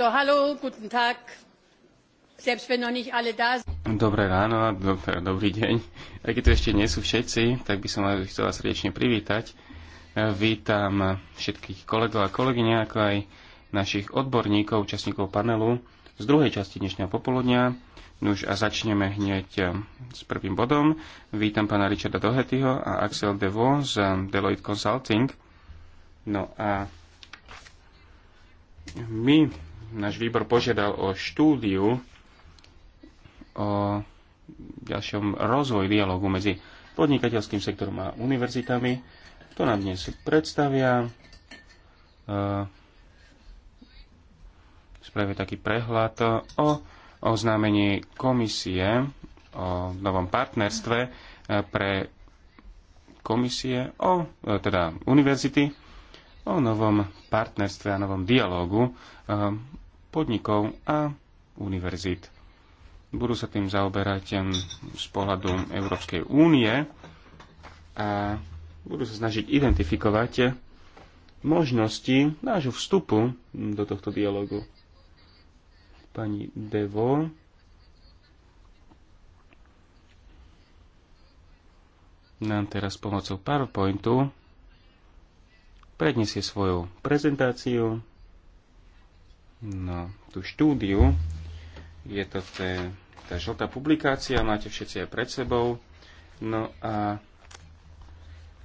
So, hallo, guten Tag. Selbst wenn noch nicht alle da sind. Dobré ráno a dobrý, dobrý deň. Aj keď tu ešte nie sú všetci, tak by som vás chcela srdečne privítať. E, vítam všetkých kolegov a kolegyne, ako aj našich odborníkov, účastníkov panelu z druhej časti dnešného popoludnia. Nuž no a začneme hneď e, s prvým bodom. Vítam pána Richarda Dohetyho a Axel Devo z e, Deloitte Consulting. No a my náš výbor požiadal o štúdiu o ďalšom rozvoji dialogu medzi podnikateľským sektorom a univerzitami. To nám dnes predstavia. E, spravia taký prehľad o oznámení komisie o novom partnerstve e, pre komisie, o, e, teda univerzity, o novom partnerstve a novom dialógu podnikov a univerzit. Budú sa tým zaoberať z pohľadu Európskej únie a budú sa snažiť identifikovať možnosti nášho vstupu do tohto dialogu. Pani Devo nám teraz pomocou PowerPointu predniesie svoju prezentáciu No, tú štúdiu, je to té, tá žltá publikácia, máte všetci aj pred sebou. No a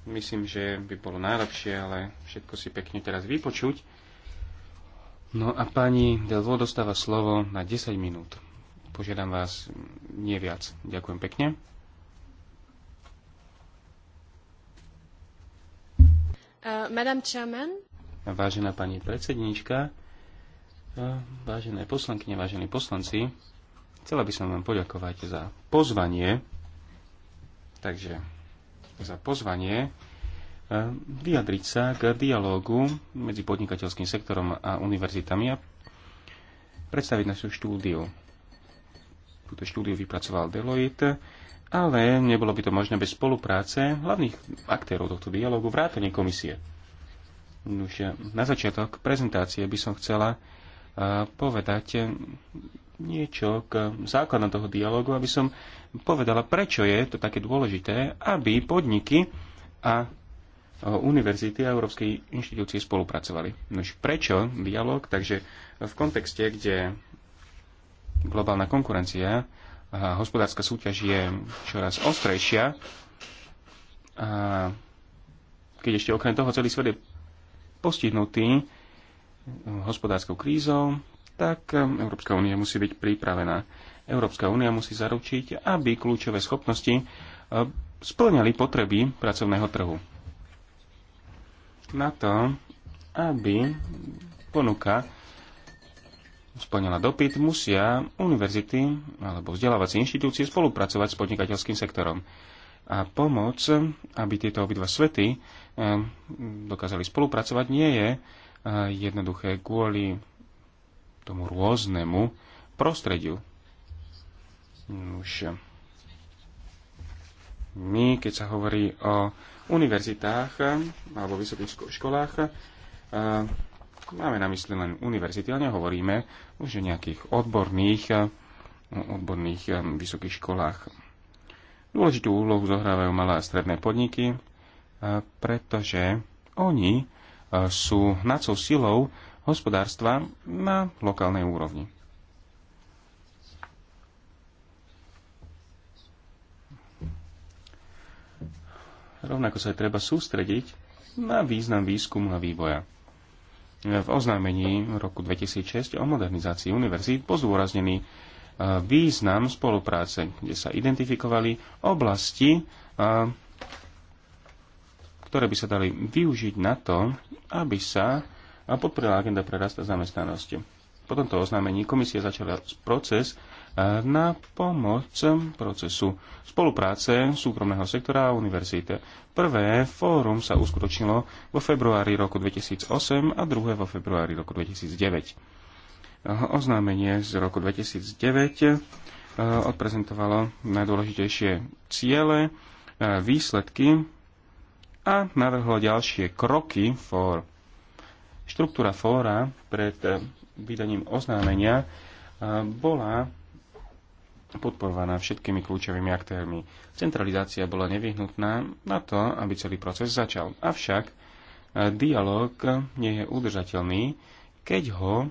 myslím, že by bolo najlepšie, ale všetko si pekne teraz vypočuť. No a pani Delvo dostáva slovo na 10 minút. Požiadam vás nie viac. Ďakujem pekne. Uh, Madame Chairman. Vážená pani predsedníčka, Vážené poslankyne, vážení poslanci, chcela by som vám poďakovať za pozvanie. Takže za pozvanie e, vyjadriť sa k dialógu medzi podnikateľským sektorom a univerzitami a predstaviť našu štúdiu. Túto štúdiu vypracoval Deloitte, ale nebolo by to možné bez spolupráce hlavných aktérov tohto dialógu, vrátane komisie. Už na začiatok prezentácie by som chcela povedať niečo k základnom toho dialogu, aby som povedala, prečo je to také dôležité, aby podniky a univerzity a európskej inštitúcie spolupracovali. Nož prečo dialog? Takže v kontexte, kde globálna konkurencia a hospodárska súťaž je čoraz ostrejšia, a keď ešte okrem toho celý svet je postihnutý hospodárskou krízou, tak um, Európska únia musí byť pripravená. Európska únia musí zaručiť, aby kľúčové schopnosti uh, splňali potreby pracovného trhu. Na to, aby ponuka splňala dopyt, musia univerzity alebo vzdelávacie inštitúcie spolupracovať s podnikateľským sektorom. A pomoc, aby tieto obidva svety um, dokázali spolupracovať, nie je jednoduché kvôli tomu rôznemu prostrediu. Už my, keď sa hovorí o univerzitách alebo vysokých školách, máme na mysli len univerzity, ale nehovoríme už o nejakých odborných, odborných vysokých školách. Dôležitú úlohu zohrávajú malé a stredné podniky, pretože oni sú hnacou silou hospodárstva na lokálnej úrovni. Rovnako sa aj treba sústrediť na význam výskumu a vývoja. V oznámení roku 2006 o modernizácii univerzít bol zdôraznený e, význam spolupráce, kde sa identifikovali oblasti e, ktoré by sa dali využiť na to, aby sa podporila agenda pre rast a zamestnanosť. Po tomto oznámení komisia začala proces eh, na pomoc procesu spolupráce súkromného sektora a univerzity. Prvé fórum sa uskutočnilo vo februári roku 2008 a druhé vo februári roku 2009. Oznámenie z roku 2009 eh, odprezentovalo najdôležitejšie ciele, eh, výsledky a navrhlo ďalšie kroky for. Štruktúra fóra pred eh, vydaním oznámenia eh, bola podporovaná všetkými kľúčovými aktérmi. Centralizácia bola nevyhnutná na to, aby celý proces začal. Avšak eh, dialog nie je udržateľný, keď ho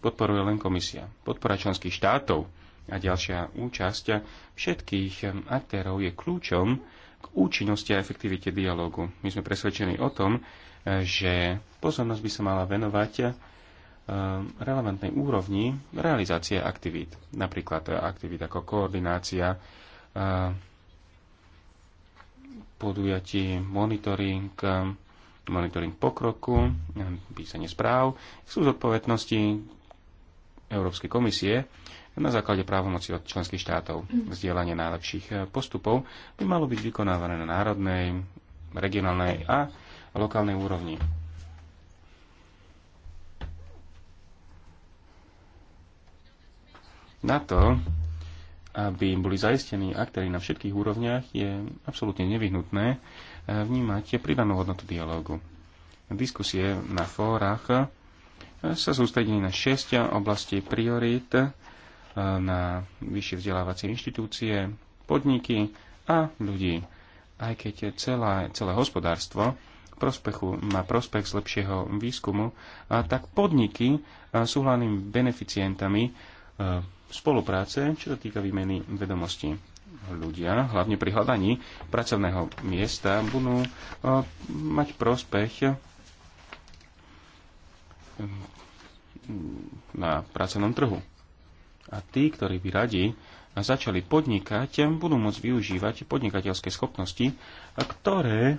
podporuje len komisia. Podpora členských štátov a ďalšia účasť všetkých aktérov je kľúčom k účinnosti a efektivite dialógu. My sme presvedčení o tom, e, že pozornosť by sa mala venovať e, relevantnej úrovni realizácie aktivít. Napríklad e, aktivít ako koordinácia podujatí, monitoring, monitoring pokroku, písanie správ, sú zodpovednosti Európskej komisie, na základe právomoci od členských štátov. Vzdielanie najlepších postupov by malo byť vykonávané na národnej, regionálnej a lokálnej úrovni. Na to, aby boli zaistení aktéry na všetkých úrovniach, je absolútne nevyhnutné eh, vnímať pridanú hodnotu dialógu. Diskusie na fórach eh, sa sústredili na 6 oblastí priorít na vyššie vzdelávacie inštitúcie, podniky a ľudí. Aj keď celá, celé hospodárstvo prospechu, má prospech z lepšieho výskumu, a tak podniky sú hlavnými beneficientami e, spolupráce, čo sa týka výmeny vedomostí. Ľudia, hlavne pri hľadaní pracovného miesta, budú e, mať prospech e, na pracovnom trhu. A tí, ktorí by radi začali podnikať, budú môcť využívať podnikateľské schopnosti, ktoré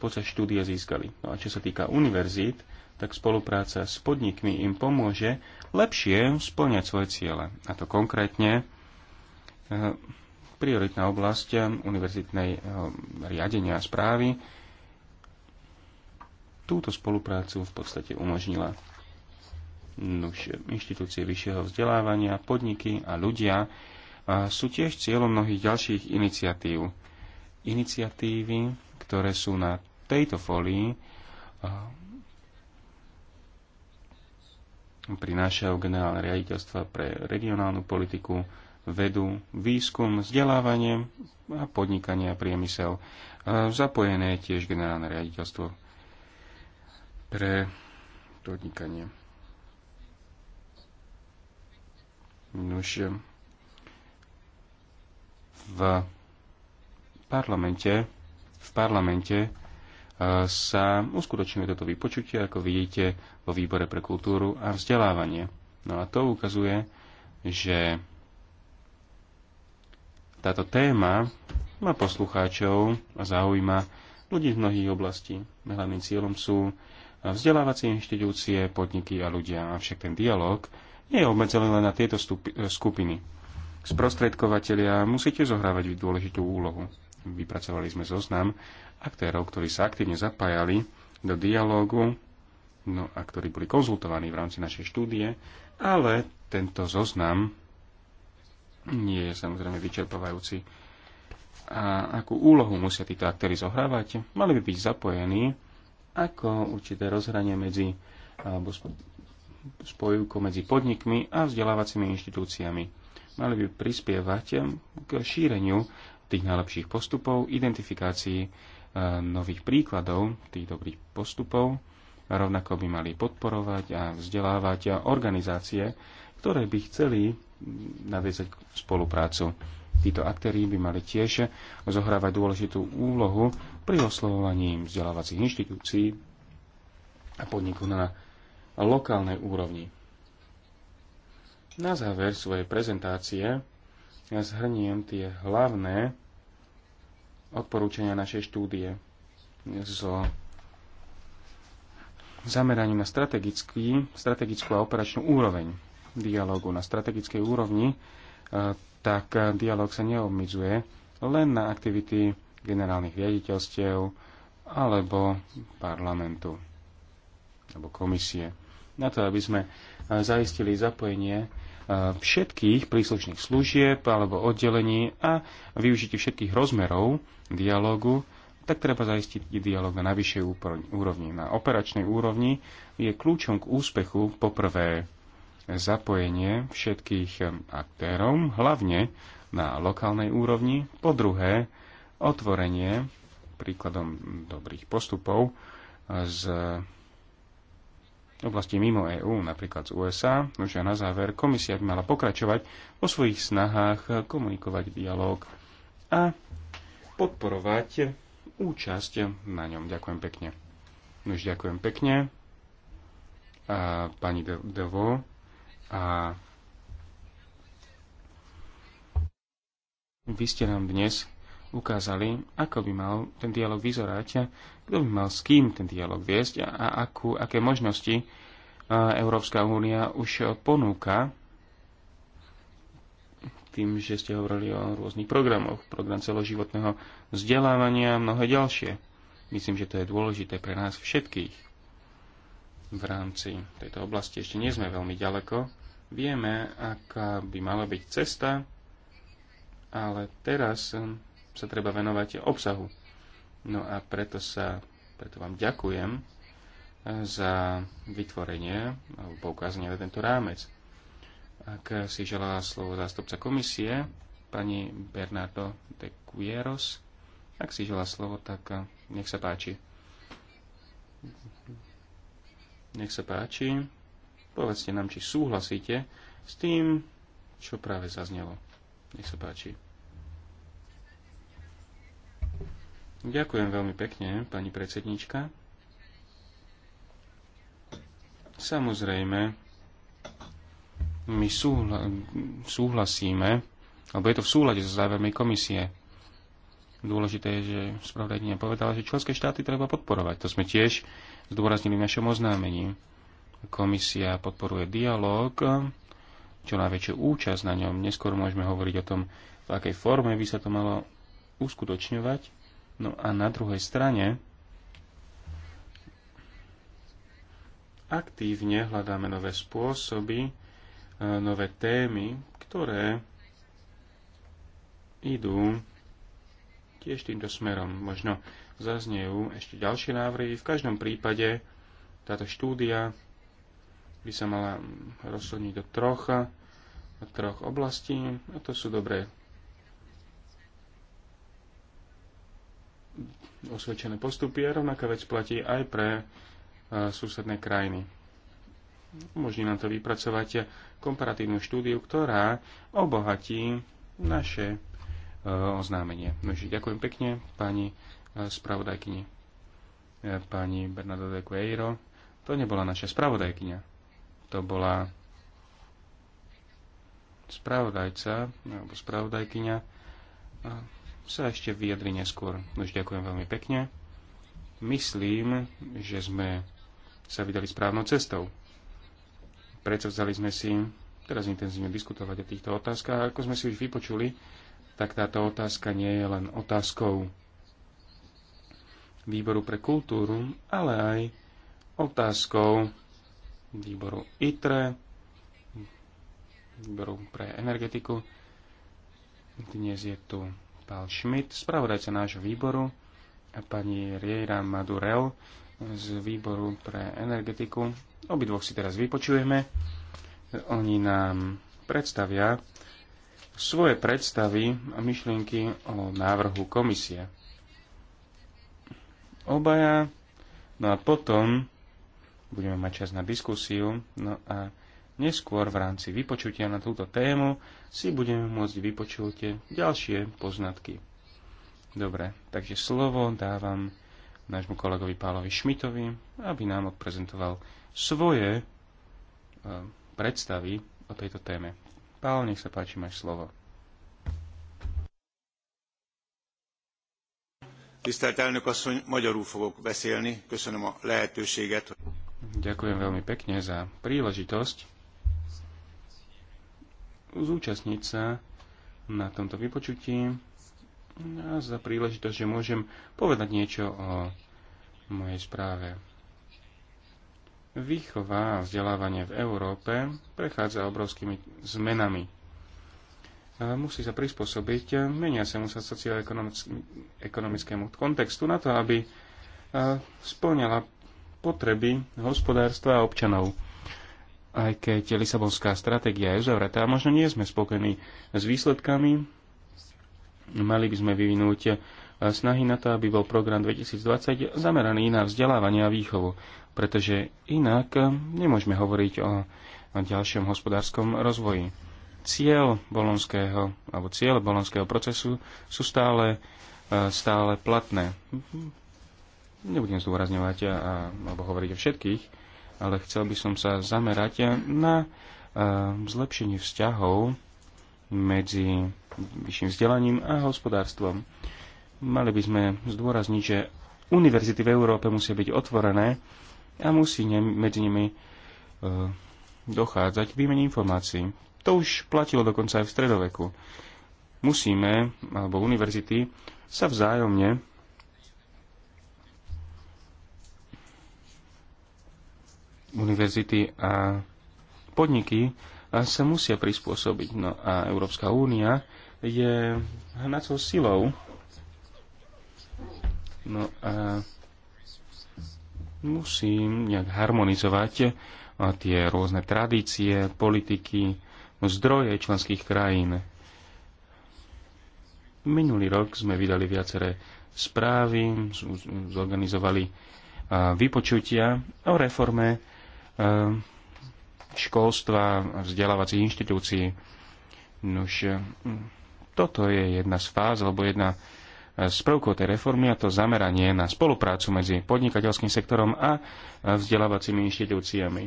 počas štúdia získali. No a čo sa týka univerzít, tak spolupráca s podnikmi im pomôže lepšie splňať svoje ciele. A to konkrétne e, prioritná oblasť univerzitnej e, riadenia a správy túto spoluprácu v podstate umožnila. Nuž, inštitúcie vyššieho vzdelávania, podniky a ľudia sú tiež cieľom mnohých ďalších iniciatív. Iniciatívy, ktoré sú na tejto folii, prinášajú generálne riaditeľstva pre regionálnu politiku, vedu, výskum, vzdelávanie a podnikanie a priemysel. Zapojené je tiež generálne riaditeľstvo pre podnikanie Nuž v parlamente, v parlamente e, sa uskutočňuje toto vypočutie, ako vidíte, vo výbore pre kultúru a vzdelávanie. No a to ukazuje, že táto téma má poslucháčov a zaujíma ľudí z mnohých oblastí. Hlavným cieľom sú vzdelávacie inštitúcie, podniky a ľudia. Avšak ten dialog nie je obmedzené len na tieto e, skupiny. Sprostredkovateľia musíte zohrávať dôležitú úlohu. Vypracovali sme zoznam aktérov, ktorí sa aktívne zapájali do dialógu, no a ktorí boli konzultovaní v rámci našej štúdie, ale tento zoznam nie je samozrejme vyčerpávajúci. A akú úlohu musia títo aktéry zohrávať? Mali by byť zapojení ako určité rozhranie medzi alebo spojivku medzi podnikmi a vzdelávacími inštitúciami. Mali by prispievať k šíreniu tých najlepších postupov, identifikácii e, nových príkladov tých dobrých postupov, rovnako by mali podporovať a vzdelávať organizácie, ktoré by chceli naviezať spoluprácu. Títo aktéry by mali tiež zohrávať dôležitú úlohu pri oslovovaní vzdelávacích inštitúcií a podnikov na lokálnej úrovni. Na záver svojej prezentácie ja zhrniem tie hlavné odporúčania našej štúdie so zameraním na strategický, strategickú a operačnú úroveň dialogu. Na strategickej úrovni e, tak dialog sa neobmedzuje len na aktivity generálnych riaditeľstiev alebo parlamentu alebo komisie na to, aby sme eh, zaistili zapojenie eh, všetkých príslušných služieb alebo oddelení a využití všetkých rozmerov dialogu, tak treba zaistiť dialog na najvyššej úrovni. Na operačnej úrovni je kľúčom k úspechu poprvé zapojenie všetkých eh, aktérov, hlavne na lokálnej úrovni, po druhé otvorenie príkladom dobrých postupov z oblasti mimo EÚ, napríklad z USA. Už na záver, komisia by mala pokračovať o svojich snahách komunikovať dialog a podporovať účasť na ňom. Ďakujem pekne. Už ďakujem pekne a pani Devo a vy ste nám dnes ukázali, ako by mal ten dialog vyzerať kto by mal s kým ten dialog viesť a akú, aké možnosti Európska únia už ponúka tým, že ste hovorili o rôznych programoch, program celoživotného vzdelávania a mnohé ďalšie. Myslím, že to je dôležité pre nás všetkých. V rámci tejto oblasti ešte nie sme veľmi ďaleko. Vieme, aká by mala byť cesta, ale teraz sa treba venovať obsahu. No a preto sa, preto vám ďakujem eh, za vytvorenie alebo poukázanie na tento rámec. Ak si želala slovo zástupca komisie, pani Bernardo de Cuieros, ak si želá slovo, tak eh, nech sa páči. Nech sa páči. Povedzte nám, či súhlasíte s tým, čo práve zaznelo. Nech sa páči. Ďakujem veľmi pekne, pani predsednička. Samozrejme, my súhla, súhlasíme, alebo je to v súlade so závermi komisie. Dôležité je, že spravodajkynia povedala, že členské štáty treba podporovať. To sme tiež zdôraznili v našom oznámení. Komisia podporuje dialog, čo najväčšiu účasť na ňom. Neskôr môžeme hovoriť o tom, v akej forme by sa to malo uskutočňovať No a na druhej strane aktívne hľadáme nové spôsoby, e, nové témy, ktoré idú tiež týmto smerom. Možno zaznejú ešte ďalšie návrhy. V každom prípade táto štúdia by sa mala rozhodniť do troch, do troch oblastí. A to sú dobré osvedčené postupy a rovnaká vec platí aj pre e, susedné krajiny. Umožní nám to vypracovať komparatívnu štúdiu, ktorá obohatí naše e, oznámenie. Nože, ďakujem pekne pani e, spravodajkyni, pani Bernadette Gueiro. To nebola naša spravodajkyňa. To bola spravodajca alebo spravodajkyňa sa ešte vyjadri neskôr. Už ďakujem veľmi pekne. Myslím, že sme sa vydali správnou cestou. Prečo vzali sme si teraz intenzívne diskutovať o týchto otázkach. A ako sme si už vypočuli, tak táto otázka nie je len otázkou výboru pre kultúru, ale aj otázkou výboru ITRE, výboru pre energetiku. Dnes je tu Paul Schmidt, spravodajca nášho výboru, a pani Riera Madurel z výboru pre energetiku. Obidvoch si teraz vypočujeme. Oni nám predstavia svoje predstavy a myšlienky o návrhu komisie. Obaja. No a potom budeme mať čas na diskusiu. No a Neskôr v rámci vypočutia na túto tému si budeme môcť vypočuť ďalšie poznatky. Dobre, takže slovo dávam nášmu kolegovi Pálovi Šmitovi, aby nám odprezentoval svoje e, predstavy o tejto téme. Pál, nech sa páči, máš slovo. Tisztelt elnök asszony, magyarul fogok beszélni. Köszönöm a lehetőséget. Ďakujem veľmi pekne za príležitosť zúčastniť sa na tomto vypočutí a za príležitosť, že môžem povedať niečo o mojej správe. Výchova a vzdelávanie v Európe prechádza obrovskými zmenami. Musí sa prispôsobiť menia sa musí socioekonomickému kontextu na to, aby splňala potreby hospodárstva a občanov aj keď Lisabonská stratégia je uzavretá, možno nie sme spokojní s výsledkami, mali by sme vyvinúť eh, snahy na to, aby bol program 2020 zameraný na vzdelávanie a výchovu, pretože inak eh, nemôžeme hovoriť o, ďalšom hospodárskom rozvoji. Ciel bolonského, alebo cieľ bolonského procesu sú stále, eh, stále platné. Nebudem zdôrazňovať a, alebo hovoriť o všetkých, ale chcel by som sa zamerať na e, zlepšenie vzťahov medzi vyšším vzdelaním a hospodárstvom. Mali by sme zdôrazniť, že univerzity v Európe musia byť otvorené a musí medzi nimi e, dochádzať k výmene informácií. To už platilo dokonca aj v stredoveku. Musíme, alebo univerzity, sa vzájomne univerzity a podniky sa musia prispôsobiť. No a Európska únia je hnacou silou. No a musím nejak harmonizovať tie rôzne tradície, politiky, zdroje členských krajín. Minulý rok sme vydali viaceré správy, zorganizovali vypočutia o reforme Ehm, školstva, vzdelávacích inštitúcií. Nož, ehm, toto je jedna z fáz, alebo jedna e, z prvkov tej reformy a to zameranie na spoluprácu medzi podnikateľským sektorom a vzdelávacími inštitúciami.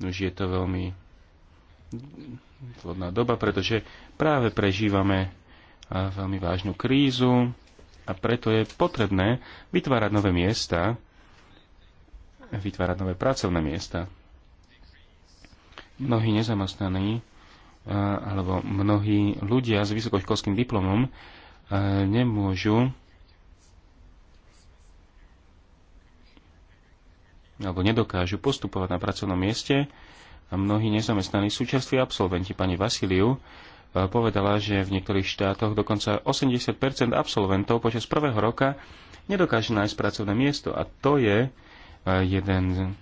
Už je to veľmi vhodná doba, pretože práve prežívame e, veľmi vážnu krízu a preto je potrebné vytvárať nové miesta vytvárať nové pracovné miesta. Mnohí nezamestnaní eh, alebo mnohí ľudia s vysokoškolským diplomom eh, nemôžu alebo nedokážu postupovať na pracovnom mieste a mnohí nezamestnaní sú čerství absolventi. Pani Vasiliu eh, povedala, že v niektorých štátoch dokonca 80 absolventov počas prvého roka nedokáže nájsť pracovné miesto a to je jeden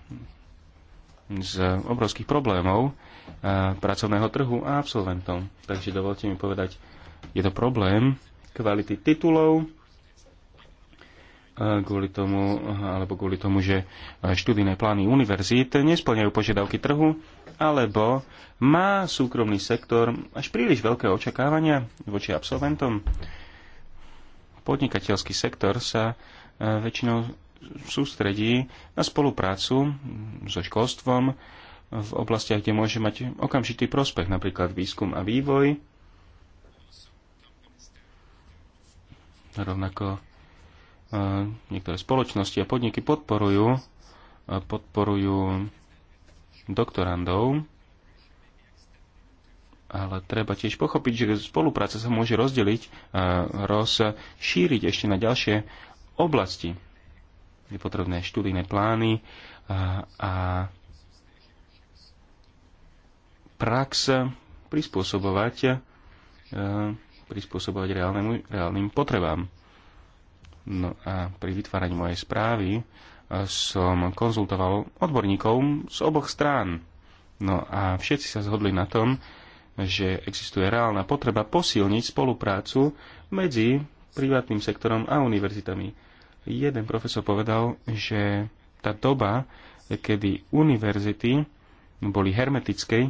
z obrovských problémov eh, pracovného trhu a absolventom. Takže dovolte mi povedať, je to problém kvality titulov, eh, kvôli tomu, alebo kvôli tomu, že eh, študijné plány univerzít nesplňajú požiadavky trhu, alebo má súkromný sektor až príliš veľké očakávania voči absolventom. Podnikateľský sektor sa väčšinou sústredí na spoluprácu so školstvom v oblastiach, kde môže mať okamžitý prospech, napríklad výskum a vývoj, rovnako e, niektoré spoločnosti a podniky podporujú, e, podporujú doktorandov, ale treba tiež pochopiť, že spolupráca sa môže rozdeliť, e, rozšíriť ešte na ďalšie oblasti je potrebné študijné plány a, a prax prispôsobovať, e, prispôsobovať reálnemu, reálnym potrebám. No a pri vytváraní mojej správy e, som konzultoval odborníkov z oboch strán. No a všetci sa zhodli na tom, že existuje reálna potreba posilniť spoluprácu medzi privátnym sektorom a univerzitami. Jeden profesor povedal, že tá doba, kedy univerzity boli hermetické,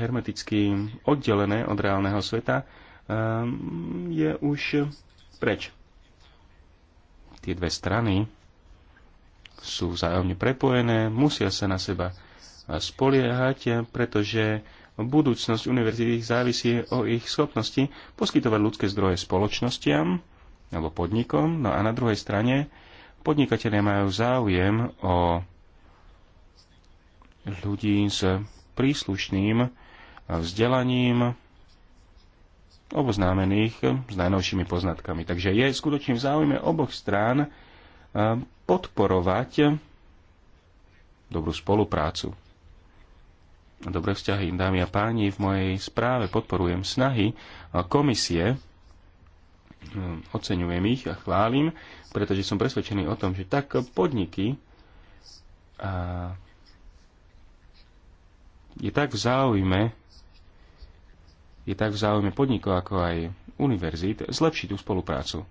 hermeticky oddelené od reálneho sveta, ehm, je už preč. Tie dve strany sú vzájomne prepojené, musia sa na seba spoliehať, pretože budúcnosť univerzity závisí o ich schopnosti poskytovať ľudské zdroje spoločnostiam, alebo podnikom. No a na druhej strane podnikatelia majú záujem o ľudí s príslušným vzdelaním oboznámených s najnovšími poznatkami. Takže je skutočne v záujme oboch strán eh, podporovať dobrú spoluprácu. Dobré vzťahy, dámy a páni, v mojej správe podporujem snahy komisie Hm, oceňujem ich a chválim, pretože som presvedčený o tom, že tak podniky a je tak v záujme je tak v záujme podnikov ako aj univerzít zlepšiť tú spoluprácu.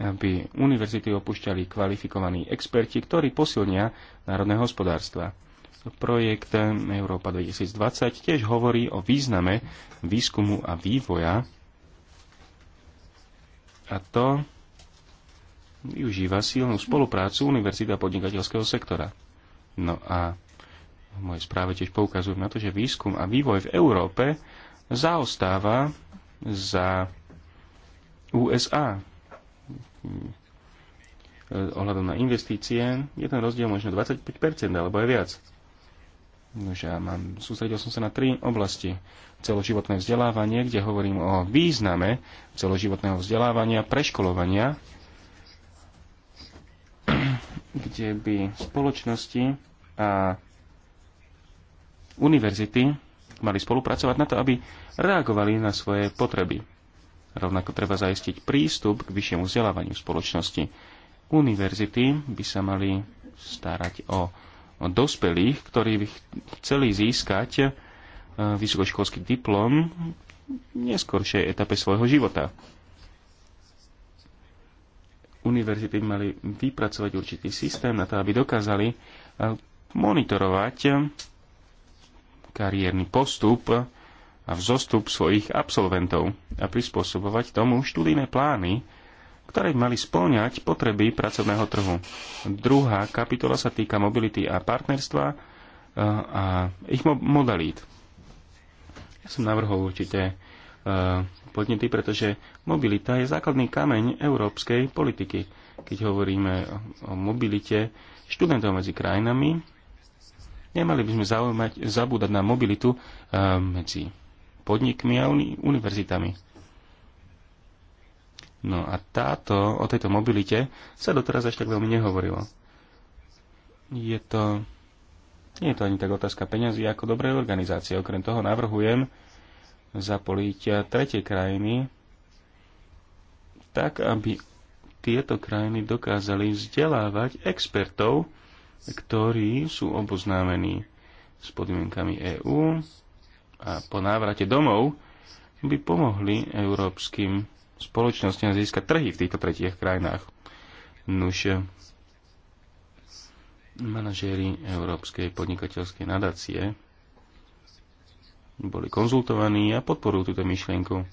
aby univerzity opúšťali kvalifikovaní experti, ktorí posilnia národné hospodárstva projekt Európa 2020 tiež hovorí o význame výskumu a vývoja a to využíva silnú spoluprácu univerzita a podnikateľského sektora. No a v mojej správe tiež poukazujú na to, že výskum a vývoj v Európe zaostáva za USA ohľadom na investície je ten rozdiel možno 25% alebo aj viac. Nože ja mám, sústredil som sa na tri oblasti. Celoživotné vzdelávanie, kde hovorím o význame celoživotného vzdelávania, preškolovania, kde by spoločnosti a univerzity mali spolupracovať na to, aby reagovali na svoje potreby. Rovnako treba zaistiť prístup k vyššiemu vzdelávaniu spoločnosti. Univerzity by sa mali starať o dospelých, ktorí by chceli získať e, vysokoškolský diplom v neskoršej etape svojho života. Univerzity mali vypracovať určitý systém na to, aby dokázali e, monitorovať kariérny postup a vzostup svojich absolventov a prispôsobovať tomu študijné plány, ktoré by mali spĺňať potreby pracovného trhu. Druhá kapitola sa týka mobility a partnerstva eh, a ich modalít. Ja som navrhol určité eh, podnety, pretože mobilita je základný kameň európskej politiky. Keď hovoríme o mobilite študentov medzi krajinami, nemali by sme zaujímať, zabúdať na mobilitu eh, medzi podnikmi a univerzitami No a táto, o tejto mobilite sa doteraz ešte tak veľmi nehovorilo. Je to, nie je to ani tak otázka peňazí ako dobrej organizácie. Okrem toho navrhujem zapoliť tretie krajiny tak, aby tieto krajiny dokázali vzdelávať expertov, ktorí sú oboznámení s podmienkami EÚ a po návrate domov by pomohli európskym a získať trhy v týchto tretích krajinách. Nuž manažéri Európskej podnikateľskej nadácie boli konzultovaní a podporujú túto myšlienku.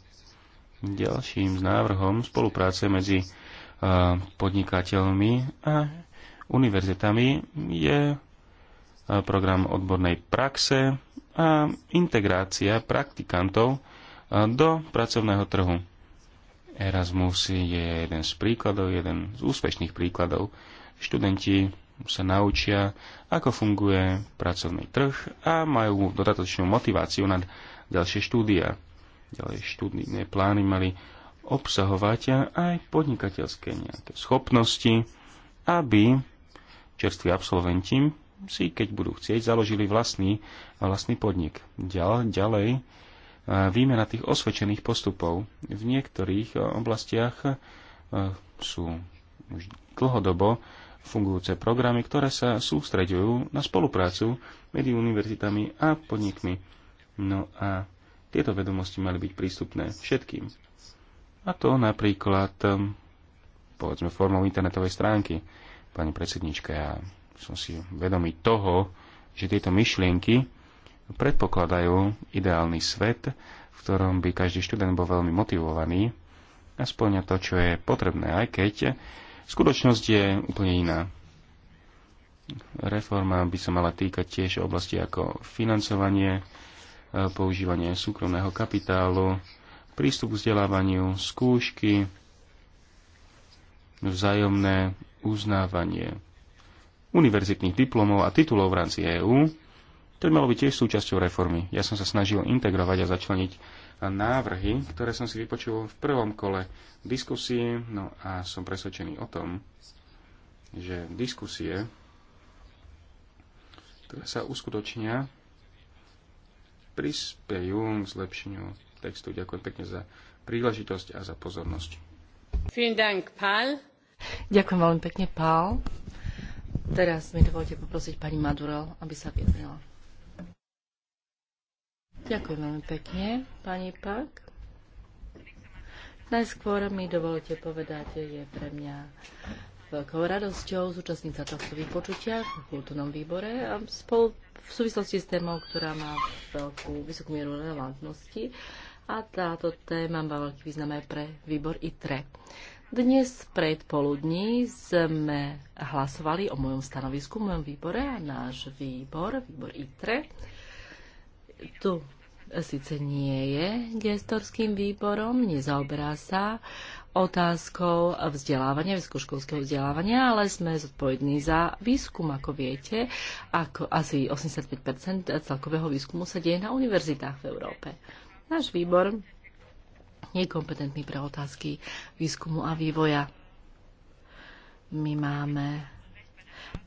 Ďalším z návrhom spolupráce medzi podnikateľmi a univerzitami je program odbornej praxe a integrácia praktikantov do pracovného trhu. Erasmus je jeden z príkladov, jeden z úspešných príkladov. Študenti sa naučia, ako funguje pracovný trh a majú dodatočnú motiváciu na ďalšie štúdia. Ďalej štúdne plány mali obsahovať aj podnikateľské nejaké schopnosti, aby čerství absolventi si, keď budú chcieť, založili vlastný, vlastný podnik. Ďalej ďalej výmena tých osvedčených postupov. V niektorých eh, oblastiach eh, sú už dlhodobo fungujúce programy, ktoré sa sústreďujú na spoluprácu medzi univerzitami a podnikmi. No a tieto vedomosti mali byť prístupné všetkým. A to napríklad, eh, povedzme, formou internetovej stránky. Pani predsednička, ja som si vedomý toho, že tieto myšlienky predpokladajú ideálny svet, v ktorom by každý študent bol veľmi motivovaný a splňa to, čo je potrebné, aj keď skutočnosť je úplne iná. Reforma by sa mala týkať tiež oblasti ako financovanie, e, používanie súkromného kapitálu, prístup k vzdelávaniu, skúšky, vzájomné uznávanie univerzitných diplomov a titulov v rámci EÚ, to by malo byť tiež súčasťou reformy. Ja som sa snažil integrovať a začleniť návrhy, ktoré som si vypočul v prvom kole diskusie, no a som presvedčený o tom, že diskusie, ktoré sa uskutočnia, prispejú k zlepšeniu textu. Ďakujem pekne za príležitosť a za pozornosť. Ďakujem veľmi pekne, Pál. Teraz mi dovolte poprosiť pani Maduro, aby sa vyjadrila. Ďakujem veľmi pekne, pani Pak. Najskôr mi dovolte povedať, je pre mňa veľkou radosťou zúčastniť sa tohto vypočutia v kultúrnom výbore a spolu v súvislosti s témou, ktorá má veľkú, vysokú mieru relevantnosti a táto téma má veľký význam aj pre výbor ITRE. Dnes predpoludní sme hlasovali o mojom stanovisku, v mojom výbore a náš výbor, výbor ITRE, tu síce nie je gestorským výborom, nezaoberá sa otázkou vzdelávania, vyskúškovského vzdelávania, ale sme zodpovední za výskum, ako viete. Ako asi 85 celkového výskumu sa deje na univerzitách v Európe. Náš výbor je kompetentný pre otázky výskumu a vývoja. My máme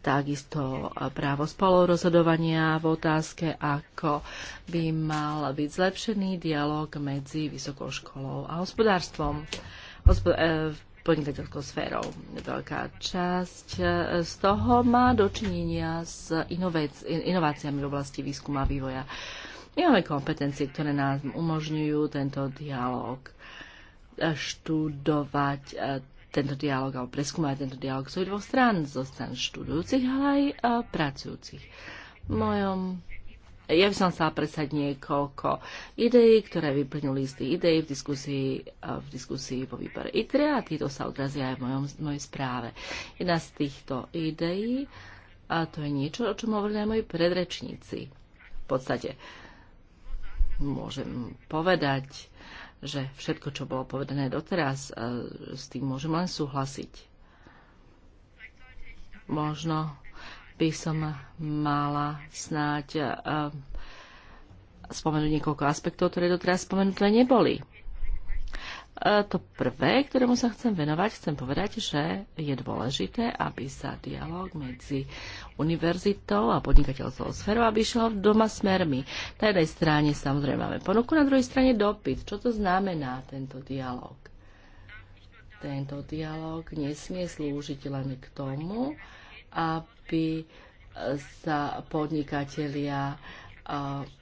takisto právo spolorozhodovania v otázke, ako by mal byť zlepšený dialog medzi vysokou školou a hospodárstvom, hospod- e, podnikateľskou sférou. Veľká časť e, z toho má dočinenia s inováciami v oblasti výskuma a vývoja. My máme kompetencie, ktoré nám umožňujú tento dialog e, študovať tento dialog alebo preskúmať tento dialog z dvoch strán, zo strán študujúcich, ale aj pracujúcich. V mojom ja by som chcela presať niekoľko ideí, ktoré vyplnili z tých ideí v diskusii, v diskusii vo výbore ITRE a títo sa odrazia aj v mojom, mojej správe. Jedna z týchto ideí, a to je niečo, o čom hovorili aj moji predrečníci. V podstate môžem povedať, že všetko, čo bolo povedané doteraz, e, s tým môžem len súhlasiť. Možno by som mala snáď e, spomenúť niekoľko aspektov, ktoré doteraz spomenuté neboli. To prvé, ktorému sa chcem venovať, chcem povedať, že je dôležité, aby sa dialog medzi univerzitou a podnikateľskou sférou, aby šiel doma smermi. Na jednej strane samozrejme máme ponuku, na druhej strane dopyt. Čo to znamená tento dialog? Tento dialog nesmie slúžiť len k tomu, aby sa podnikatelia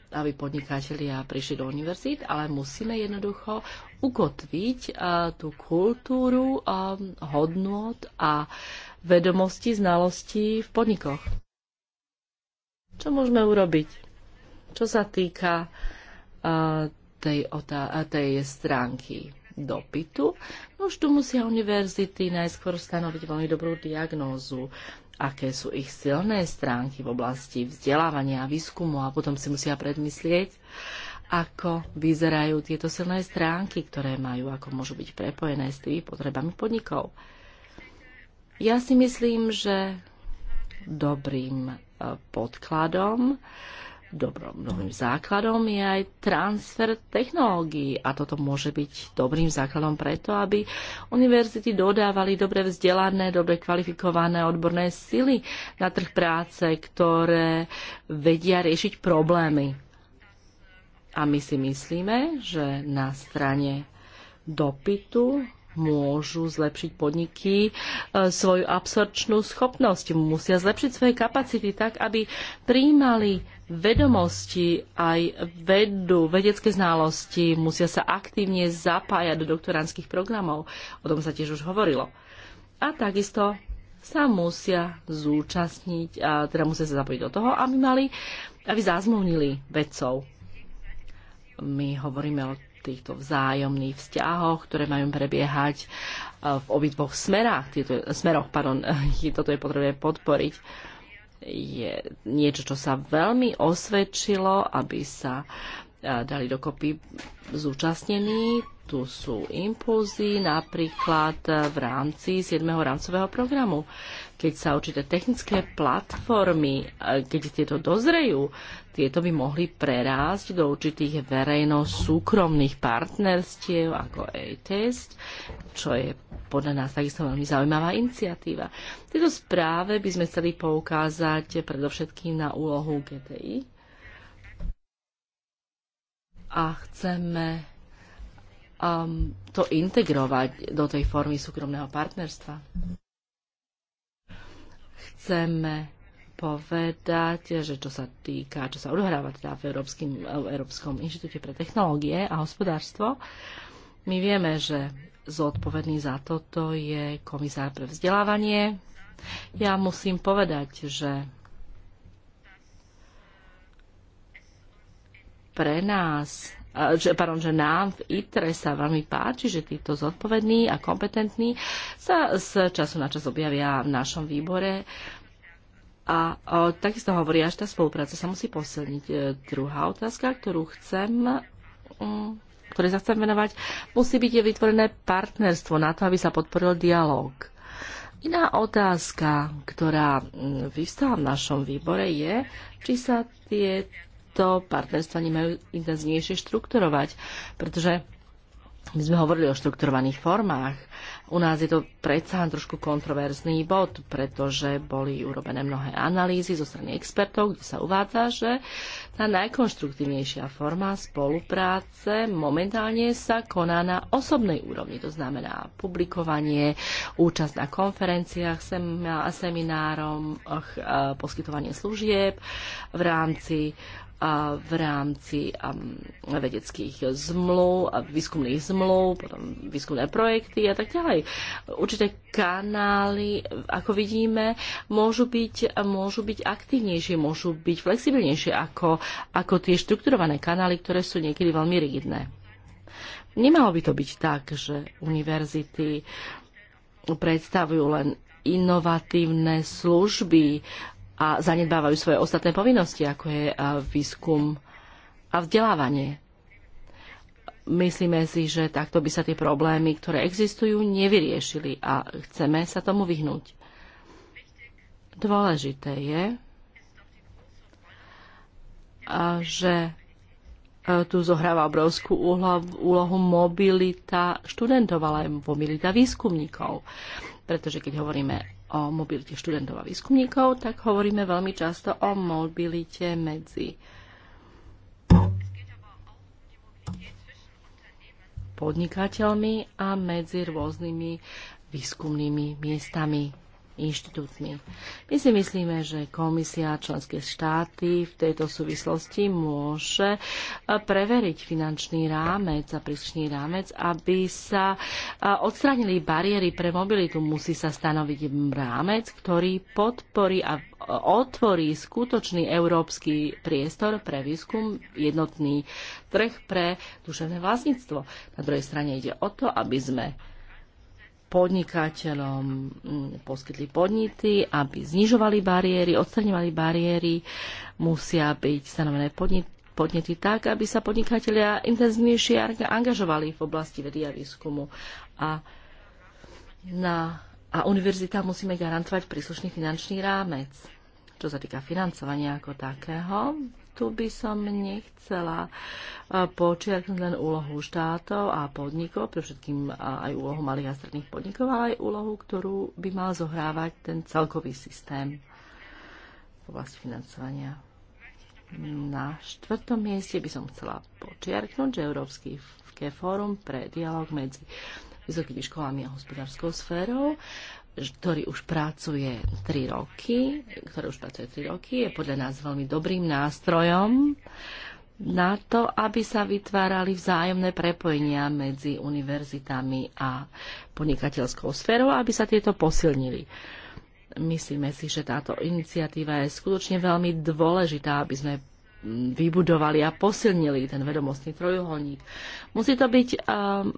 aby podnikatelia prišli do univerzít, ale musíme jednoducho ukotviť a, eh, tú kultúru a, eh, hodnot a vedomosti, znalostí v podnikoch. Čo môžeme urobiť? Čo sa týka a, eh, tej, otá- tej stránky dopytu, no už tu musia univerzity najskôr stanoviť veľmi dobrú diagnózu aké sú ich silné stránky v oblasti vzdelávania a výskumu a potom si musia predmyslieť, ako vyzerajú tieto silné stránky, ktoré majú, ako môžu byť prepojené s tými potrebami podnikov. Ja si myslím, že dobrým eh, podkladom Dobrom, dobrým základom je aj transfer technológií a toto môže byť dobrým základom preto, aby univerzity dodávali dobre vzdelané, dobre kvalifikované odborné sily na trh práce, ktoré vedia riešiť problémy. A my si myslíme, že na strane dopytu môžu zlepšiť podniky e, svoju absorčnú schopnosť. Musia zlepšiť svoje kapacity tak, aby príjmali vedomosti, aj vedu, vedecké znalosti musia sa aktívne zapájať do doktorandských programov. O tom sa tiež už hovorilo. A takisto sa musia zúčastniť, a teda musia sa zapojiť do toho, aby mali, aby zazmluvnili vedcov. My hovoríme o týchto vzájomných vzťahoch, ktoré majú prebiehať e, v obidvoch smerách, tieto, smeroch, pardon, toto je potrebné podporiť je niečo, čo sa veľmi osvedčilo, aby sa e, dali dokopy zúčastnení. Tu sú impulzy napríklad v rámci 7. rámcového programu keď sa určité technické platformy, e, keď tieto dozrejú, tieto by mohli prerásť do určitých verejno-súkromných partnerstiev ako e-test, čo je podľa nás takisto veľmi zaujímavá iniciatíva. V tejto správe by sme chceli poukázať predovšetkým na úlohu GTI a chceme um, to integrovať do tej formy súkromného partnerstva chceme povedať, že čo sa týka, čo sa odohráva teda v Európskym, Európskom inštitúte pre technológie a hospodárstvo, my vieme, že zodpovedný za toto je komisár pre vzdelávanie. Ja musím povedať, že pre nás, že, pardon, že nám v ITRE sa veľmi páči, že títo zodpovední a kompetentní sa z času na čas objavia v našom výbore. Uh, a o, takisto hovorí, až tá spolupráca sa musí posilniť. E, druhá otázka, ktorú chcem um, ktoré sa chcem venovať, musí byť je vytvorené partnerstvo na to, aby sa podporil dialog. Iná otázka, ktorá mm, vyvstala v našom výbore je, či sa tieto partnerstva nemajú intenzívnejšie štrukturovať, pretože my sme hovorili o štrukturovaných formách. U nás je to predsa trošku kontroverzný bod, pretože boli urobené mnohé analýzy zo strany expertov, kde sa uvádza, že tá najkonštruktívnejšia forma spolupráce momentálne sa koná na osobnej úrovni. To znamená publikovanie, účasť na konferenciách, seminárom, eh, poskytovanie služieb v rámci a v rámci um, vedeckých zmluv a výskumných zmluv, potom výskumné projekty a tak ďalej. Určité kanály, ako vidíme, môžu byť, môžu byť aktívnejšie, môžu byť flexibilnejšie ako, ako tie štrukturované kanály, ktoré sú niekedy veľmi rigidné. Nemalo by to byť tak, že univerzity predstavujú len inovatívne služby a zanedbávajú svoje ostatné povinnosti, ako je výskum a vzdelávanie. Myslíme si, že takto by sa tie problémy, ktoré existujú, nevyriešili a chceme sa tomu vyhnúť. Dôležité je, že tu zohráva obrovskú úlohu mobilita študentov, ale aj mobilita výskumníkov. Pretože keď hovoríme o mobilite študentov a výskumníkov, tak hovoríme veľmi často o mobilite medzi podnikateľmi a medzi rôznymi výskumnými miestami inštitútmi. My si myslíme, že komisia členské štáty v tejto súvislosti môže e, preveriť finančný rámec a príslušný rámec, aby sa e, odstránili bariéry pre mobilitu. Musí sa stanoviť rámec, ktorý podporí a e, otvorí skutočný európsky priestor pre výskum, jednotný trh pre duševné vlastníctvo. Na druhej strane ide o to, aby sme podnikateľom poskytli podnity, aby znižovali bariéry, odstraňovali bariéry, musia byť stanovené podnety podnety tak, aby sa podnikatelia intenzívnejšie angažovali v oblasti vedy a výskumu. A, na, a univerzita musíme garantovať príslušný finančný rámec. Čo sa týka financovania ako takého, tu by som nechcela eh, počiarknúť len úlohu štátov a podnikov, pre všetkým eh, aj úlohu malých a stredných podnikov, ale aj úlohu, ktorú by mal zohrávať ten celkový systém v oblasti financovania. Na štvrtom mieste by som chcela počiarknúť, že Európsky fórum pre dialog medzi vysokými školami a hospodárskou sférou ktorý už pracuje 3 roky, ktorý už pracuje 3 roky, je podľa nás veľmi dobrým nástrojom na to, aby sa vytvárali vzájomné prepojenia medzi univerzitami a podnikateľskou sférou, aby sa tieto posilnili. Myslíme si, že táto iniciatíva je skutočne veľmi dôležitá, aby sme mm, vybudovali a posilnili ten vedomostný trojuholník. Musí to byť um,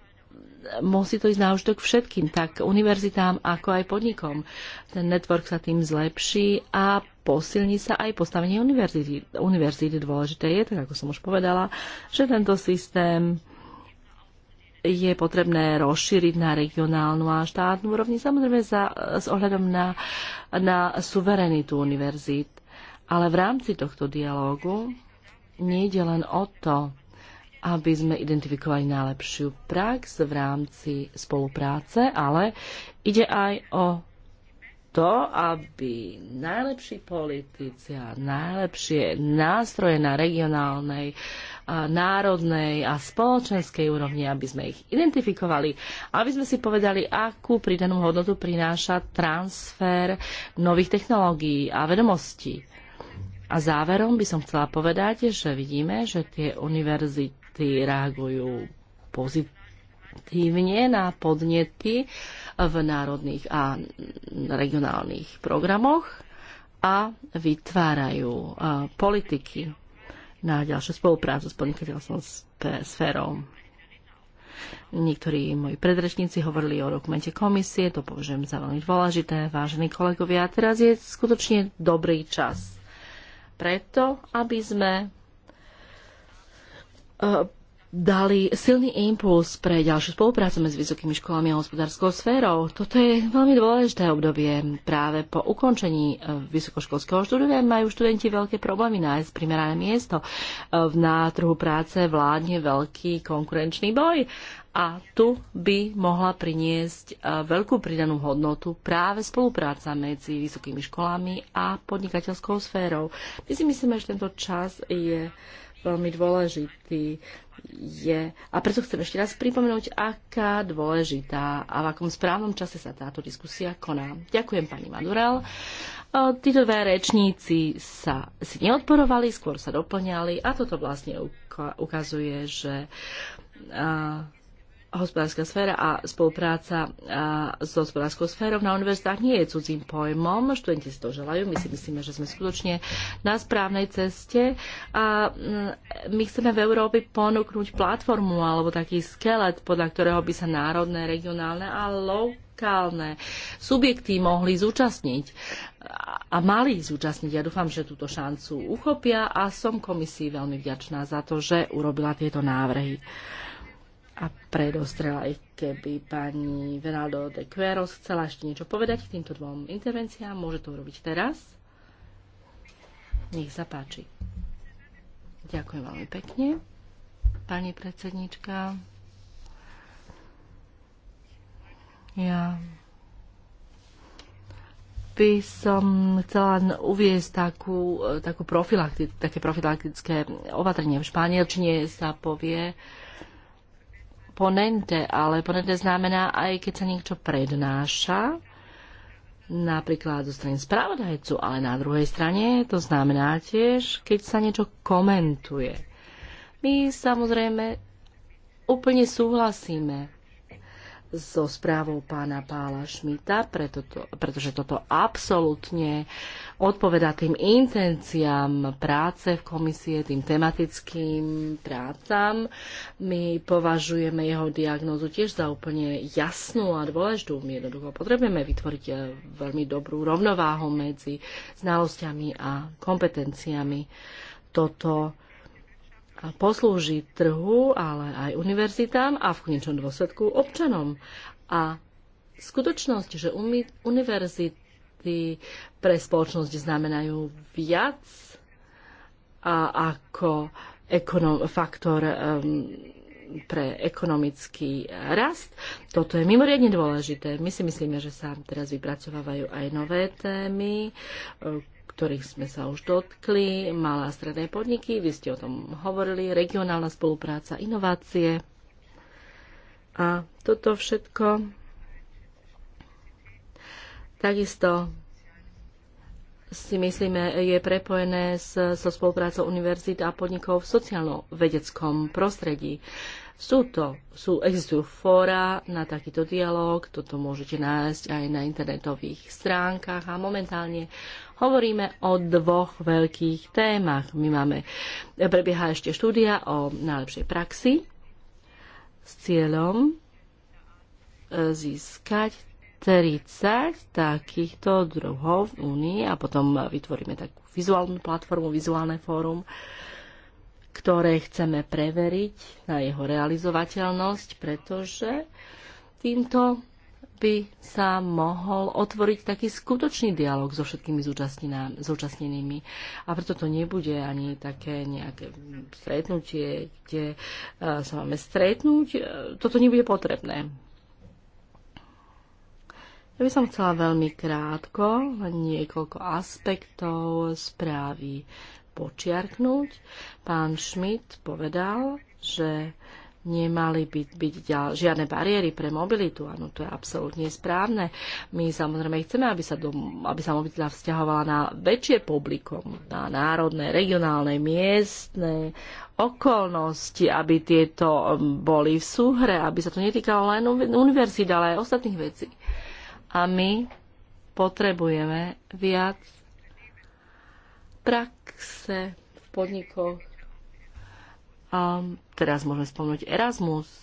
musí to ísť na k všetkým, tak univerzitám ako aj podnikom. Ten network sa tým zlepší a posilní sa aj postavenie univerzity. Univerzity dôležité je, tak ako som už povedala, že tento systém je potrebné rozšíriť na regionálnu a štátnu úrovni, samozrejme za, s ohľadom na, na suverenitu univerzít. Ale v rámci tohto dialógu je len o to, aby sme identifikovali najlepšiu prax v rámci spolupráce, ale ide aj o to, aby najlepší politici a najlepšie nástroje na regionálnej, a národnej a spoločenskej úrovni, aby sme ich identifikovali, aby sme si povedali, akú pridanú hodnotu prináša transfer nových technológií a vedomostí. A záverom by som chcela povedať, že vidíme, že tie univerzity štáty reagujú pozitívne na podnety v národných a regionálnych programoch a vytvárajú politiky na ďalšiu spoluprácu s podnikateľskou sférou. Niektorí moji predrečníci hovorili o dokumente komisie, to považujem za veľmi dôležité, vážení kolegovia. Teraz je skutočne dobrý čas preto, aby sme Eh, dali silný impuls pre ďalšiu spoluprácu medzi vysokými školami a hospodárskou sférou. Toto je veľmi dôležité obdobie. Práve po ukončení eh, vysokoškolského štúdia majú študenti veľké problémy nájsť primerané miesto. Eh, na trhu práce vládne veľký konkurenčný boj a tu by mohla priniesť veľkú pridanú hodnotu práve spolupráca medzi vysokými školami a podnikateľskou sférou. My si myslíme, že tento čas je veľmi dôležitý. Je. A preto chcem ešte raz pripomenúť, aká dôležitá a v akom správnom čase sa táto diskusia koná. Ďakujem pani Madurel. E, títo dve rečníci sa si neodporovali, skôr sa doplňali a toto vlastne ukazuje, že uh, hospodárska sféra a spolupráca s hospodárskou sférou na univerzitách nie je cudzím pojmom. Študenti si to želajú. My si myslíme, že sme skutočne na správnej ceste a mm, my chceme v Európe ponúknuť platformu alebo taký skelet, podľa ktorého by sa národné, regionálne a lokálne subjekty mohli zúčastniť a mali zúčastniť. Ja dúfam, že túto šancu uchopia a som komisii veľmi vďačná za to, že urobila tieto návrhy a predostrela, aj, keby pani Venaldo de Queros chcela ešte niečo povedať k týmto dvom intervenciám. Môže to urobiť teraz. Nech sa páči. Ďakujem veľmi pekne, pani predsednička. Ja by som chcela uviezť takú, takú profilakti- také profilaktické opatrenie. V španielčine sa povie, uh, ponente, ale ponente znamená aj, keď sa niekto prednáša, napríklad zo strany spravodajcu, ale na druhej strane to znamená tiež, keď sa niečo komentuje. My samozrejme úplne súhlasíme so správou pána Pála Šmita, preto to, pretože toto absolútne odpoveda tým intenciám práce v komisie, tým tematickým prácam. My považujeme jeho diagnózu tiež za úplne jasnú a dôležitú. My jednoducho potrebujeme vytvoriť eh, veľmi dobrú rovnováhu medzi znalosťami a kompetenciami. Toto poslúži trhu, ale aj univerzitám a v konečnom dôsledku občanom. A skutočnosť, že univerzity pre spoločnosť znamenajú viac a ako ekonom, faktor um, pre ekonomický rast. Toto je mimoriadne dôležité. My si myslíme, že sa teraz vypracovávajú aj nové témy, ktorých sme sa už dotkli, malé a stredné podniky, vy ste o tom hovorili, regionálna spolupráca, inovácie. A toto všetko takisto si myslíme, je prepojené s, so spoluprácou univerzít a podnikov v sociálno-vedeckom prostredí. Sú to, sú, existujú fóra na takýto dialog, toto môžete nájsť aj na internetových stránkach a momentálne Hovoríme o dvoch veľkých témach. My máme, prebieha ešte štúdia o najlepšej praxi s cieľom e, získať 30 takýchto druhov v Únii a potom vytvoríme takú vizuálnu platformu, vizuálne fórum, ktoré chceme preveriť na jeho realizovateľnosť, pretože týmto aby sa mohol otvoriť taký skutočný dialog so všetkými zúčastnenými. A preto to nebude ani také nejaké stretnutie, kde e, sa máme stretnúť. E, toto nebude potrebné. Ja by som chcela veľmi krátko, niekoľko aspektov správy počiarknúť. Pán Schmidt povedal, že nemali by byť ďal, žiadne bariéry pre mobilitu. Áno, to je absolútne správne. My samozrejme chceme, aby sa, do, aby sa mobilita vzťahovala na väčšie publikum, na národné, regionálne, miestne okolnosti, aby tieto um, boli v súhre, aby sa to netýkalo len univerzít, ale aj ostatných vecí. A my potrebujeme viac praxe v podnikoch a teraz môžeme spomenúť Erasmus, e,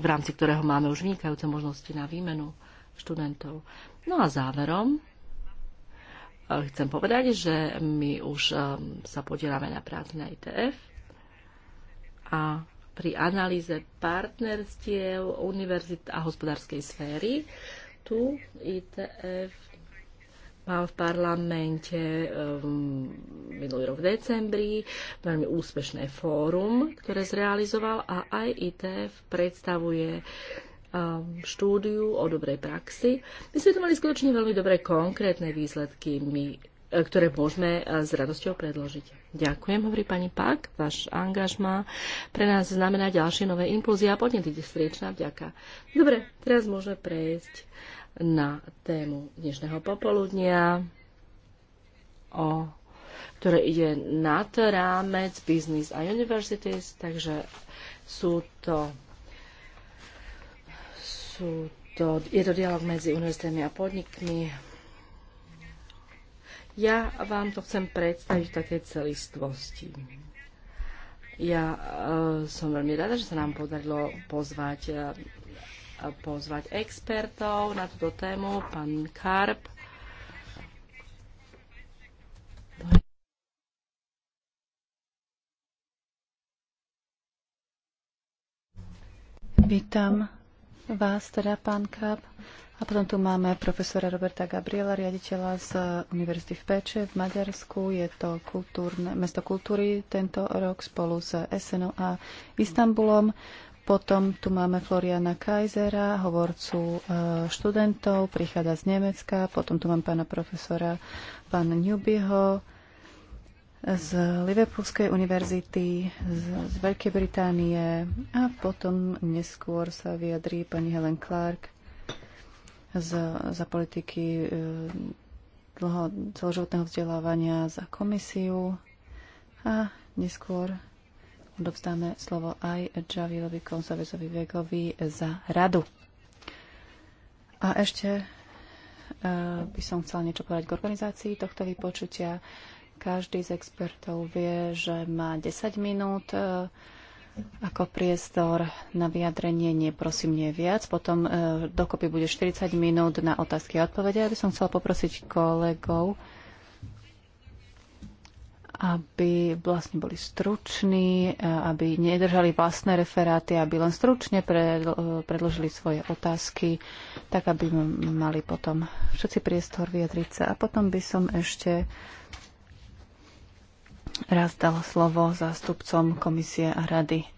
v rámci ktorého máme už vynikajúce možnosti na výmenu študentov. No a záverom e, chcem povedať, že my už e, sa podielame na práci na ITF a pri analýze partnerstiev univerzit a hospodárskej sféry tu ITF mal v parlamente um, minulý rok v decembri veľmi úspešné fórum, ktoré zrealizoval a aj ITF predstavuje ehm, štúdiu o dobrej praxi. My sme to mali skutočne veľmi dobré konkrétne výsledky, my, e, ktoré môžeme e, s radosťou predložiť. Ďakujem, hovorí pani Pak. Váš angažma pre nás znamená ďalšie nové impulzy a podnety. Striečná vďaka. Dobre, teraz môžeme prejsť na tému dnešného popoludnia, o, ktoré ide nad rámec Business a Universities, takže sú to, sú to, je to dialog medzi univerzitami a podnikmi. Ja vám to chcem predstaviť v takej celistvosti. Ja e, som veľmi rada, že sa nám podarilo pozvať e, pozvať expertov na túto tému, pán Karp. Vítam vás teda, pán Kap. A potom tu máme profesora Roberta Gabriela, riaditeľa z Univerzity v Péče v Maďarsku. Je to kultúrne, mesto kultúry tento rok spolu s SNO a Istanbulom. Potom tu máme Floriana Kajzera, hovorcu e, študentov, prichádza z Nemecka. Potom tu mám pána profesora pána Newbyho z Liverpoolskej univerzity, z, z Veľkej Británie a potom neskôr sa vyjadrí pani Helen Clark z, za politiky e, dlho, celoživotného vzdelávania za komisiu a neskôr odovzdáme slovo aj Javilovi Konsavezovi Vegovi za radu. A ešte e, by som chcela niečo povedať k organizácii tohto vypočutia. Každý z expertov vie, že má 10 minút e, ako priestor na vyjadrenie, nie prosím, nie viac. Potom e, dokopy bude 40 minút na otázky a odpovede. Ja by som chcela poprosiť kolegov, aby vlastne boli struční, e, aby nedržali vlastné referáty, aby len stručne e, predložili svoje otázky, tak aby mali potom všetci priestor vyjadriť sa. A potom by som ešte raz dal slovo zástupcom komisie a rady.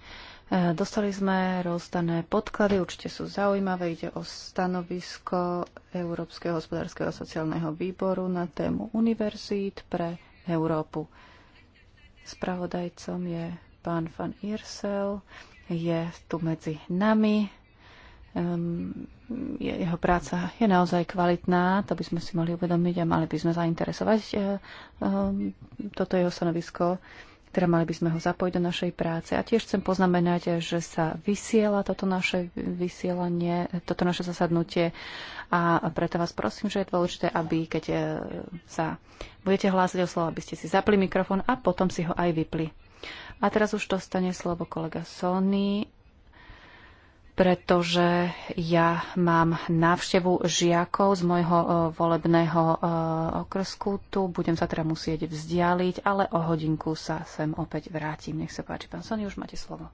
E, dostali sme rozdané podklady, určite sú zaujímavé. Ide o stanovisko Európskeho hospodárskeho sociálneho výboru na tému univerzít pre Európu. Spravodajcom je pán Van Irsel, je tu medzi nami. Um, je, jeho práca je naozaj kvalitná, to by sme si mohli uvedomiť a mali by sme zainteresovať um, toto jeho stanovisko. Um, teda mali by sme ho zapojiť do našej práce. A tiež chcem poznamenať, že sa vysiela toto naše vysielanie, toto naše zasadnutie a preto vás prosím, že je dôležité, aby keď e, sa budete hlásiť o slovo, aby ste si zapli mikrofón a potom si ho aj vypli. A teraz už dostane slovo kolega Sony pretože ja mám návštevu žiakov z môjho e, volebného e, okrsku. Tu budem sa teda musieť vzdialiť, ale o hodinku sa sem opäť vrátim. Nech sa páči, pán Sony, už máte slovo.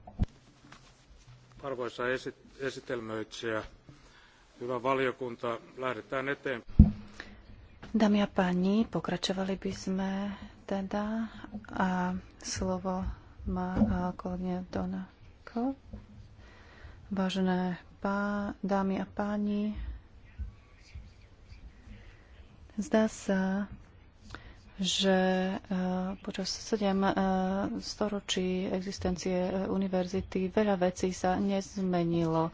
Arvoisa esitelmöitsijä, hyvä valiokunta, lähdetään eteenpäin. Dámy a páni, pokračovali by sme teda a slovo má e, kolegyňa Dona Vážené pá, dámy a páni, zdá sa, že e, počas 7 e, storočí existencie univerzity veľa vecí sa nezmenilo. E,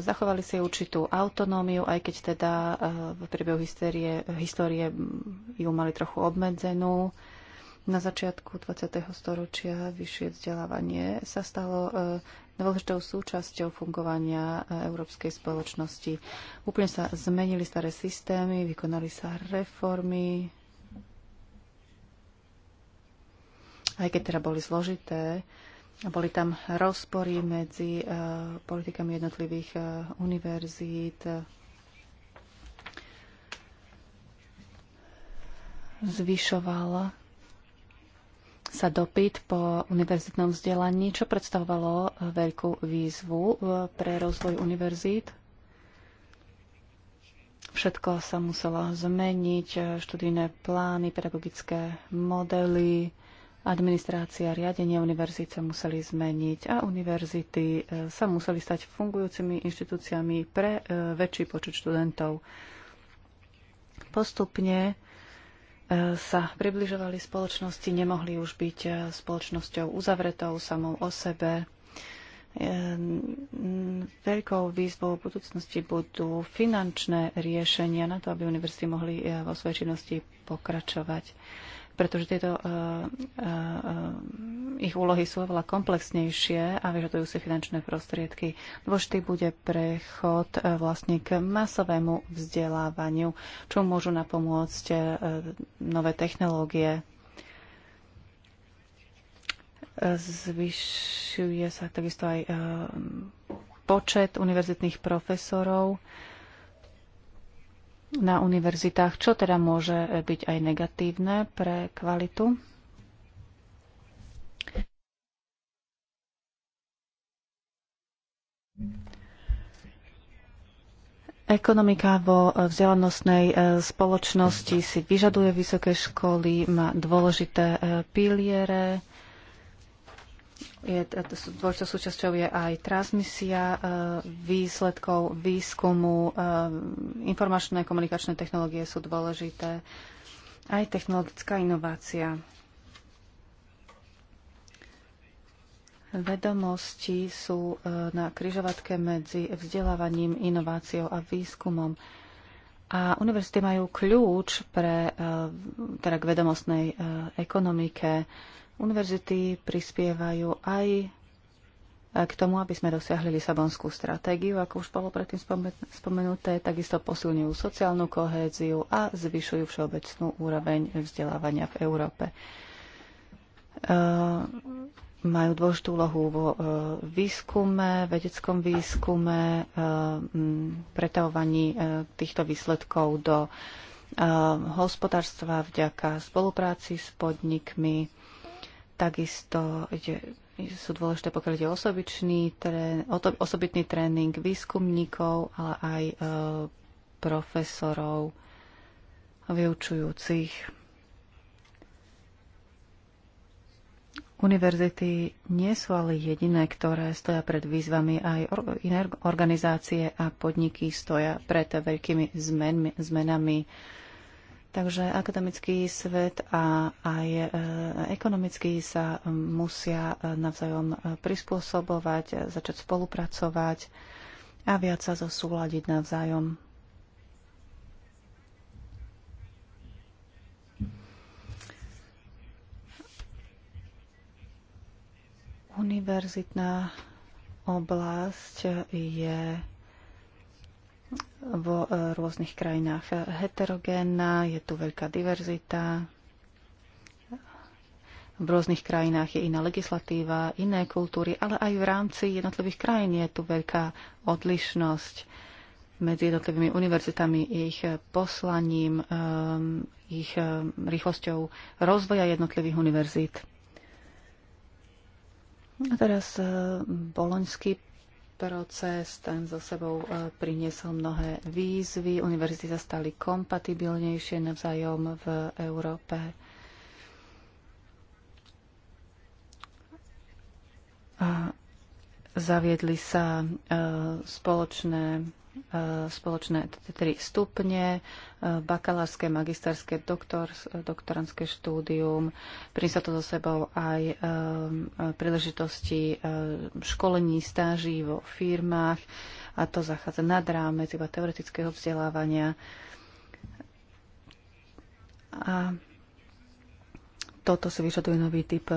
zachovali si určitú autonómiu, aj keď teda v priebehu histórie, histórie ju mali trochu obmedzenú. Na začiatku 20. storočia vyššie vzdelávanie sa stalo dôležitou súčasťou fungovania e, európskej spoločnosti. Úplne sa zmenili staré systémy, vykonali sa reformy, aj keď teda boli zložité. Boli tam rozpory medzi uh, politikami jednotlivých uh, univerzít, zvyšovala sa dopyt po univerzitnom vzdelaní, čo predstavovalo eh, veľkú výzvu eh, pre rozvoj univerzít. Všetko sa muselo zmeniť, eh, študijné plány, pedagogické modely, administrácia, riadenie univerzít sa museli zmeniť a univerzity sa museli stať fungujúcimi inštitúciami pre väčší počet študentov. Postupne sa približovali spoločnosti, nemohli už byť e, spoločnosťou uzavretou samou o sebe. E, veľkou výzvou v budúcnosti budú finančné riešenia na to, aby univerzity mohli e, vo svojej činnosti pokračovať pretože tieto uh, uh, ich úlohy sú oveľa komplexnejšie a vyžadujú si finančné prostriedky. Dôležitý bude prechod uh, vlastne k masovému vzdelávaniu, čo môžu napomôcť uh, nové technológie. Zvyšuje sa takisto aj uh, počet univerzitných profesorov. Uh, na univerzitách, čo teda môže byť aj negatívne pre kvalitu. Ekonomika vo vzdelanostnej e, spoločnosti si vyžaduje vysoké školy, má dôležité e, piliere, je, dôležitou súčasťou je aj transmisia e, výsledkov výskumu. E, informačné a komunikačné technológie sú dôležité. Aj technologická inovácia. Vedomosti sú e, na kryžovatke medzi vzdelávaním, inováciou a výskumom. A univerzity majú kľúč pre, teda k vedomostnej ekonomike. Univerzity prispievajú aj k tomu, aby sme dosiahli Lisabonskú stratégiu, ako už bolo predtým spomenuté, takisto posilňujú sociálnu kohéziu a zvyšujú všeobecnú úroveň vzdelávania v Európe. E, majú dôležitú úlohu vo e, výskume, vedeckom výskume, e, pretavovaní týchto výsledkov do hospodárstva vďaka spolupráci s podnikmi Takisto ide, sú dôležité, pokiaľ ide osobičný trén, osobitný tréning výskumníkov, ale aj e, profesorov vyučujúcich. Univerzity nie sú ale jediné, ktoré stoja pred výzvami, aj or- iné organizácie a podniky stoja pred veľkými zmenmi, zmenami Takže akademický svet a aj e, ekonomický sa e, musia e, navzájom prispôsobovať, začať spolupracovať a viac sa zosúľadiť navzájom. Univerzitná oblasť je v e, rôznych krajinách heterogénna, je tu veľká diverzita, v rôznych krajinách je iná legislatíva, iné kultúry, ale aj v rámci jednotlivých krajín je tu veľká odlišnosť medzi jednotlivými univerzitami, ich poslaním, ehm, ich ehm, rýchlosťou rozvoja jednotlivých univerzít. A teraz ehm, boloňský proces, ten zo sebou e, priniesol mnohé výzvy, univerzity sa stali kompatibilnejšie navzájom v Európe. A zaviedli sa e, spoločné E, spoločné tri stupne, e, bakalárske, magisterské, doktor, doktorantské štúdium. Prinsa to so sebou aj e, príležitosti školení, stáží vo firmách a to zachádza nad rámec iba teoretického vzdelávania. A toto si vyžaduje nový typ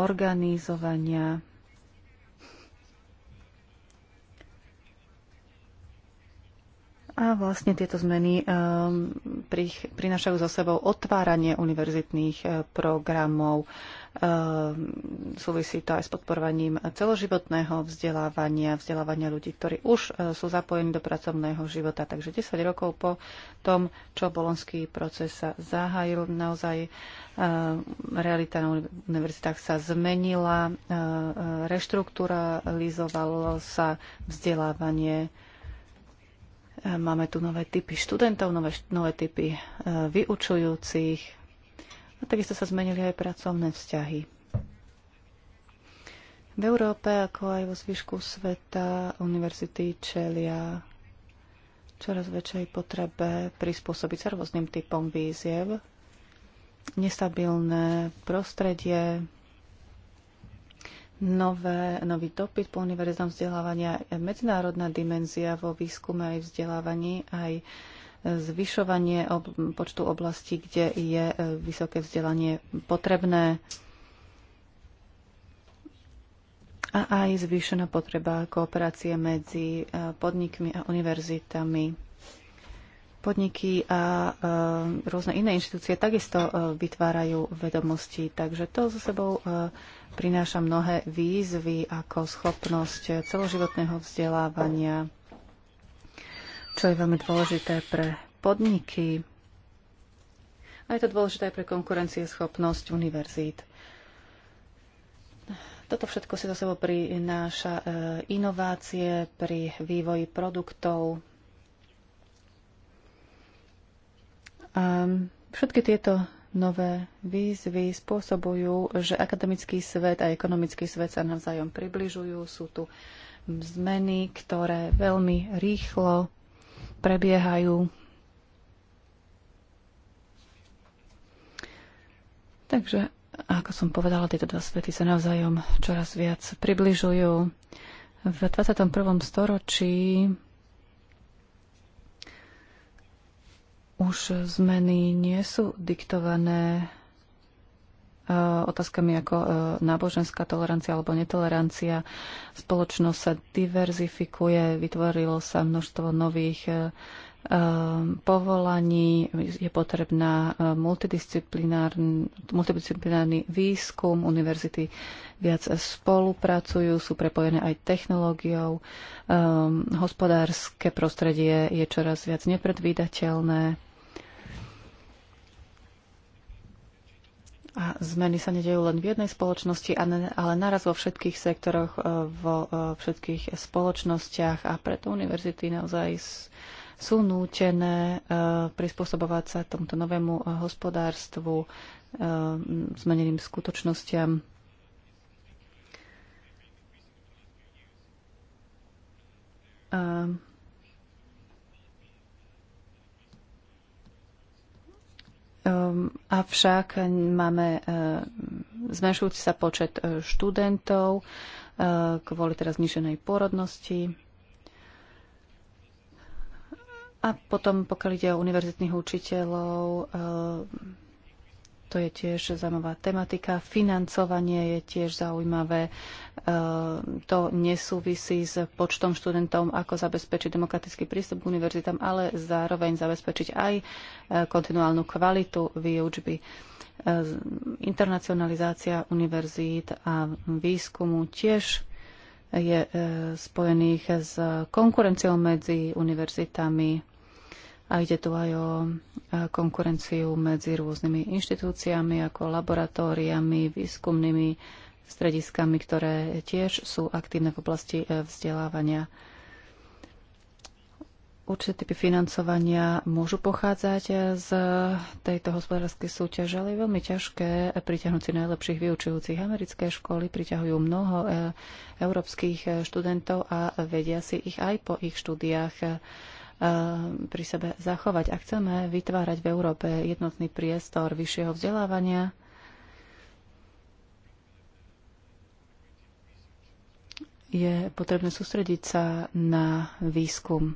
organizovania A vlastne tieto zmeny um, ehm, pri, prinášajú so sebou otváranie univerzitných eh, programov. Um, súvisí to aj s podporovaním celoživotného vzdelávania, vzdelávania ľudí, ktorí už uh, sú zapojení do pracovného života. Takže 10 rokov po tom, čo bolonský proces sa zahájil, naozaj uh, realita na univerzitách sa zmenila, uh, reštrukturalizovalo sa vzdelávanie Máme tu nové typy študentov, nové, nové typy e, vyučujúcich a takisto sa zmenili aj pracovné vzťahy. V Európe, ako aj vo zvyšku sveta, univerzity čelia čoraz väčšej potrebe prispôsobiť sa rôznym typom výziev, nestabilné prostredie, nové, nový dopyt po univerzitnom vzdelávania, medzinárodná dimenzia vo výskume aj vzdelávaní, aj zvyšovanie ob- počtu oblastí, kde je e, vysoké vzdelanie potrebné a aj zvýšená potreba kooperácie medzi e, podnikmi a univerzitami podniky a rôzne iné inštitúcie takisto e, vytvárajú vedomosti. Takže to so sebou e, prináša mnohé výzvy ako schopnosť celoživotného vzdelávania, čo je veľmi dôležité pre podniky. A je to dôležité aj pre konkurencieschopnosť univerzít. Toto všetko si za sebou prináša e, inovácie pri vývoji produktov, A všetky tieto nové výzvy spôsobujú, že akademický svet a ekonomický svet sa navzájom približujú. Sú tu zmeny, ktoré veľmi rýchlo prebiehajú. Takže, ako som povedala, tieto dva svety sa navzájom čoraz viac približujú. V 21. storočí Už zmeny nie sú diktované e, otázkami ako e, náboženská tolerancia alebo netolerancia. Spoločnosť sa diverzifikuje, vytvorilo sa množstvo nových e, povolaní, je potrebná multidisciplinárny, multidisciplinárny výskum, univerzity viac spolupracujú, sú prepojené aj technológiou, hospodárske prostredie je čoraz viac nepredvídateľné A zmeny sa nedejú len v jednej spoločnosti, ale naraz vo všetkých sektoroch, e, vo e, všetkých spoločnostiach a preto univerzity naozaj sú nútené e, prispôsobovať sa tomuto novému hospodárstvu, zmeneným skutočnostiam. Um, Um, avšak máme uh, zmenšujúci sa počet uh, študentov uh, kvôli teraz zniženej porodnosti. A potom, pokiaľ ide o univerzitných učiteľov, uh, to je tiež zaujímavá tematika. Financovanie je tiež zaujímavé. E, to nesúvisí s počtom študentov, ako zabezpečiť demokratický prístup k univerzitám, ale zároveň zabezpečiť aj e, kontinuálnu kvalitu výučby. E, internacionalizácia univerzít a výskumu tiež je spojených s konkurenciou medzi univerzitami a ide tu aj o e, konkurenciu medzi rôznymi inštitúciami ako laboratóriami, výskumnými strediskami, ktoré tiež sú aktívne v oblasti e, vzdelávania. Určité typy financovania môžu pochádzať e, z tejto hospodárskej súťaže, ale je veľmi ťažké priťahnuť si najlepších vyučujúcich. Americké školy priťahujú mnoho európskych študentov a vedia si ich aj po ich štúdiách Eh, pri sebe zachovať. Ak chceme vytvárať v Európe jednotný priestor vyššieho vzdelávania, je potrebné sústrediť sa na výskum.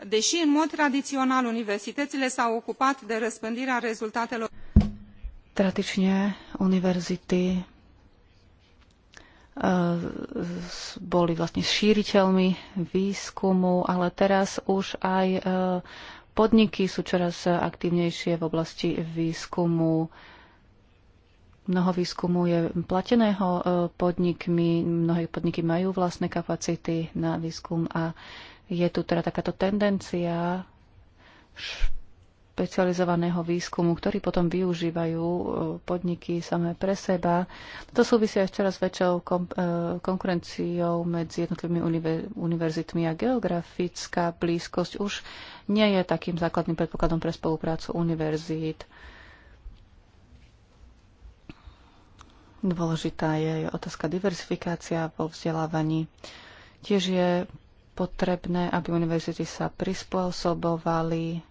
Deși în mod tradițional universitățile s-au ocupat de răspândirea rezultatelor Tradične univerzity E, boli vlastne šíriteľmi výskumu, ale teraz už aj e, podniky sú čoraz aktívnejšie v oblasti výskumu. Mnoho výskumu je plateného e, podnikmi, mnohé podniky majú vlastné kapacity na výskum a je tu teda takáto tendencia špecializovaného výskumu, ktorý potom využívajú e, podniky samé pre seba. To súvisí aj s čoraz väčšou e, konkurenciou medzi jednotlivými univerzitmi a geografická blízkosť už nie je takým základným predpokladom pre spoluprácu univerzít. Dôležitá je otázka diversifikácia vo vzdelávaní. Tiež je potrebné, aby univerzity sa prispôsobovali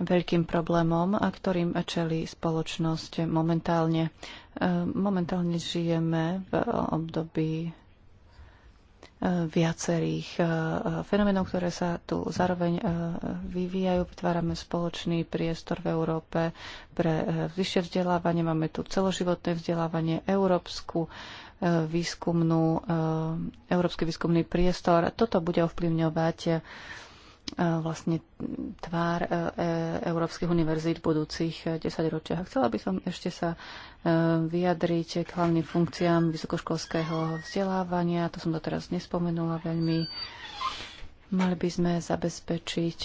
veľkým problémom, a ktorým čelí spoločnosť momentálne. E, momentálne žijeme v období e, viacerých e, fenoménov, ktoré sa tu zároveň vyvíjajú. Vytvárame spoločný priestor v Európe pre vyššie vzdelávanie. Máme tu celoživotné vzdelávanie, európsku výskumnú, európsky výskumný priestor. Toto bude ovplyvňovať E, vlastne tvár e, e, európskych univerzít v budúcich 10 ročiach. Chcela by som ešte sa vyjadriť k hlavným funkciám vysokoškolského vzdelávania. To som doteraz nespomenula veľmi. Mali by sme zabezpečiť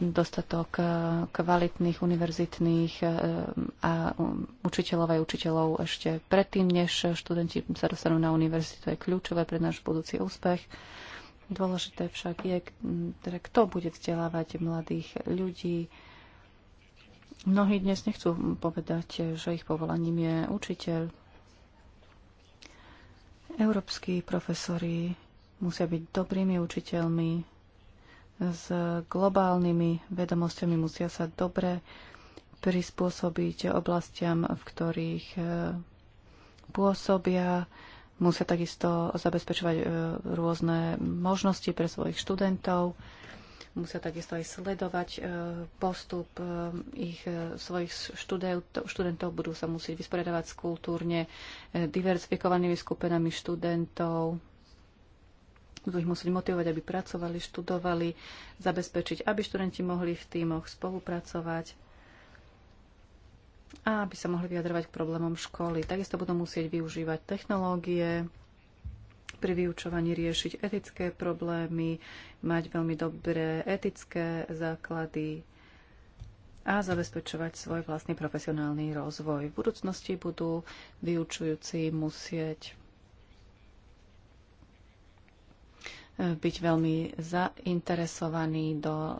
dostatok kvalitných univerzitných a učiteľov aj učiteľov ešte predtým, než študenti sa dostanú na univerzitu. To je kľúčové pre náš budúci úspech. Dôležité však je, teda kto bude vzdelávať mladých ľudí. Mnohí dnes nechcú povedať, že ich povolaním je učiteľ. Európsky profesori musia byť dobrými učiteľmi s globálnymi vedomosťami, musia sa dobre prispôsobiť oblastiam, v ktorých eh, pôsobia, Musia takisto zabezpečovať e, rôzne možnosti pre svojich študentov. Musia takisto aj sledovať e, postup e, ich svojich študentov. Študentov budú sa musieť vysporiadavať s kultúrne diverzifikovanými skupinami študentov, budú ich musieť motivovať, aby pracovali, študovali, zabezpečiť, aby študenti mohli v týmoch spolupracovať a aby sa mohli vyjadrovať k problémom školy. Takisto budú musieť využívať technológie, pri vyučovaní riešiť etické problémy, mať veľmi dobré etické základy a zabezpečovať svoj vlastný profesionálny rozvoj. V budúcnosti budú vyučujúci musieť byť veľmi zainteresovaní do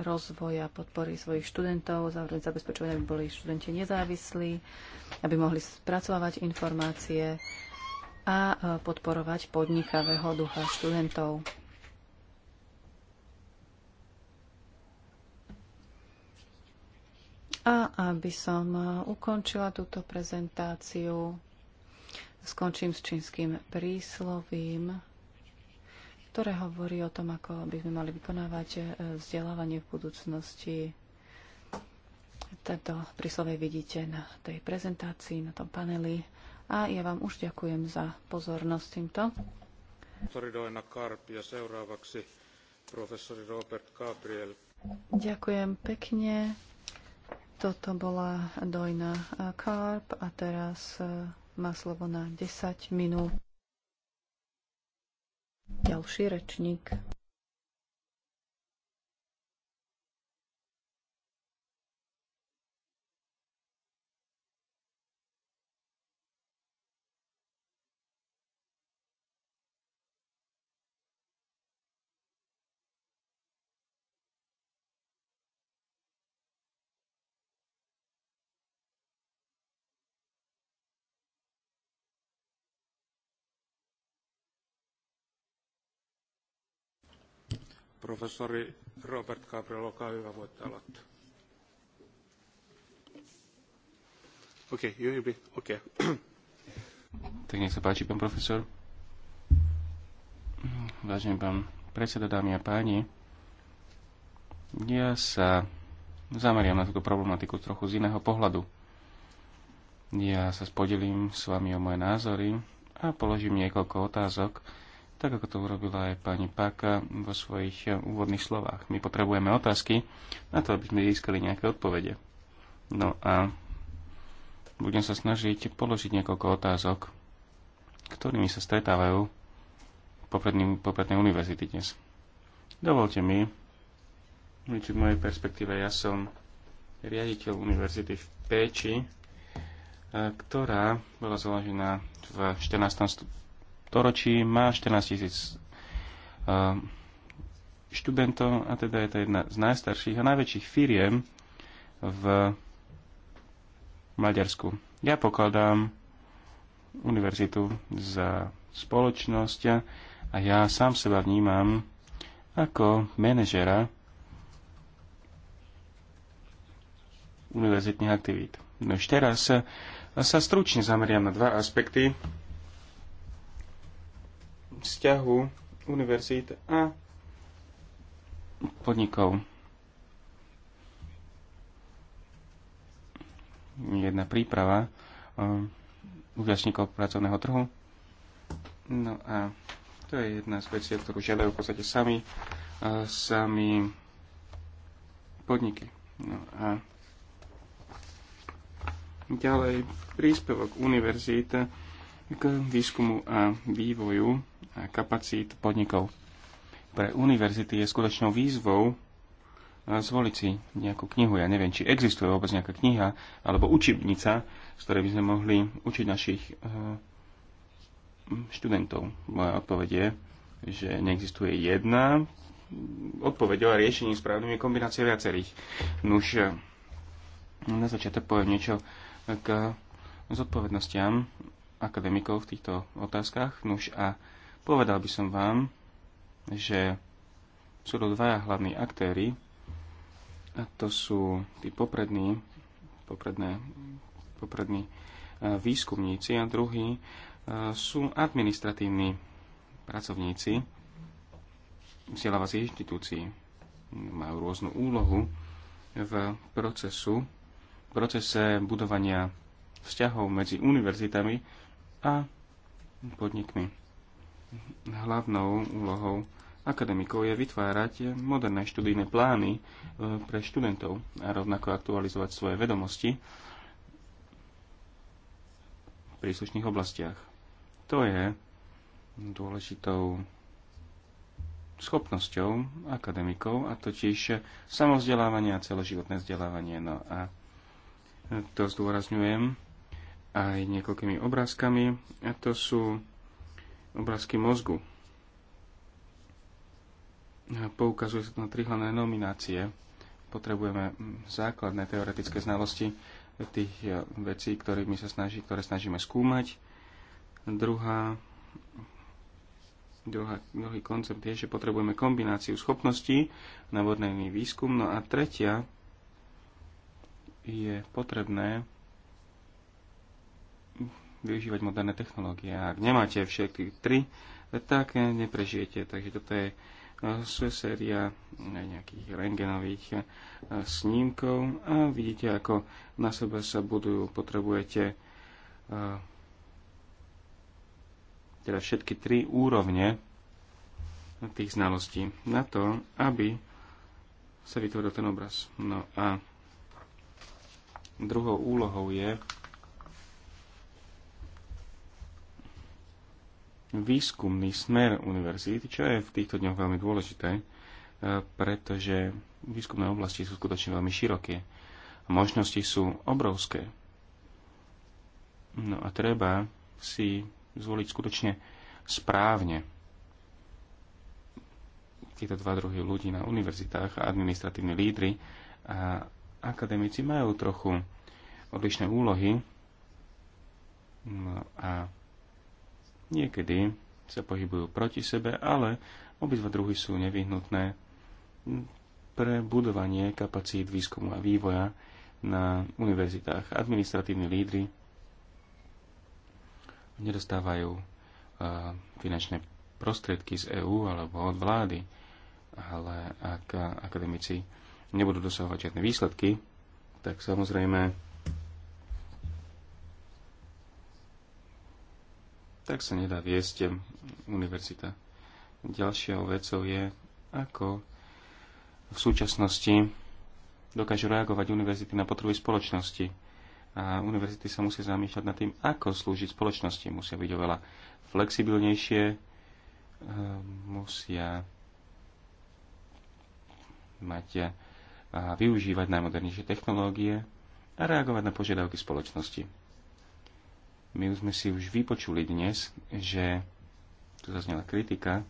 rozvoja podpory svojich študentov, zároveň zabezpečovať, aby boli študenti nezávislí, aby mohli spracovávať informácie a e, podporovať podnikavého ducha študentov. A aby som e, ukončila túto prezentáciu, skončím s čínskym príslovím ktoré hovorí o tom, ako by sme mali vykonávať e, vzdelávanie v budúcnosti. Tento príslove vidíte na tej prezentácii, na tom paneli. A ja vám už ďakujem za pozornosť týmto. Ďakujem pekne. Toto bola Dojna Karp a teraz e, má slovo na 10 minút. Ďalší rečník. Professori Robert Gabriel, olkaa hyvä, voitte aloittaa. Okej, okay, Jyri, Okay. tak nech sa páči, pán profesor. Vážený pán predseda, dámy a páni, ja sa zameriam na túto problematiku trochu z iného pohľadu. Ja sa spodelím s vami o moje názory a položím niekoľko otázok, tak ako to urobila aj pani Páka vo svojich úvodných slovách. My potrebujeme otázky na to, aby sme získali nejaké odpovede. No a budem sa snažiť položiť niekoľko otázok, ktorými sa stretávajú popredné univerzity dnes. Dovolte mi, či v mojej perspektíve ja som riaditeľ univerzity v Péči, ktorá bola založená v 14 storočí má 14 tisíc eh, študentov a teda je to jedna z najstarších a najväčších firiem v Maďarsku. Ja pokladám univerzitu za spoločnosť a ja sám seba vnímam ako manažera univerzitných aktivít. No už teraz sa stručne zameriam na dva aspekty vzťahu univerzít a podnikov. Jedna príprava um, účastníkov pracovného trhu. No a to je jedna z vecí, ktorú žiadajú v podstate sami, uh, sami podniky. No a ďalej príspevok univerzít k výskumu a vývoju kapacít podnikov. Pre univerzity je skutočnou výzvou eh, zvoliť si nejakú knihu. Ja neviem, či existuje vôbec nejaká kniha alebo učebnica, z ktorej by sme mohli učiť našich eh, študentov. Moja odpoveď je, že neexistuje jedna odpoveď a riešení správnym je kombinácia viacerých. Nuž, no eh, na začiatok poviem niečo k zodpovednostiam akademikov v týchto otázkach. Nuž no a Povedal by som vám, že sú to dvaja hlavní aktéry, a to sú tí poprední, popredné, poprední e, výskumníci a druhý e, sú administratívni pracovníci vzdelávacích inštitúcií. Majú rôznu úlohu v procesu, procese budovania vzťahov medzi univerzitami a podnikmi hlavnou úlohou akademikov je vytvárať moderné študijné plány e, pre študentov a rovnako aktualizovať svoje vedomosti v príslušných oblastiach. To je dôležitou schopnosťou akademikov, a totiž samozdelávanie a celoživotné vzdelávanie. No a to zdôrazňujem aj niekoľkými obrázkami, a to sú obrázky mozgu. poukazuje sa na tri hlavné nominácie. Potrebujeme mm, základné teoretické znalosti tých e, vecí, ktorými sa snaží, ktoré snažíme skúmať. Druhá, druhá, druhý koncept je, že potrebujeme kombináciu schopností na vodnejný výskum. No a tretia je potrebné využívať moderné technológie. ak nemáte všetky tri, tak neprežijete. Takže toto je e, séria e, nejakých rengenových e, snímkov a vidíte, ako na sebe sa budujú, potrebujete teda všetky tri úrovne tých znalostí na to, aby sa vytvoril ten obraz. No a druhou úlohou je výskumný smer univerzity, čo je v týchto dňoch veľmi dôležité, e, pretože výskumné oblasti sú skutočne veľmi široké. Možnosti sú obrovské. No a treba si zvoliť skutočne správne Tieto dva druhy ľudí na univerzitách a administratívni lídry a akademici majú trochu odlišné úlohy no a Niekedy sa pohybujú proti sebe, ale obidva druhy sú nevyhnutné pre budovanie kapacít výskumu a vývoja na univerzitách. Administratívni lídry nedostávajú e, finančné prostriedky z EÚ alebo od vlády, ale ak akademici nebudú dosahovať žiadne výsledky, tak samozrejme tak sa nedá viesť univerzita. Ďalšou vecou je, ako v súčasnosti dokážu reagovať univerzity na potreby spoločnosti. A univerzity sa musia zamýšľať nad tým, ako slúžiť spoločnosti. Musia byť oveľa flexibilnejšie, e, musia mať e, a využívať najmodernejšie technológie a reagovať na požiadavky spoločnosti. My sme si už vypočuli dnes, že tu zaznela kritika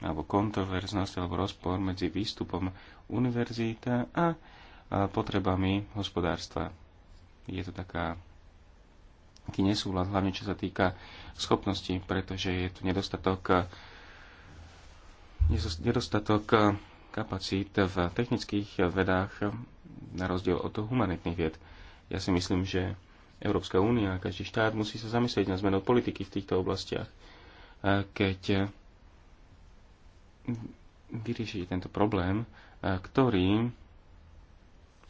alebo kontroverznosť alebo rozpor medzi výstupom univerzita a potrebami hospodárstva. Je to taká taký nesúlad, hlavne čo sa týka schopnosti, pretože je tu nedostatok, nedostatok kapacít v technických vedách na rozdiel od humanitných vied. Ja si myslím, že Európska únia a každý štát musí sa zamyslieť na zmenu politiky v týchto oblastiach. Keď vyriešite tento problém, ktorý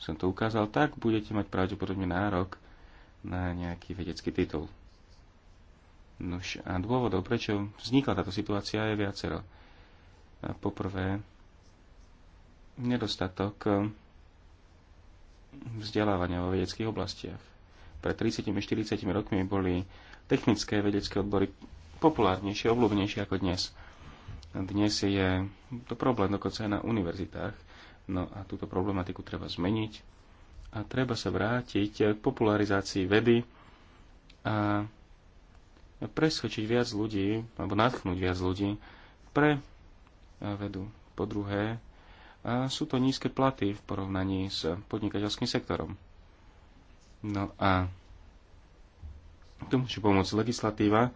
som to ukázal, tak budete mať pravdepodobne nárok na nejaký vedecký titul. Nož a dôvodov, prečo vznikla táto situácia, je viacero. Poprvé, nedostatok vzdelávania vo vedeckých oblastiach. Pred 30-40 rokmi boli technické vedecké odbory populárnejšie, obľúbenejšie ako dnes. Dnes je to problém dokonca aj na univerzitách. No a túto problematiku treba zmeniť a treba sa vrátiť k popularizácii vedy a presvedčiť viac ľudí, alebo natchnúť viac ľudí pre vedu. Po druhé, sú to nízke platy v porovnaní s podnikateľským sektorom. No a tu môže pomôcť legislatíva,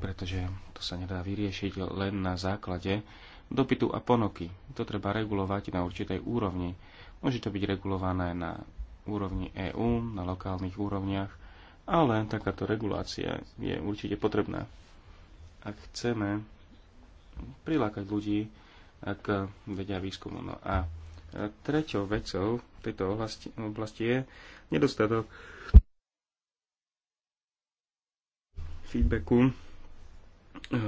pretože to sa nedá vyriešiť len na základe dopytu a ponoky. To treba regulovať na určitej úrovni. Môže to byť regulované na úrovni EÚ, na lokálnych úrovniach, ale takáto regulácia je určite potrebná. Ak chceme prilákať ľudí ak vedia výskumu. No a Treťou vecou v tejto oblasti, oblasti je nedostatok feedbacku e,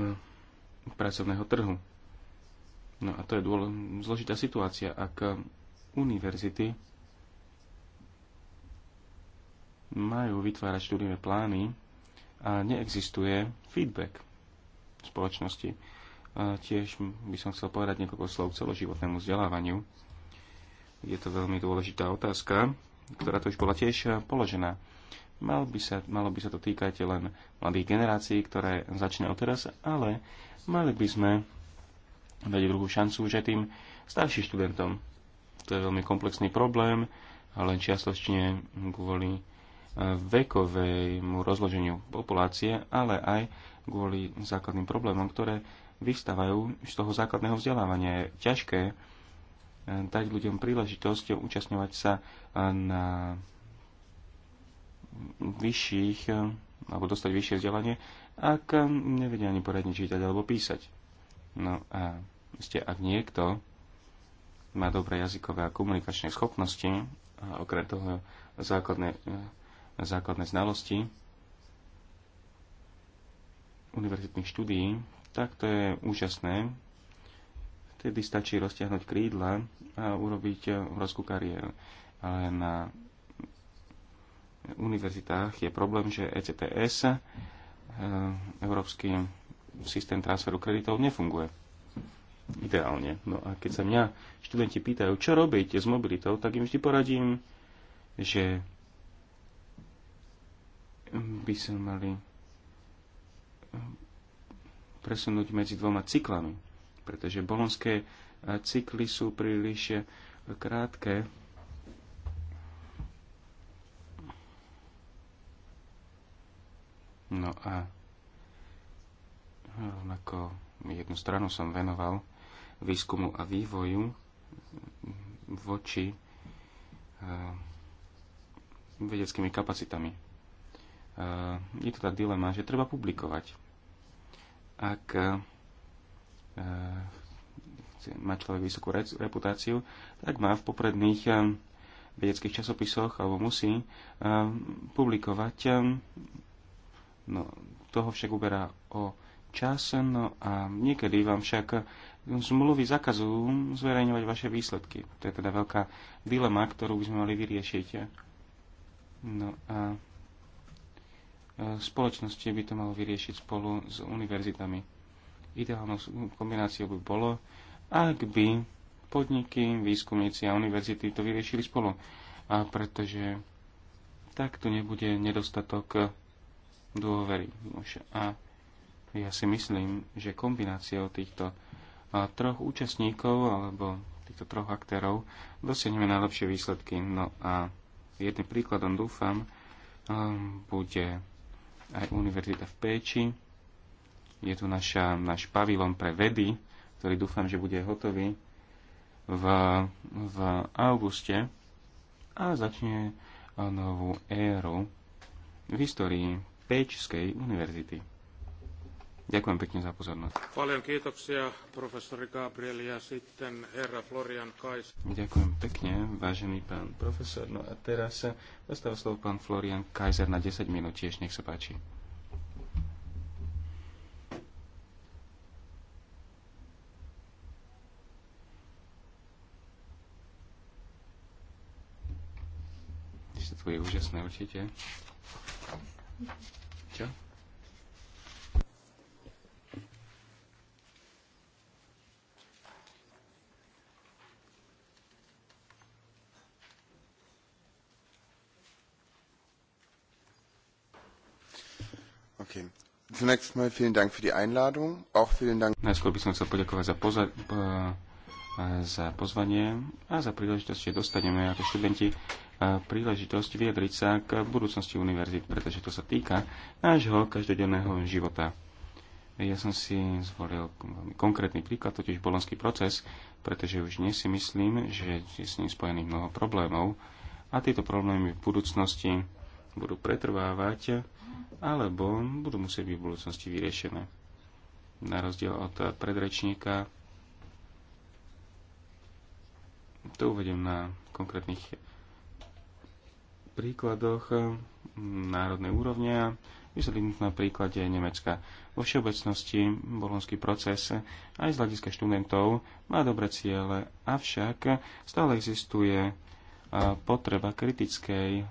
pracovného trhu. No a to je dôle, zložitá situácia, ak univerzity majú vytvárať štúdie plány a neexistuje feedback v spoločnosti. A tiež by som chcel povedať niekoľko slov celoživotnému vzdelávaniu. Je to veľmi dôležitá otázka, ktorá tu už bola tiež položená. Mal by sa, malo by sa to týkať len mladých generácií, ktoré od teraz, ale mali by sme dať druhú šancu už aj tým starším študentom. To je veľmi komplexný problém, ale čiastočne kvôli e, vekovému rozloženiu populácie, ale aj kvôli základným problémom, ktoré vystávajú z toho základného vzdelávania. Je ťažké E, dať ľuďom príležitosť účastňovať sa e, na vyšších, e, alebo dostať vyššie vzdelanie, ak nevedia ani poradne čítať alebo písať. No a ste, ak niekto má dobré jazykové a komunikačné schopnosti, a okrem toho základné, základné znalosti univerzitných štúdií, tak to je úžasné Tedy stačí roztiahnuť krídla a urobiť obrovskú kariéru. Ale na univerzitách je problém, že ECTS, e, Európsky systém transferu kreditov, nefunguje ideálne. No a keď sa mňa študenti pýtajú, čo robiť s mobilitou, tak im vždy poradím, že by sme mali presunúť medzi dvoma cyklami pretože bolonské e, cykly sú príliš e, krátke. No a rovnako jednu stranu som venoval výskumu a vývoju voči e, vedeckými kapacitami. Je to tá dilema, že treba publikovať. Ak E, má človek vysokú reputáciu, tak má v popredných e, vedeckých časopisoch alebo musí e, publikovať. No, toho však uberá o čas, no a niekedy vám však zmluvy zakazujú zverejňovať vaše výsledky. To je teda veľká dilema, ktorú by sme mali vyriešiť. No a spoločnosti by to malo vyriešiť spolu s univerzitami ideálnou kombináciou by bolo, ak by podniky, výskumníci a univerzity to vyriešili spolu. A pretože tak tu nebude nedostatok dôvery. A ja si myslím, že kombináciou týchto troch účastníkov alebo týchto troch aktérov dosiahneme najlepšie výsledky. No a jedným príkladom dúfam bude aj univerzita v Péči, je tu naša, náš pavilon pre vedy, ktorý dúfam, že bude hotový v, v auguste a začne novú éru v histórii Pečskej univerzity. Ďakujem pekne za pozornosť. Paljon kiitoksia, profesori Gabriel, ja sitten herra Florian Kais. Ďakujem pekne, vážený pán profesor. No a teraz dostáva slovo pán Florian Kaiser na 10 minút, tiež nech sa páči. tu je úžasné určite. Čo? Okay. Zunächst mal vielen Dank für die Einladung, auch vielen Dank. Najskôr by som chcel poďakovať za, poza- za pozvanie a za príležitosť, že dostaneme ako študenti príležitosť vyjadriť sa k budúcnosti univerzit, pretože to sa týka nášho každodenného života. Ja som si zvolil veľmi konkrétny príklad, totiž bolonský proces, pretože už dnes si myslím, že je s ním spojených mnoho problémov a tieto problémy v budúcnosti budú pretrvávať alebo budú musieť byť v budúcnosti vyriešené. Na rozdiel od predrečníka to uvedem na konkrétnych príkladoch eh, národnej úrovne a vysvetlím na príklade Nemecka. Vo všeobecnosti bolonský proces eh, aj z hľadiska študentov má dobré ciele, avšak stále existuje eh, potreba kritickej,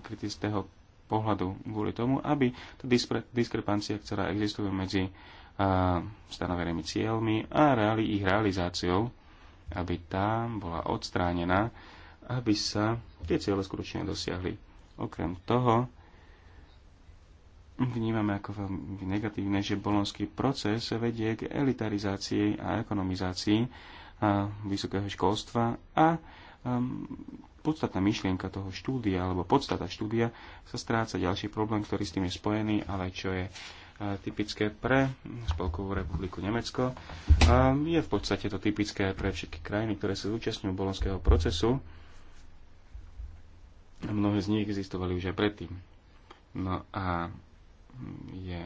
kritického pohľadu kvôli tomu, aby tá diskrepancia, ktorá existuje medzi stanovenými cieľmi a reali ich realizáciou, aby tá bola odstránená aby sa tie cieľe skutočne dosiahli. Okrem toho, vnímame ako veľmi negatívne, že bolonský proces vedie k elitarizácii a ekonomizácii a vysokého školstva a um, podstatná myšlienka toho štúdia alebo podstata štúdia sa stráca ďalší problém, ktorý s tým je spojený, ale čo je uh, typické pre Spolkovú republiku Nemecko. Um, je v podstate to typické pre všetky krajiny, ktoré sa zúčastňujú bolonského procesu Mnohé z nich existovali už aj predtým. No a je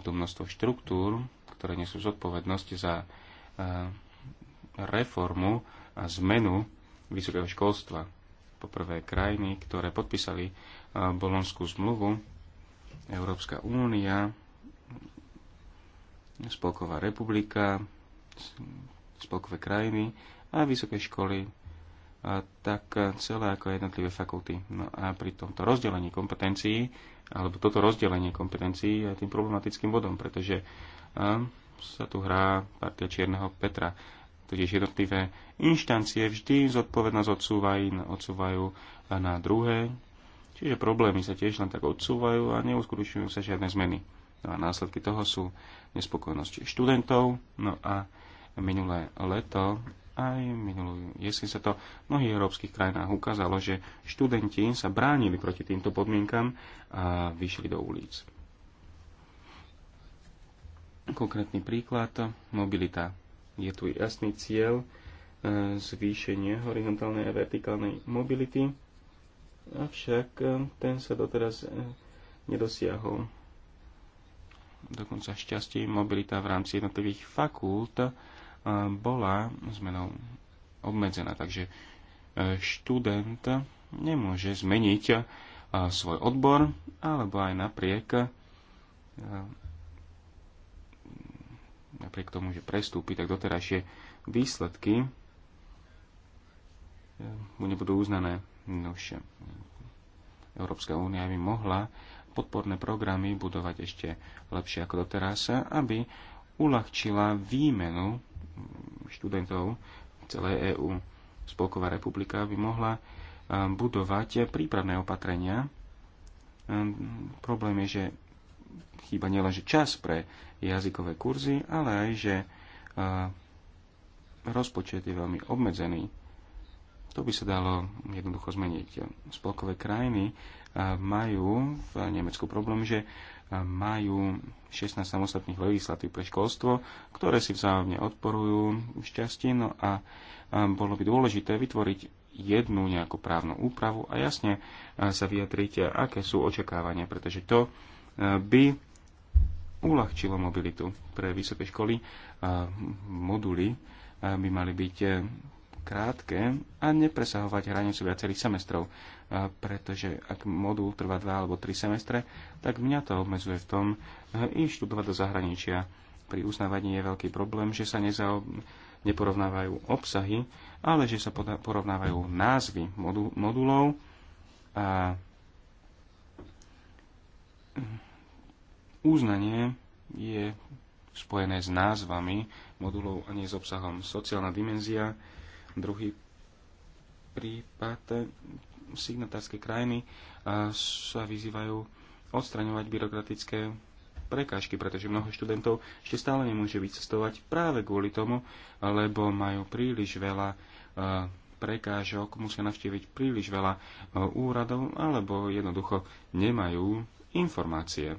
tu množstvo štruktúr, ktoré nesú zodpovednosť za reformu a zmenu vysokého školstva. Poprvé krajiny, ktoré podpísali Bolonskú zmluvu, Európska únia, Spolková republika, spolkové krajiny a vysoké školy tak celé ako jednotlivé fakulty. No a pri tomto rozdelení kompetencií, alebo toto rozdelenie kompetencií je tým problematickým bodom, pretože sa tu hrá partia Čierneho Petra. Totiž jednotlivé inštancie vždy zodpovednosť odsúvajú, odsúvajú na druhé, čiže problémy sa tiež len tak odsúvajú a neuskutočňujú sa žiadne zmeny. No a následky toho sú nespokojnosť študentov. No a minulé leto aj minulú jeseň sa to v mnohých európskych krajinách ukázalo, že študenti sa bránili proti týmto podmienkam a vyšli do ulic. Konkrétny príklad, mobilita. Je tu jasný cieľ e, zvýšenie horizontálnej a vertikálnej mobility, avšak e, ten sa doteraz e, nedosiahol. Dokonca šťastie mobilita v rámci jednotlivých fakult bola zmenou obmedzená. Takže e, študent nemôže zmeniť e, svoj odbor alebo aj napriek e, napriek tomu, že prestúpi, tak doterajšie výsledky mu nebudú uznané. Už Európska únia by mohla podporné programy budovať ešte lepšie ako doteraz, aby uľahčila výmenu študentov celej EÚ. Spolková republika by mohla e, budovať prípravné opatrenia. E, problém je, že chýba nielen čas pre jazykové kurzy, ale aj, že e, rozpočet je veľmi obmedzený. To by sa dalo jednoducho zmeniť. Spolkové krajiny majú v Nemecku problém, že majú 16 samostatných legislatív pre školstvo, ktoré si vzájomne odporujú šťastie, no a bolo by dôležité vytvoriť jednu nejakú právnu úpravu a jasne sa vyjadriť, aké sú očakávania, pretože to by uľahčilo mobilitu pre vysoké školy. Moduly by mali byť krátke a nepresahovať hranicu viacerých semestrov pretože ak modul trvá 2 alebo 3 semestre, tak mňa to obmedzuje v tom eh, ísť študovať do zahraničia. Pri uznávaní je veľký problém, že sa nezao, neporovnávajú obsahy, ale že sa porovnávajú názvy modu, modulov a uznanie je spojené s názvami modulov a nie s obsahom. Sociálna dimenzia, druhý prípad, signatárske krajiny sa vyzývajú odstraňovať byrokratické prekážky, pretože mnoho študentov ešte stále nemôže vycestovať práve kvôli tomu, lebo majú príliš veľa prekážok, musia navštíviť príliš veľa úradov alebo jednoducho nemajú informácie.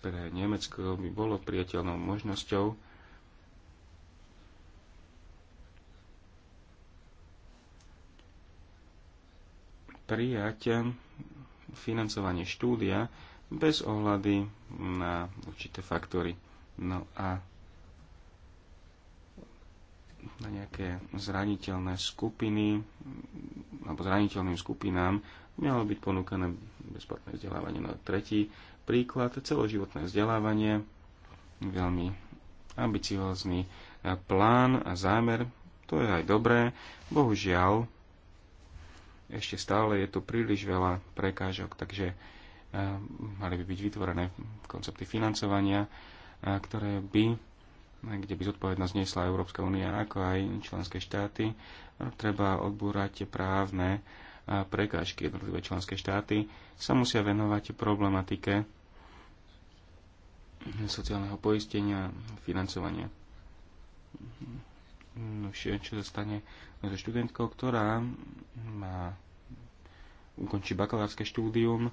Pre Nemecko by bolo priateľnou možnosťou prijať financovanie štúdia bez ohľady na určité faktory. No a na nejaké zraniteľné skupiny alebo zraniteľným skupinám malo byť ponúkané bezplatné vzdelávanie. No a tretí príklad, celoživotné vzdelávanie, veľmi ambiciózny plán a zámer, to je aj dobré, bohužiaľ ešte stále je tu príliš veľa prekážok, takže eh, mali by byť vytvorené koncepty financovania, eh, ktoré by, kde by zodpovednosť niesla Európska únia, ako aj členské štáty, treba odbúrať právne eh, prekážky. Jednotlivé členské štáty sa musia venovať problematike sociálneho poistenia, financovania čo sa stane so študentkou, ktorá má, ukončí bakalárske štúdium,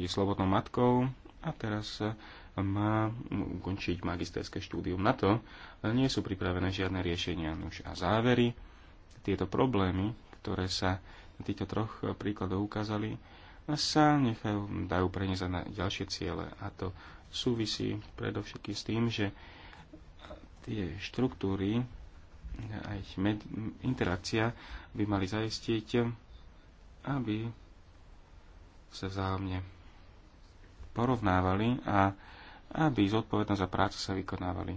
je slobodnou matkou a teraz má ukončiť magisterské štúdium. Na to nie sú pripravené žiadne riešenia. Nuž a závery, tieto problémy, ktoré sa na týchto troch príkladov ukázali, sa nechajú, dajú preniesť na ďalšie ciele. A to súvisí predovšetkým s tým, že tie štruktúry a ich interakcia by mali zaistiť, aby sa vzájomne porovnávali a aby zodpovednosť za prácu sa vykonávali.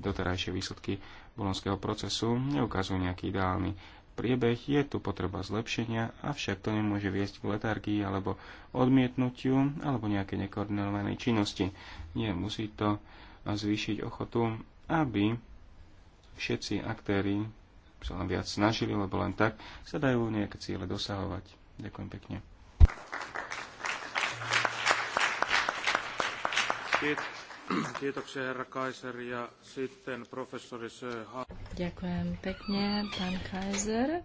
Doterajšie výsledky bolonského procesu neukazujú nejaký ideálny priebeh, je tu potreba zlepšenia, avšak to nemôže viesť k letargii alebo odmietnutiu alebo nejaké nekoordinovanej činnosti. Nie, musí to zvýšiť ochotu, aby všetci aktéry sa len viac snažili, lebo len tak sa dajú nejaké ciele dosahovať. Ďakujem pekne. Ďakujem pekne, pán Kaiser.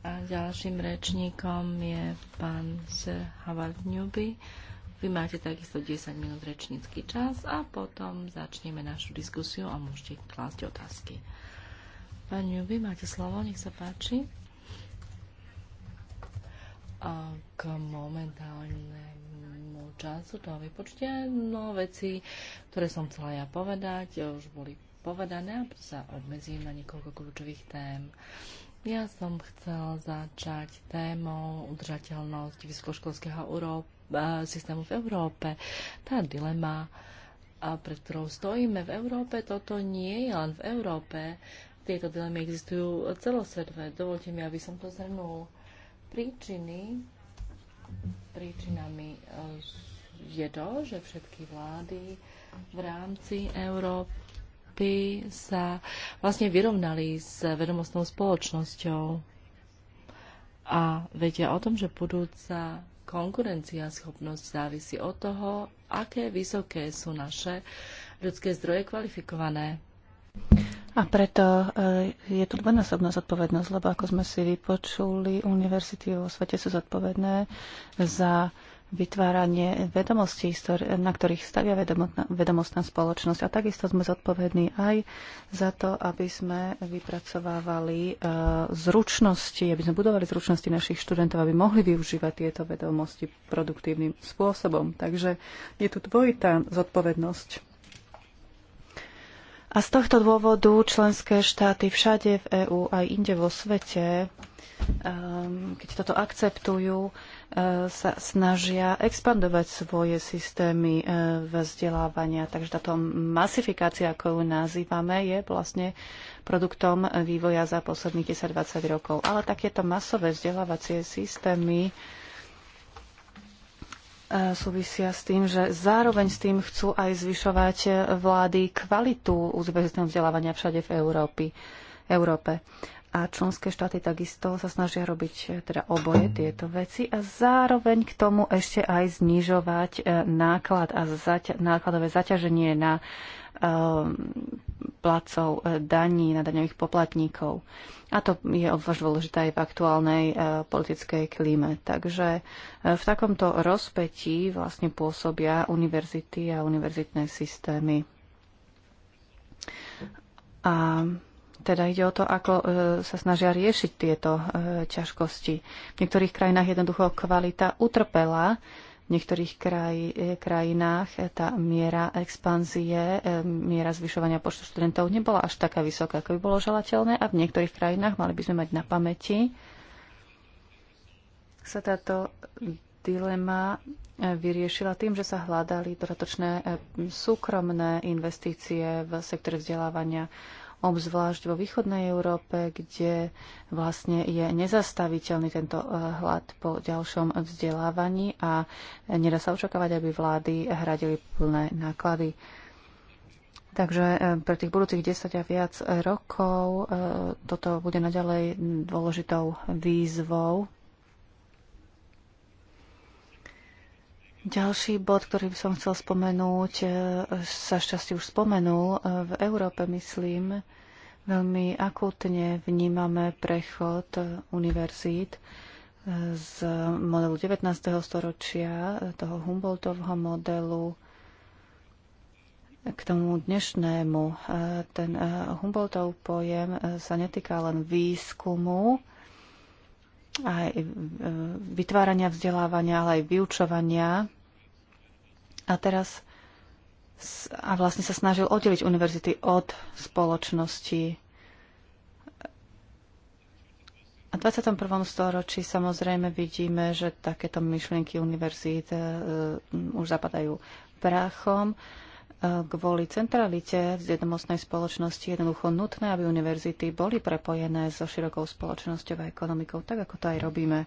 A ďalším rečníkom je pán Sir Havard Newby, vy máte takisto 10 minút rečnícky čas a potom začneme našu diskusiu a môžete klásť otázky. Pani Juby, máte slovo, nech sa páči. A k momentálnemu času toho vypočte. no veci, ktoré som chcela ja povedať, už boli povedané a sa obmedzím na niekoľko kľúčových tém. Ja som chcel začať témou udržateľnosť vysokoškolského Európy E, systému v Európe. Tá dilema, pred ktorou stojíme v Európe, toto nie je len v Európe. Tieto dilemy existujú celosvetové. Dovolte mi, aby som to zhrnul. Príčiny, príčinami e, je to, že všetky vlády v rámci Európy sa vlastne vyrovnali s vedomostnou spoločnosťou a vedia o tom, že budúca konkurenciaschopnosť závisí od toho, aké vysoké sú naše ľudské zdroje kvalifikované. A preto e, je tu dvojnásobná zodpovednosť, lebo ako sme si vypočuli, univerzity vo svete sú zodpovedné za vytváranie vedomostí, na ktorých stavia vedomostná spoločnosť. A takisto sme zodpovední aj za to, aby sme vypracovávali e, zručnosti, aby sme budovali zručnosti našich študentov, aby mohli využívať tieto vedomosti produktívnym spôsobom. Takže je tu dvojitá zodpovednosť. A z tohto dôvodu členské štáty všade v EÚ aj inde vo svete, e, keď toto akceptujú, sa snažia expandovať svoje systémy e, vzdelávania. Takže táto masifikácia, ako ju nazývame, je vlastne produktom vývoja za posledných 10-20 rokov. Ale takéto masové vzdelávacie systémy e, súvisia s tým, že zároveň s tým chcú aj zvyšovať vlády kvalitu univerzitného vzdelávania všade v Európe a členské štáty takisto sa snažia robiť e, teda oboje tieto veci a zároveň k tomu ešte aj znižovať e, náklad a zaťa- nákladové zaťaženie na e, placov daní, na daňových poplatníkov. A to je obzvlášť dôležité aj v aktuálnej politickej klíme. Takže v takomto rozpetí vlastne pôsobia univerzity a univerzitné systémy. A teda ide o to, ako e, sa snažia riešiť tieto e, ťažkosti. V niektorých krajinách jednoducho kvalita utrpela, v niektorých kraj, e, krajinách tá miera expanzie, miera zvyšovania počtu študentov nebola až taká vysoká, ako by bolo želateľné a v niektorých krajinách mali by sme mať na pamäti, sa táto dilema vyriešila tým, že sa hľadali dodatočné súkromné investície v sektore vzdelávania obzvlášť vo východnej Európe, kde vlastne je nezastaviteľný tento eh, hlad po ďalšom vzdelávaní a nedá sa očakávať, aby vlády hradili plné náklady. Takže eh, pre tých budúcich 10 a viac rokov eh, toto bude naďalej dôležitou výzvou Ďalší bod, ktorý by som chcel spomenúť, e, sa šťastie už spomenul, e, v Európe myslím, veľmi akutne vnímame prechod e, univerzít z modelu 19. storočia, toho Humboldtovho modelu, k tomu dnešnému. Ten Humboldtov pojem sa netýka len výskumu, aj vytvárania vzdelávania, ale aj vyučovania a teraz a vlastne sa snažil oddeliť univerzity od spoločnosti. A v 21. storočí samozrejme vidíme, že takéto myšlienky univerzít e, už zapadajú prachom e, kvôli centralite v vzdedomostnej spoločnosti jednoducho nutné, aby univerzity boli prepojené so širokou spoločnosťou a ekonomikou, tak ako to aj robíme.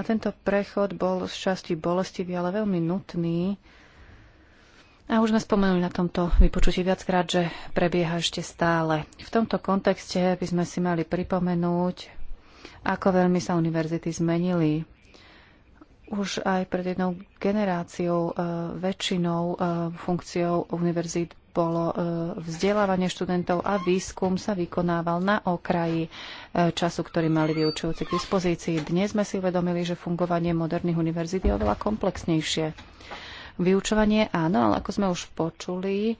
A tento prechod bol z časti bolestivý, ale veľmi nutný, a už sme spomenuli na tomto vypočutí viackrát, že prebieha ešte stále. V tomto kontexte by sme si mali pripomenúť, ako veľmi sa univerzity zmenili. Už aj pred jednou generáciou e, väčšinou e, funkciou univerzít bolo e, vzdelávanie študentov a výskum sa vykonával na okraji času, ktorý mali vyučujúci k dispozícii. Dnes sme si uvedomili, že fungovanie moderných univerzít je oveľa komplexnejšie. Vyučovanie áno, ale ako sme už počuli,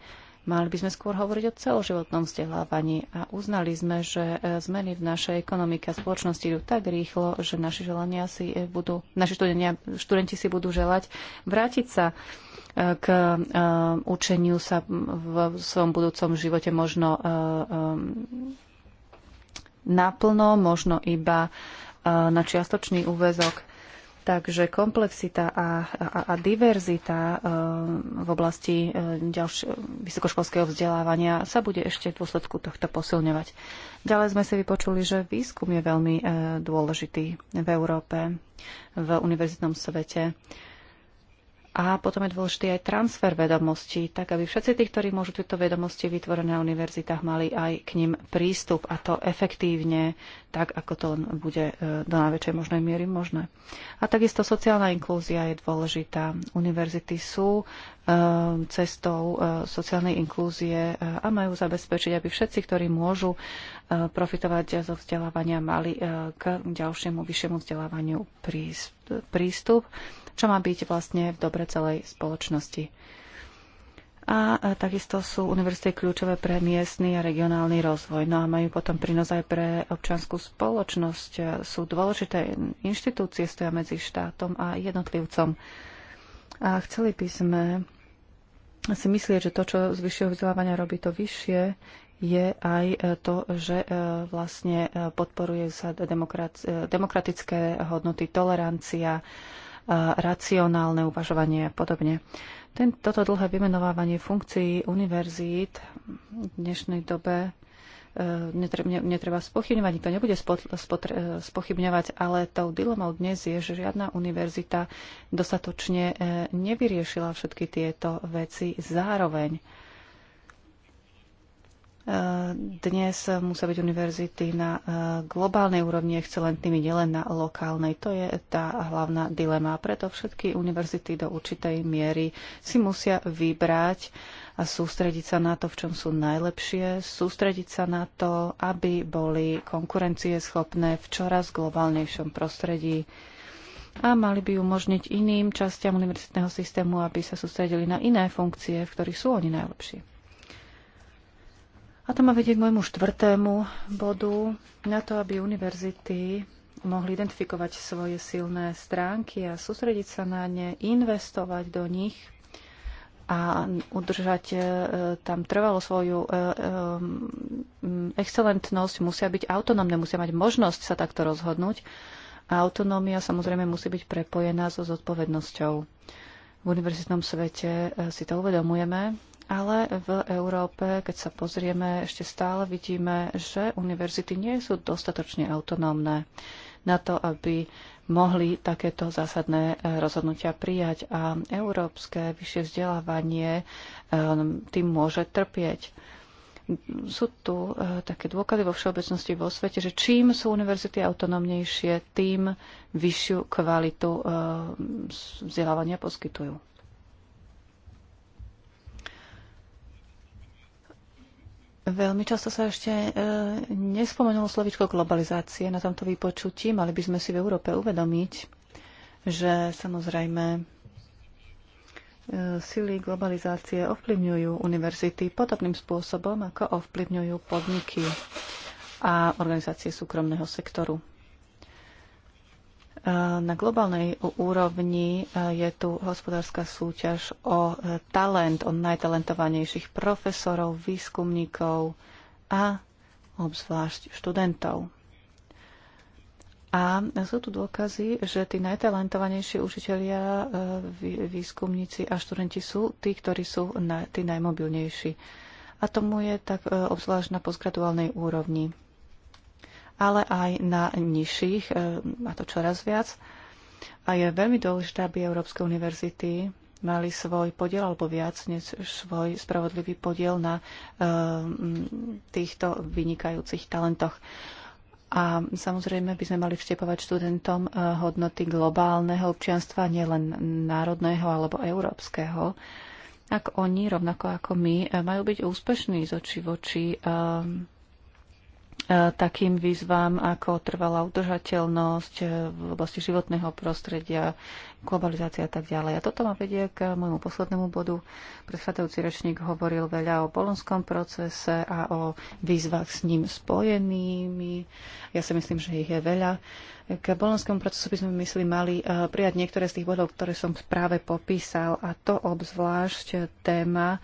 Mali by sme skôr hovoriť o celoživotnom vzdelávaní a uznali sme, že e, zmeny v našej ekonomike a spoločnosti idú tak rýchlo, že naši, želania si e, budú, naši študenia, študenti si budú želať vrátiť sa e, k učeniu sa v svojom budúcom živote možno naplno, možno iba na čiastočný úvezok. Takže komplexita a, a, a diverzita e, v oblasti e, ďalš- vysokoškolského vzdelávania sa bude ešte v dôsledku tohto posilňovať. Ďalej sme si vypočuli, že výskum je veľmi e, dôležitý v Európe, v univerzitnom svete. A potom je dôležitý aj transfer vedomostí, tak aby všetci tí, ktorí môžu tieto vedomosti vytvorené na univerzitách, mali aj k ním prístup a to efektívne, tak ako to bude e, do najväčšej možnej miery možné. A takisto sociálna inklúzia je dôležitá. Univerzity sú e, cestou e, sociálnej inklúzie a majú zabezpečiť, aby všetci, ktorí môžu profitovať zo vzdelávania, mali k ďalšiemu vyššiemu vzdelávaniu prístup čo má byť vlastne v dobre celej spoločnosti. A takisto sú univerzity kľúčové pre miestny a regionálny rozvoj. No a majú potom prínos aj pre občanskú spoločnosť. Sú dôležité inštitúcie, stoja medzi štátom a jednotlivcom. A chceli by sme si myslieť, že to, čo z vyššieho vzdelávania robí to vyššie, je aj to, že e, vlastne e, podporuje sa e, demokratické hodnoty, tolerancia, racionálne uvažovanie a podobne. Ten, toto dlhé vymenovávanie funkcií univerzít v dnešnej dobe e, netreba spochybňovať, nikto nebude spochybňovať, ale tou dilemou dnes je, že žiadna univerzita dostatočne e, nevyriešila všetky tieto veci zároveň. Dnes musia byť univerzity na e, globálnej úrovni excelentnými, nielen na lokálnej. To je tá hlavná dilema. Preto všetky univerzity do určitej miery si musia vybrať a sústrediť sa na to, v čom sú najlepšie, sústrediť sa na to, aby boli konkurencieschopné v čoraz globálnejšom prostredí a mali by umožniť iným častiam univerzitného systému, aby sa sústredili na iné funkcie, v ktorých sú oni najlepší. A to ma vedie k môjmu štvrtému bodu. Na to, aby univerzity mohli identifikovať svoje silné stránky a sústrediť sa na ne, investovať do nich a udržať e, tam trvalo svoju e, e, excelentnosť, musia byť autonómne, musia mať možnosť sa takto rozhodnúť. A autonómia samozrejme musí byť prepojená so zodpovednosťou. V univerzitnom svete si to uvedomujeme, ale v Európe, keď sa pozrieme, ešte stále vidíme, že univerzity nie sú dostatočne autonómne na to, aby mohli takéto zásadné eh, rozhodnutia prijať a európske vyššie vzdelávanie eh, tým môže trpieť. Sú tu eh, také dôkazy vo všeobecnosti vo svete, že čím sú univerzity autonómnejšie, tým vyššiu kvalitu vzdelávania poskytujú. Veľmi často sa ešte e, nespomenulo slovičko globalizácie na tomto vypočutí. Mali by sme si v Európe uvedomiť, že samozrejme e, sily globalizácie ovplyvňujú univerzity podobným spôsobom, ako ovplyvňujú podniky a organizácie súkromného sektoru. E, na globálnej úrovni e, je tu hospodárska súťaž o e, talent, o najtalentovanejších profesorov, výskumníkov a obzvlášť študentov. A sú tu dôkazy, že tí najtalentovanejší učitelia, výskumníci a študenti sú tí, ktorí sú tí najmobilnejší. A tomu je tak obzvlášť na postgraduálnej úrovni ale aj na nižších, e, a to čoraz viac. A je veľmi dôležité, aby Európske univerzity mali svoj podiel alebo viac než svoj spravodlivý podiel na e, týchto vynikajúcich talentoch. A samozrejme by sme mali vštepovať študentom e, hodnoty globálneho občianstva, nielen národného alebo európskeho. Ak oni, rovnako ako my, majú byť úspešní z očí voči um, Eh, takým výzvam ako trvalá udržateľnosť eh, v oblasti životného prostredia, globalizácia a tak ďalej. A toto ma vedie k môjmu poslednému bodu. Predchádzajúci rečník hovoril veľa o bolonskom procese a o výzvach s ním spojenými. Ja si myslím, že ich je veľa. K bolonskému procesu by sme, myslím, mali eh, prijať niektoré z tých bodov, ktoré som práve popísal, a to obzvlášť téma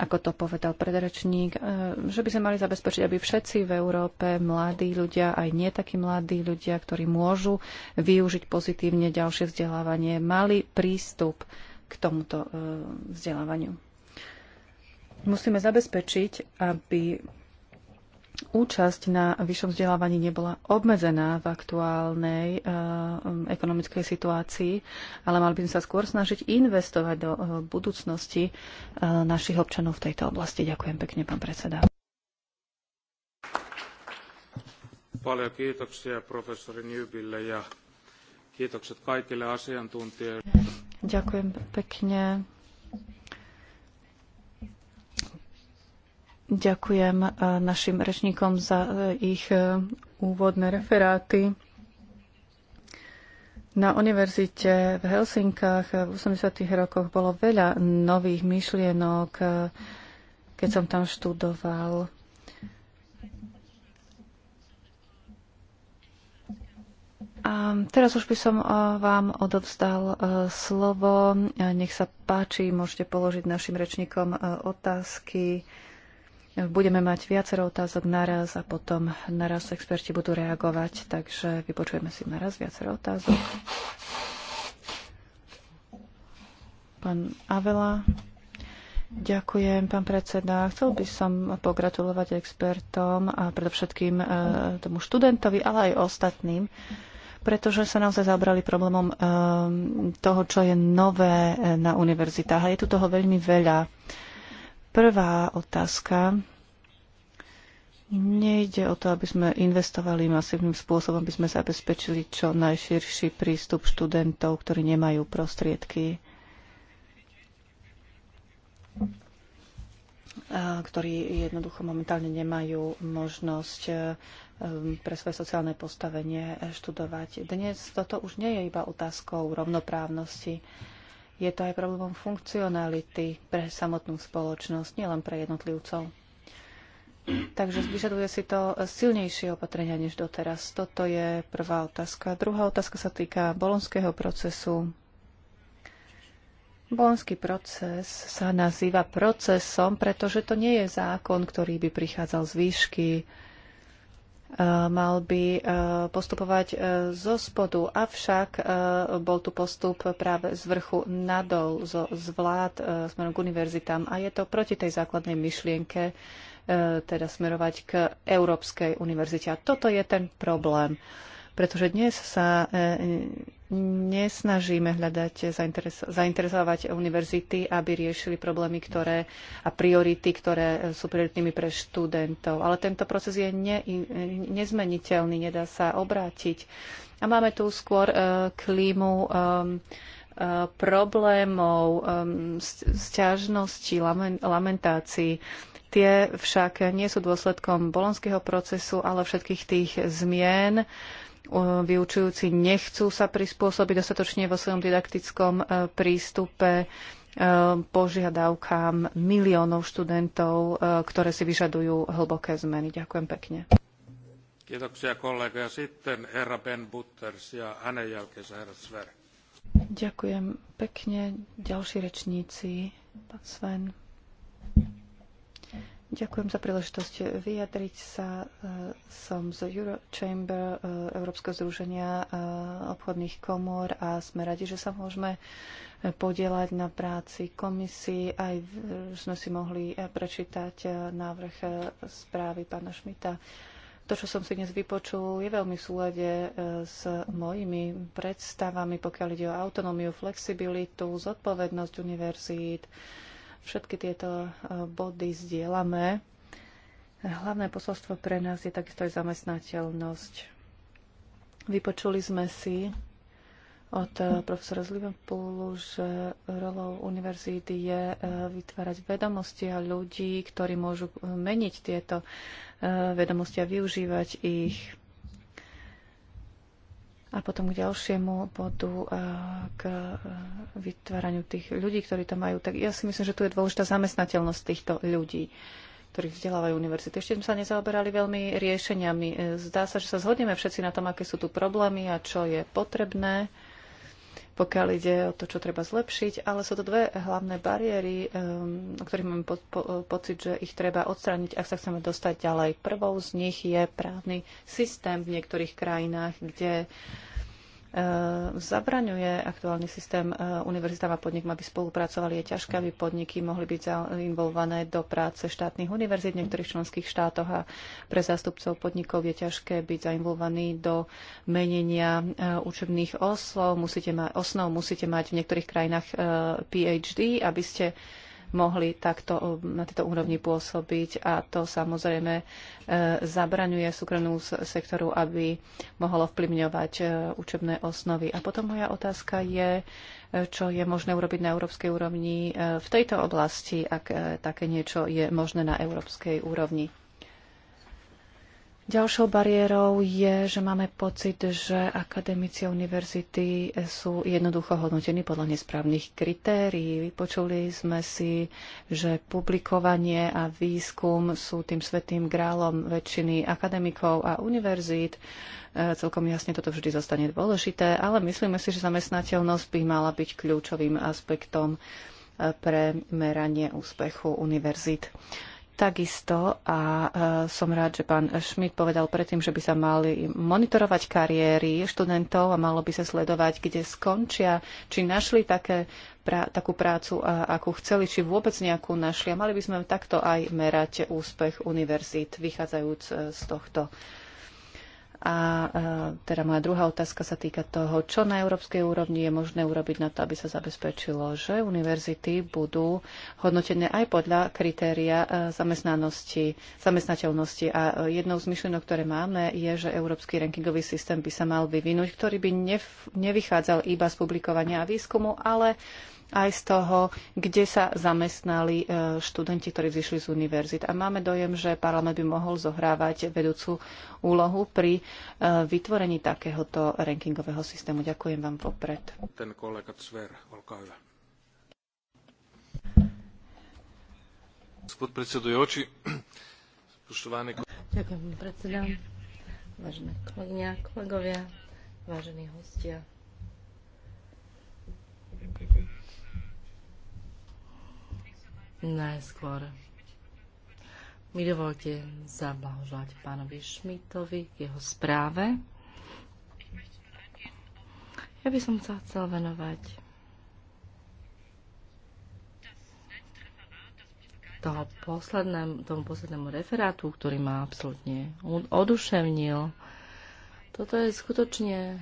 ako to povedal predračník, e, že by sme mali zabezpečiť, aby všetci v Európe, mladí ľudia, aj nie takí mladí ľudia, ktorí môžu využiť pozitívne ďalšie vzdelávanie, mali prístup k tomuto e, vzdelávaniu. Musíme zabezpečiť, aby účasť na vyššom vzdelávaní nebola obmedzená v aktuálnej uh, ekonomickej situácii, ale mali by sme sa skôr snažiť investovať do uh, budúcnosti uh, našich občanov v tejto oblasti. Ďakujem pekne, pán predseda. Paljon kiitoksia professori Newbille ja kiitokset kaikille asiantuntijoille. Ďakujem pekne Ďakujem e, našim rečníkom za e, ich e, úvodné referáty. Na univerzite v Helsinkách v 80. rokoch bolo veľa nových myšlienok, keď som tam študoval. A teraz už by som vám odovzdal slovo. Nech sa páči, môžete položiť našim rečníkom otázky. Budeme mať viacero otázok naraz a potom naraz experti budú reagovať, takže vypočujeme si naraz viacero otázok. Pán Avela. Ďakujem, pán predseda. Chcel by som pogratulovať expertom a predovšetkým e, tomu študentovi, ale aj ostatným, pretože sa naozaj zaobrali problémom e, toho, čo je nové e, na univerzitách. A je tu toho veľmi veľa Prvá otázka. Nejde o to, aby sme investovali masívnym spôsobom, aby sme zabezpečili čo najširší prístup študentov, ktorí nemajú prostriedky, ktorí jednoducho momentálne nemajú možnosť e, pre svoje sociálne postavenie e, študovať. Dnes toto už nie je iba otázkou rovnoprávnosti je to aj problémom funkcionality pre samotnú spoločnosť, nielen pre jednotlivcov. Takže vyžaduje si to silnejšie opatrenia než doteraz. Toto je prvá otázka. Druhá otázka sa týka bolonského procesu. Bolonský proces sa nazýva procesom, pretože to nie je zákon, ktorý by prichádzal z výšky Eh, mal by eh, postupovať eh, zo spodu, avšak bol tu postup práve z vrchu nadol, zo, z vlád smerom k univerzitám a je to proti tej základnej myšlienke, teda smerovať k Európskej univerzite. A toto je ten problém, pretože dnes sa nesnažíme hľadať, zainteresovať univerzity, aby riešili problémy ktoré, a priority, ktoré sú prioritnými pre študentov. Ale tento proces je ne- nezmeniteľný, nedá sa obrátiť. A máme tu skôr e, klímu e, e problémov, e, sťažností, lamentácií. Tie však nie sú dôsledkom bolonského procesu, ale všetkých tých zmien, vyučujúci nechcú sa prispôsobiť dostatočne vo svojom didaktickom e, prístupe e, požiadavkám miliónov študentov, e, ktoré si vyžadujú hlboké zmeny. Ďakujem pekne. Ďakujem pekne. Ďalší rečníci, pán Sven. Ďakujem za príležitosť vyjadriť sa. E, som z Eurochamber, e, Európskeho združenia e, obchodných komor a sme radi, že sa môžeme podielať na práci komisii. Aj sme si mohli prečítať návrh správy pána Šmita. To, čo som si dnes vypočul, je veľmi v súlade s mojimi predstavami, pokiaľ ide o autonómiu, flexibilitu, zodpovednosť univerzít, Všetky tieto e, body zdieľame. Hlavné posolstvo pre nás je takisto aj zamestnateľnosť. Vypočuli sme si od e, profesora z Liverpoolu, že rolou univerzity je e, vytvárať vedomosti a ľudí, ktorí môžu meniť tieto vedomosti a využívať ich. A potom k ďalšiemu bodu e, k e, vytváraniu tých ľudí, ktorí to majú. Tak ja si myslím, že tu je dôležitá zamestnateľnosť týchto ľudí ktorých vzdelávajú univerzity. Ešte sme sa nezaoberali veľmi riešeniami. E, zdá sa, že sa zhodneme všetci na tom, aké sú tu problémy a čo je potrebné pokiaľ ide o to, čo treba zlepšiť, ale sú to dve hlavné bariéry, ehm, o ktorých máme po, po, pocit, že ich treba odstrániť, ak sa chceme dostať ďalej. Prvou z nich je právny systém v niektorých krajinách, kde uh, E, zabraňuje aktuálny systém e, univerzitám a podnikom, aby spolupracovali. Je ťažké, aby podniky mohli byť involvované do práce štátnych univerzít v niektorých členských štátoch a pre zástupcov podnikov je ťažké byť zainvolvaní do menenia e, učebných oslov. Musíte mať, osnov musíte mať v niektorých krajinách PhD, aby ste mohli takto eh, na tejto úrovni pôsobiť a to samozrejme eh, zabraňuje súkromnú sektoru, aby mohlo vplyvňovať eh, učebné osnovy. A potom moja otázka je, čo je možné urobiť na európskej úrovni v tejto oblasti, ak také niečo je možné na európskej úrovni. Ďalšou bariérou je, že máme pocit, že akademici univerzity sú jednoducho hodnotení podľa nesprávnych kritérií. Vypočuli sme si, že publikovanie a výskum sú tým svetým grálom väčšiny akademikov a univerzít. E, celkom jasne toto vždy zostane dôležité, ale myslíme si, že zamestnateľnosť by mala byť kľúčovým aspektom e, pre meranie úspechu univerzít takisto a e, som rád, že pán Schmidt povedal predtým, že by sa mali monitorovať kariéry študentov a malo by sa sledovať, kde skončia, či našli také, pra, takú prácu, a, akú chceli, či vôbec nejakú našli. A mali by sme takto aj merať úspech univerzít, vychádzajúc e, z tohto a e, teda moja druhá otázka sa týka toho, čo na európskej úrovni je možné urobiť na to, aby sa zabezpečilo, že univerzity budú hodnotené aj podľa kritéria e, zamestnanosti, zamestnateľnosti. A e, jednou z myšlienok, ktoré máme, je, že európsky rankingový systém by sa mal vyvinúť, ktorý by nev, nevychádzal iba z publikovania a výskumu, ale aj z toho, kde sa zamestnali e, študenti, ktorí vyšli z univerzit. A máme dojem, že parlament by mohol zohrávať vedúcu úlohu pri e, vytvorení takéhoto rankingového systému. Ďakujem vám popred. Ten kolega Cver, olkaa hyvä. Gospod predsedujoči, spoštovane... Ďakujem, predseda. Vážené kolegyňa, kolegovia, vážení hostia. Najskôr mi dovolte zablahoželať pánovi Šmitovi k jeho správe. Ja by som sa chcel venovať toho poslednému, tomu poslednému referátu, ktorý ma absolútne oduševnil. Toto je skutočne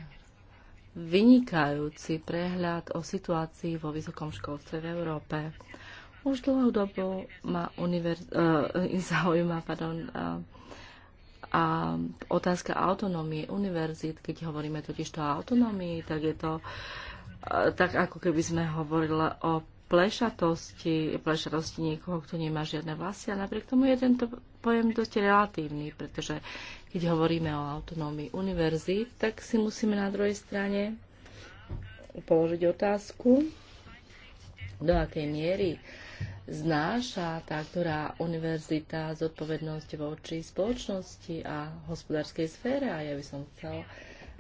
vynikajúci prehľad o situácii vo vysokom školstve v Európe. Už dlhú dobu ma univerz uh, eh, zaujíma pardon, uh, a otázka autonómie univerzít, keď hovoríme totiž to o autonómii, tak je to uh, tak, ako keby sme hovorili o plešatosti, plešatosti niekoho, kto nemá žiadne vlasy. A napriek tomu je tento pojem dosť relatívny, pretože keď hovoríme o autonómii univerzít, tak si musíme na druhej strane položiť otázku, do akej miery uh, znáša tá ktorá univerzita zodpovednosť voči spoločnosti a hospodárskej sfére. A ja by som chcel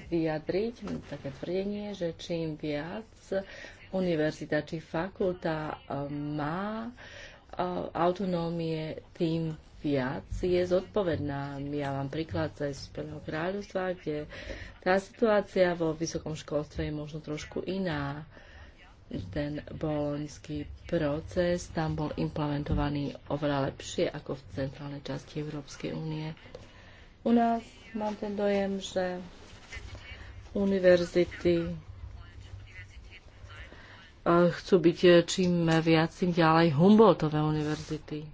vyjadriť také tvrdenie, že čím viac univerzita či fakulta eh, má eh, autonómie, tým viac je zodpovedná. Ja vám príklad z Spojeného kráľovstva, kde tá situácia vo vysokom školstve je možno trošku iná ten boloňský proces tam bol implementovaný oveľa lepšie ako v centrálnej časti Európskej únie. U nás mám ten dojem, že univerzity chcú byť čím viac, tým ďalej Humboldtové univerzity.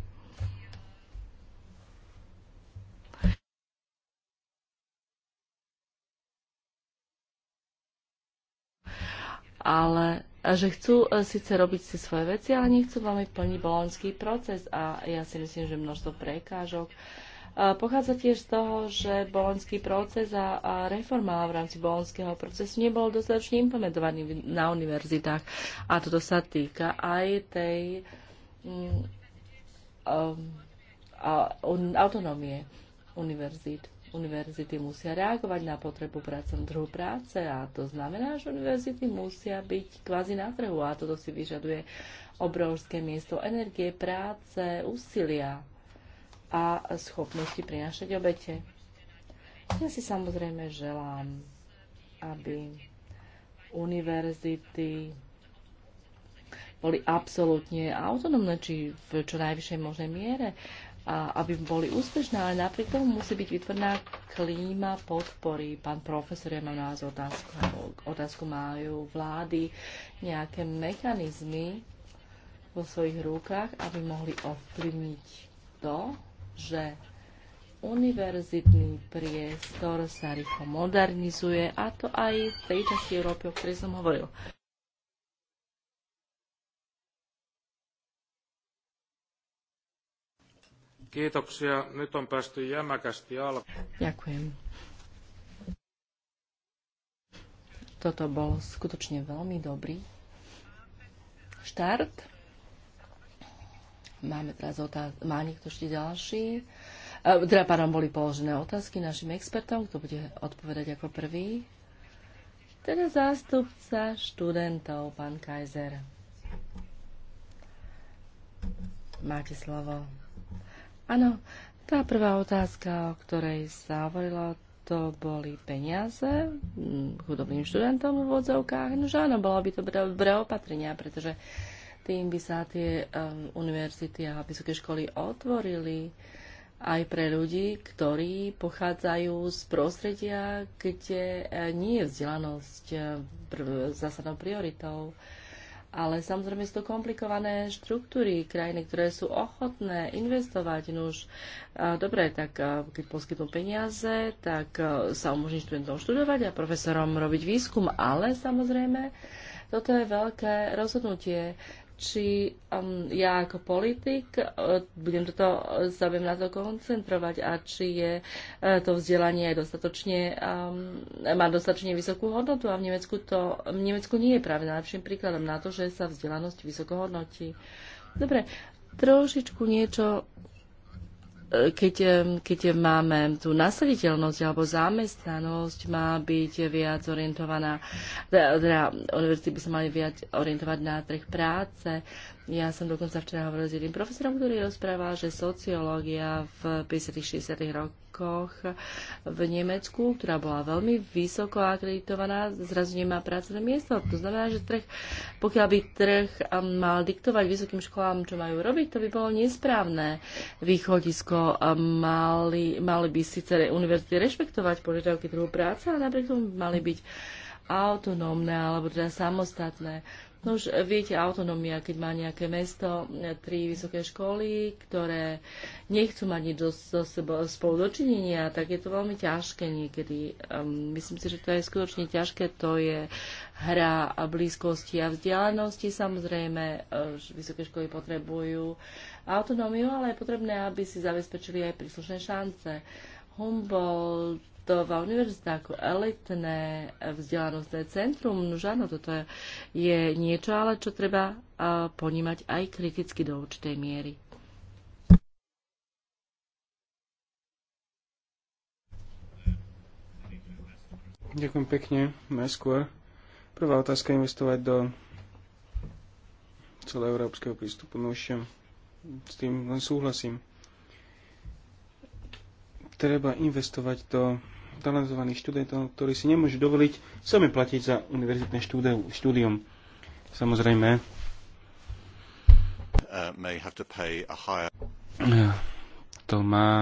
Ale že chcú e, síce robiť si svoje veci, ale nechcú veľmi plniť bolonský proces a ja si myslím, že množstvo prekážok e, Pochádza tiež z toho, že bolonský proces a, reforma v rámci bolonského procesu nebol dostatočne implementovaný na univerzitách. A toto sa týka aj tej um, autonómie univerzít univerzity musia reagovať na potrebu práce na trhu práce a to znamená, že univerzity musia byť kvázi na trhu a toto si vyžaduje obrovské miesto energie, práce, úsilia a schopnosti prinášať obete. Ja si samozrejme želám, aby univerzity boli absolútne autonómne, či v čo najvyššej možnej miere a aby boli úspešné, ale napriek tomu musí byť vytvorná klíma podpory. Pán profesor, ja mám na vás otázku, otázku majú vlády nejaké mechanizmy vo svojich rukách, aby mohli ovplyvniť to, že univerzitný priestor sa rýchlo modernizuje a to aj v tej časti Európy, o ktorej som hovoril. Kiitoksia. Nyt on päästy jämäkästi Ďakujem. Toto bol skutočne veľmi dobrý štart. Máme teraz otázky. Má niekto ešte ďalší? E, teda, pardon, boli položené otázky našim expertom. Kto bude odpovedať ako prvý? Teda zástupca študentov, pán Kajzer. Máte slovo. Áno, tá prvá otázka, o ktorej sa hovorilo, to boli peniaze chudobným študentom v odzovkách. No áno, bolo by to dobré opatrenia, pretože tým by sa tie um, univerzity a vysoké školy otvorili aj pre ľudí, ktorí pochádzajú z prostredia, kde eh, nie je vzdelanosť eh, zásadnou prioritou. Uh, ale samozrejme sú to komplikované štruktúry krajiny, ktoré sú ochotné investovať. No už, dobre, tak keď poskytnú peniaze, tak sa umožní študentom študovať a profesorom robiť výskum, ale samozrejme toto je veľké rozhodnutie či um, ja ako politik uh, budem toto, sa viem na to koncentrovať a či je uh, to vzdelanie dostatočne, um, má dostatočne vysokú hodnotu a v Nemecku, to, v Nemecku nie je práve najlepším príkladom na to, že sa vzdelanosť vysoko hodnotí. Dobre, trošičku niečo keď, keď máme tú nasaditeľnosť alebo zamestnanosť má byť viac orientovaná, teda, teda univerzity by sa mali viac orientovať na trh práce, ja som dokonca včera hovoril s jedným profesorom, ktorý rozprával, že sociológia v 50. 60. rokoch v Nemecku, ktorá bola veľmi vysoko akreditovaná, zrazu nemá pracovné miesto. To znamená, že trh, pokiaľ by trh um, mal diktovať vysokým školám, čo majú robiť, to by bolo nesprávne východisko. Um, mali, mali by síce univerzity rešpektovať požiadavky trhu práce, ale napriek tomu mali byť autonómne alebo teda samostatné. No už e, viete, autonómia, keď má nejaké mesto, e, tri vysoké školy, ktoré nechcú mať nič so sebou spolu dočinenia, tak je to veľmi ťažké niekedy. Um, myslím si, že to je skutočne ťažké. To je hra a blízkosti a vzdialenosti. Samozrejme, e, vysoké školy potrebujú autonómiu, ale je potrebné, aby si zabezpečili aj príslušné šance. Humboldt študová univerzita ako elitné vzdelanostné centrum, no áno, toto je, je niečo, ale čo treba uh, ponímať aj kriticky do určitej miery. Ďakujem pekne. Najskôr prvá otázka investovať do celého európskeho prístupu. No už s tým len súhlasím. Treba investovať do talentovaných študentov, ktorí si nemôžu dovoliť sami platiť za univerzitné štúdium. Samozrejme, uh, to má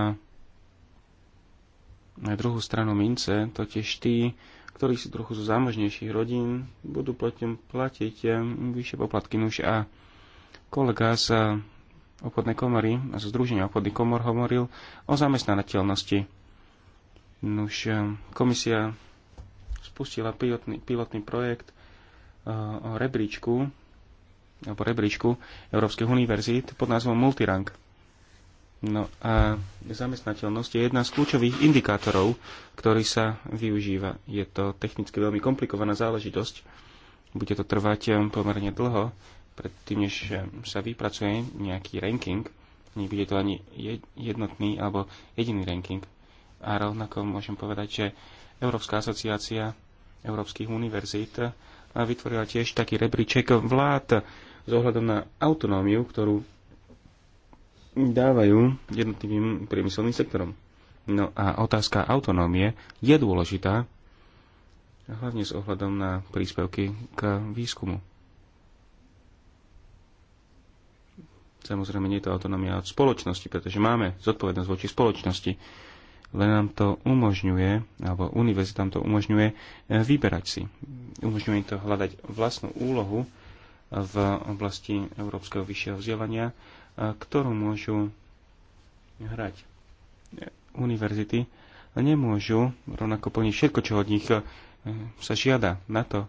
na druhú stranu mince, totiž tí, ktorí sú trochu zo zámožnejších rodín, budú platiť, platiť eh, vyššie poplatky. Nuž a kolega z obchodnej komory, zo Združenia obchodných komor hovoril o zamestnateľnosti Nuž, eh, komisia spustila pilotný, pilotný projekt eh, o rebríčku alebo rebríčku Európskych univerzít pod názvom Multirank. No a zamestnateľnosť je jedna z kľúčových indikátorov, ktorý sa využíva. Je to technicky veľmi komplikovaná záležitosť. Bude to trvať eh, pomerne dlho, predtým, než sa vypracuje nejaký ranking. Nebude to ani jednotný alebo jediný ranking. A rovnako môžem povedať, že Európska asociácia Európskych univerzít vytvorila tiež taký rebríček vlád s ohľadom na autonómiu, ktorú dávajú jednotlivým priemyselným sektorom. No a otázka autonómie je dôležitá, hlavne s ohľadom na príspevky k výskumu. Samozrejme, nie je to autonómia od spoločnosti, pretože máme zodpovednosť voči spoločnosti len nám to umožňuje, alebo Univerzita nám to umožňuje eh, vyberať si. Umožňuje to hľadať vlastnú úlohu v oblasti európskeho vyššieho vzdelania, eh, ktorú môžu hrať. Univerzity nemôžu rovnako plniť všetko, čo od nich eh, sa žiada na to,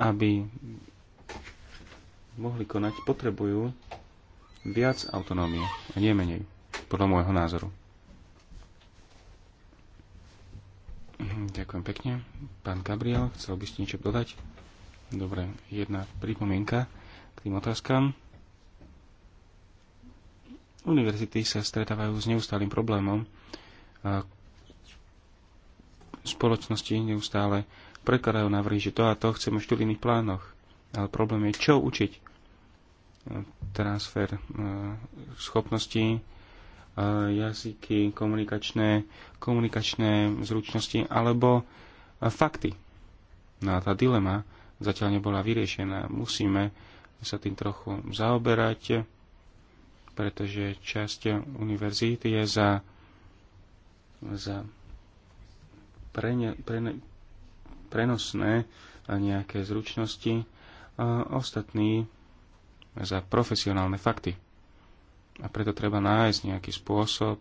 aby mohli konať, potrebujú viac autonómie a nie menej, podľa môjho názoru. Mhm, ďakujem pekne. Pán Gabriel, chcel by ste niečo dodať? Dobre, jedna pripomienka k tým otázkam. Univerzity sa stretávajú s neustálým problémom. Spoločnosti neustále prekladajú návrhy, že to a to chceme v študijných plánoch. Ale problém je, čo učiť. Transfer e, schopností, jazyky, komunikačné, komunikačné zručnosti alebo fakty. No a tá dilema zatiaľ nebola vyriešená. Musíme sa tým trochu zaoberať, pretože časť univerzity je za, za prene, prene, prenosné a nejaké zručnosti, a ostatní za profesionálne fakty. A preto treba nájsť nejaký spôsob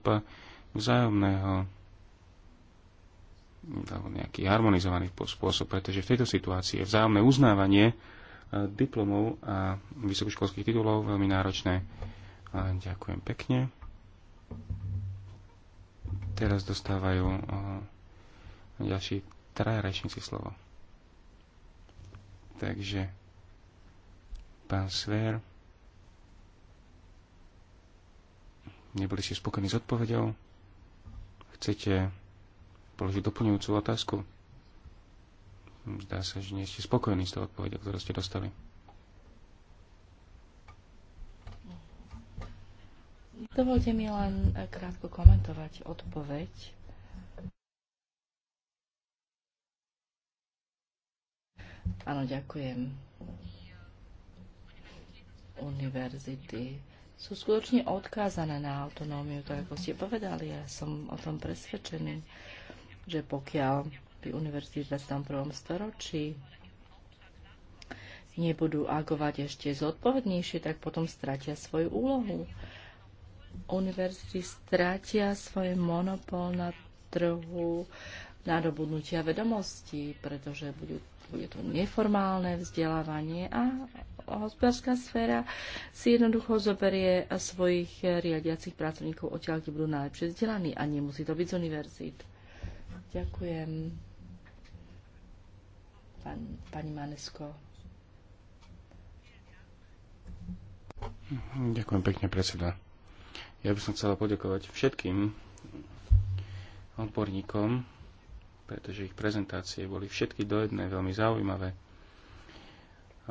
vzájomného alebo nejaký harmonizovaný spôsob, pretože v tejto situácii je vzájomné uznávanie e, diplomov a vysokoškolských titulov veľmi náročné. A ďakujem pekne. Teraz dostávajú e, ďalší traja rečníci slovo. Takže pán Sver, neboli ste spokojní s odpovedou, chcete položiť doplňujúcu otázku. Zdá sa, že nie ste spokojní s tou odpovedou, ktorú ste dostali. Dovolte mi len krátko komentovať odpoveď Áno, ďakujem. Univerzity sú skutočne odkázané na autonómiu, to ako ste povedali, ja som o tom presvedčený, že pokiaľ by univerzity v 21. storočí nebudú agovať ešte zodpovednejšie, tak potom stratia svoju úlohu. Univerzity stratia svoje monopol na trhu dobudnutia vedomostí, pretože bude, bude to neformálne vzdelávanie a hospodárska sféra si jednoducho zoberie svojich riadiacich pracovníkov odtiaľ, kde budú najlepšie vzdelaní a nemusí to byť z univerzít. Ďakujem. Pán, pani Manesko. Ďakujem pekne, predseda. Ja by som chcela poďakovať všetkým odborníkom, pretože ich prezentácie boli všetky do jednej veľmi zaujímavé.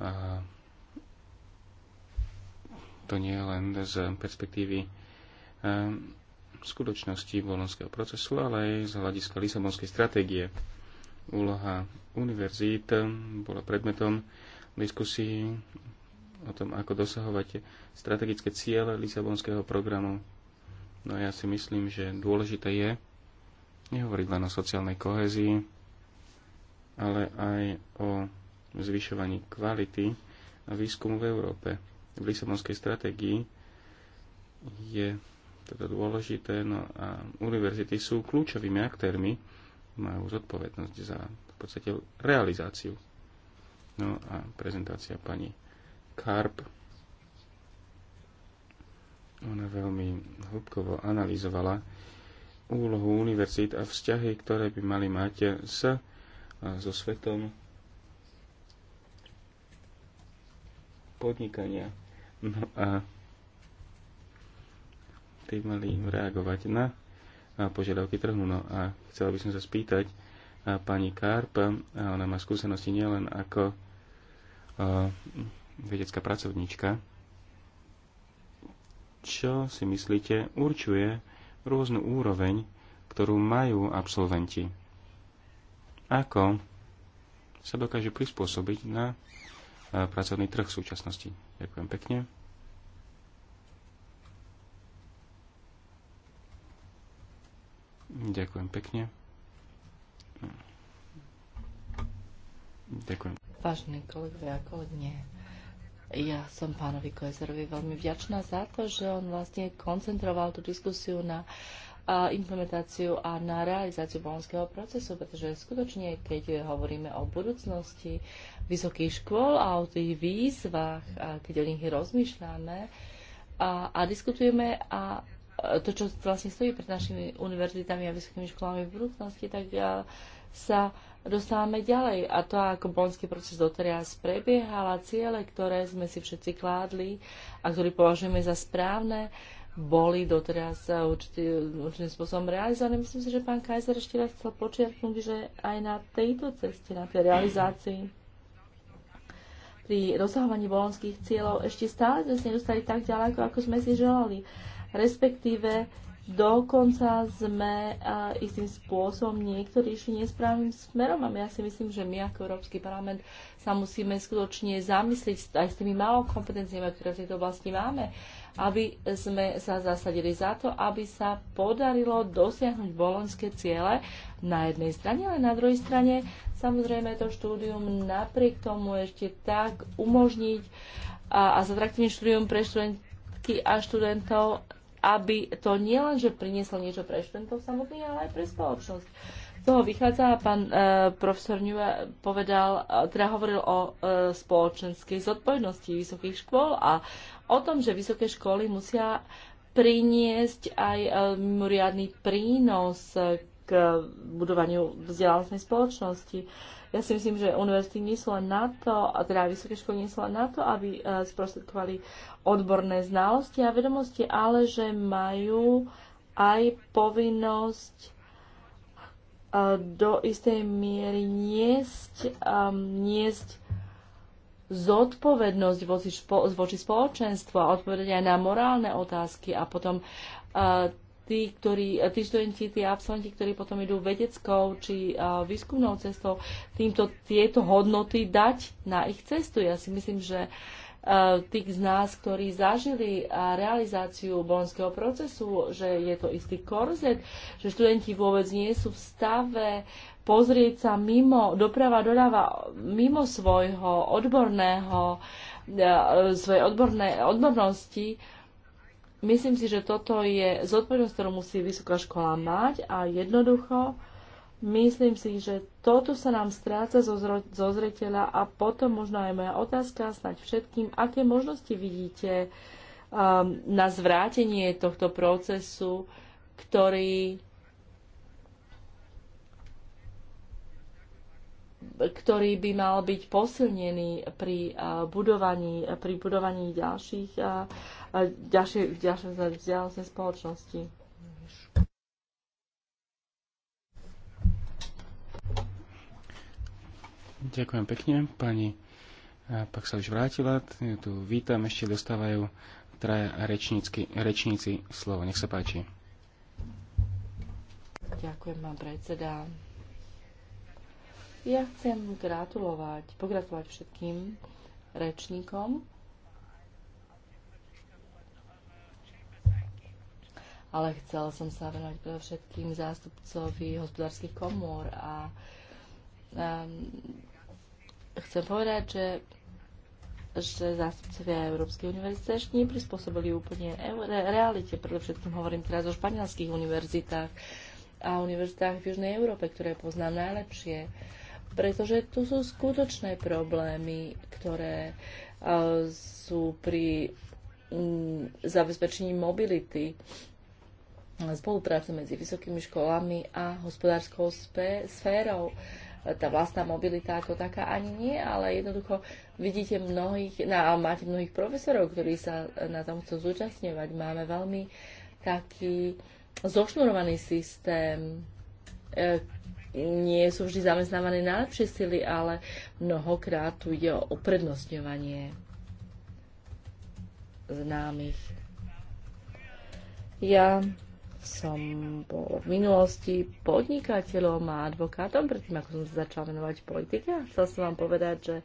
A to nie len z perspektívy eh, skutočnosti bolonského procesu, ale aj z hľadiska Lisabonskej stratégie. Úloha univerzít eh, bola predmetom diskusí o tom, ako dosahovať strategické ciele Lisabonského programu. No ja si myslím, že dôležité je nehovoriť len o sociálnej kohézii, ale aj o zvyšovaní kvality a výskumu v Európe v Lisabonskej stratégii je teda dôležité, no a univerzity sú kľúčovými aktérmi, majú zodpovednosť za v podstate realizáciu. No a prezentácia pani Karp, ona veľmi hĺbkovo analyzovala úlohu univerzít a vzťahy, ktoré by mali mať s, so svetom podnikania. No a tí mali reagovať na požiadavky trhu. No a chcela by som sa spýtať a pani Karp, a ona má skúsenosti nielen ako vedecká pracovníčka, čo si myslíte určuje rôznu úroveň, ktorú majú absolventi. Ako sa dokážu prispôsobiť na pracovný trh v súčasnosti. Ďakujem pekne. Ďakujem pekne. Ďakujem. Vážení kolegovia a kolegyne, ja som pánovi Kojzerovi veľmi vďačná za to, že on vlastne koncentroval tú diskusiu na uh, implementáciu a na realizáciu bolonského procesu, pretože skutočne, keď hovoríme o budúcnosti vysokých škôl a o tých výzvach, a keď o nich rozmýšľame a, a diskutujeme a to, čo vlastne stojí pred našimi univerzitami a vysokými školami v budúcnosti, tak sa dostávame ďalej. A to, ako bolonský proces doteraz prebiehal a ciele, ktoré sme si všetci kládli a ktoré považujeme za správne, uh, boli doteraz určitý, určitým spôsobom realizované. Myslím si, že pán Kaiser ešte raz chcel počiarknúť, že aj na tejto ceste, na tej realizácii pri dosahovaní volonských cieľov ešte stále sme sa nedostali tak ďaleko, ako sme si želali. Respektíve dokonca sme uh, istým spôsobom niektorí išli nesprávnym smerom a ja si myslím, že my ako Európsky parlament sa musíme skutočne zamysliť aj s tými malou kompetenciami, ktoré v tejto oblasti máme. Uh, aby sme sa zasadili za to, aby sa podarilo dosiahnuť bolonské ciele na jednej strane, ale na druhej strane samozrejme to štúdium napriek tomu ešte tak umožniť a, a zatraktívne štúdium pre študentky a študentov, aby to nielenže prinieslo niečo pre študentov samotných, ale aj pre spoločnosť toho vychádza a pán e, profesor Ňuva povedal, e, teda hovoril o e, spoločenskej zodpovednosti vysokých škôl a o tom, že vysoké školy musia priniesť aj mimoriadný um, prínos k budovaniu vzdelávacnej spoločnosti. Ja si myslím, že univerzity nie sú len na to, a teda vysoké školy nie sú len na to, aby uh, sprostredkovali odborné znalosti a vedomosti, ale že majú aj povinnosť uh, do istej miery niesť, um, niesť zodpovednosť voči, voči spoločenstvu a odpovedať aj na morálne otázky a potom uh, tí, ktorí, tí študenti, tí absolventi, ktorí potom idú vedeckou či uh, výskumnou cestou, týmto tieto hodnoty dať na ich cestu. Ja si myslím, že tých z nás, ktorí zažili realizáciu bolonského procesu, že je to istý korzet, že študenti vôbec nie sú v stave uh, pozrieť sa mimo, doprava doľava, mimo svojho odborného, e, svojej odborné, odbornosti, myslím si, že toto je zodpovednosť, ktorú musí vysoká škola mať a jednoducho myslím si, že toto sa nám stráca zo, zro, zo zreteľa a potom možno aj moja otázka snať všetkým, aké možnosti vidíte um, na zvrátenie tohto procesu, ktorý ktorý by mal byť posilnený pri budovaní, pri budovaní ďalších, ďalšej, ďalšej spoločnosti. Ďakujem pekne. Pani pak sa už vrátila. Tu vítam, ešte dostávajú traja rečníci slovo. Nech sa páči. Ďakujem, pán predseda. Ja chcem gratulovať, pogratulovať všetkým rečníkom. Ale chcela som sa venovať všetkým zástupcovi hospodárskych komôr a um, chcem povedať, že že zástupcovia Európskej univerzity ešte prispôsobili úplne realite. Predovšetkým hovorím teraz o španielských univerzitách a univerzitách v Južnej Európe, ktoré poznám najlepšie. Uh, pretože tu sú skutočné problémy, ktoré e, sú pri mm, zabezpečení mobility, spolupráce medzi vysokými školami a hospodárskou sférou. Tá vlastná mobilita ako taká ani nie, ale jednoducho vidíte mnohých, na, máte mnohých profesorov, ktorí sa na tom chcú zúčastňovať. Máme veľmi taký zošnurovaný systém, e, nie sú vždy zamestnávané najlepšie sily, ale mnohokrát tu ide o uprednostňovanie známych. Ja som bol v minulosti podnikateľom a advokátom, predtým ako som sa začala venovať politike. Chcel som vám povedať, že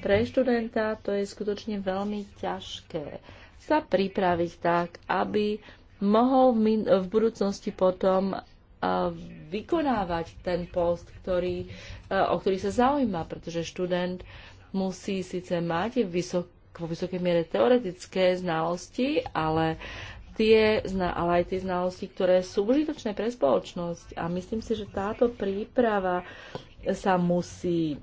pre študenta to je skutočne veľmi ťažké sa pripraviť tak, aby mohol v, v budúcnosti potom vykonávať ten post, ktorý, e, o ktorý sa zaujíma, pretože študent musí síce mať vysok, vo vysokej miere teoretické znalosti, ale, tie, ale aj tie znalosti, ktoré sú užitočné pre spoločnosť. A myslím si, že táto príprava sa musí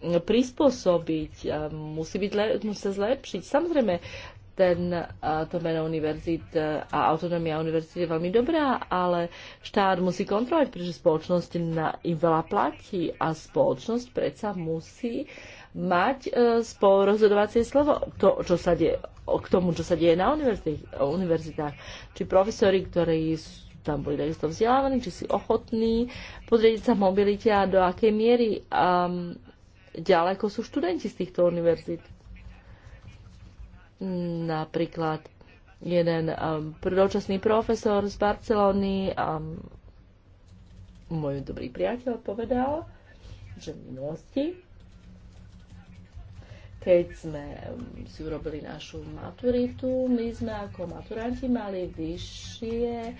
prispôsobiť, musí, byť, musí sa zlepšiť. Samozrejme, ten, to meno univerzit a autonómia Univerzity je veľmi dobrá, ale štát musí kontrolovať, pretože spoločnosť na, im veľa platí a spoločnosť predsa musí mať e, spolurozhodovacie slovo to, čo sa de, k tomu, čo sa deje na univerzitách. Či profesori, ktorí tam boli takisto vzdelávaní, či si ochotní podriediť sa mobilite a do akej miery um, ďaleko sú študenti z týchto univerzít Napríklad jeden um, dočasný profesor z Barcelony, a um, môj dobrý priateľ, povedal, že v minulosti, keď sme um, si urobili našu maturitu, my sme ako maturanti mali vyššie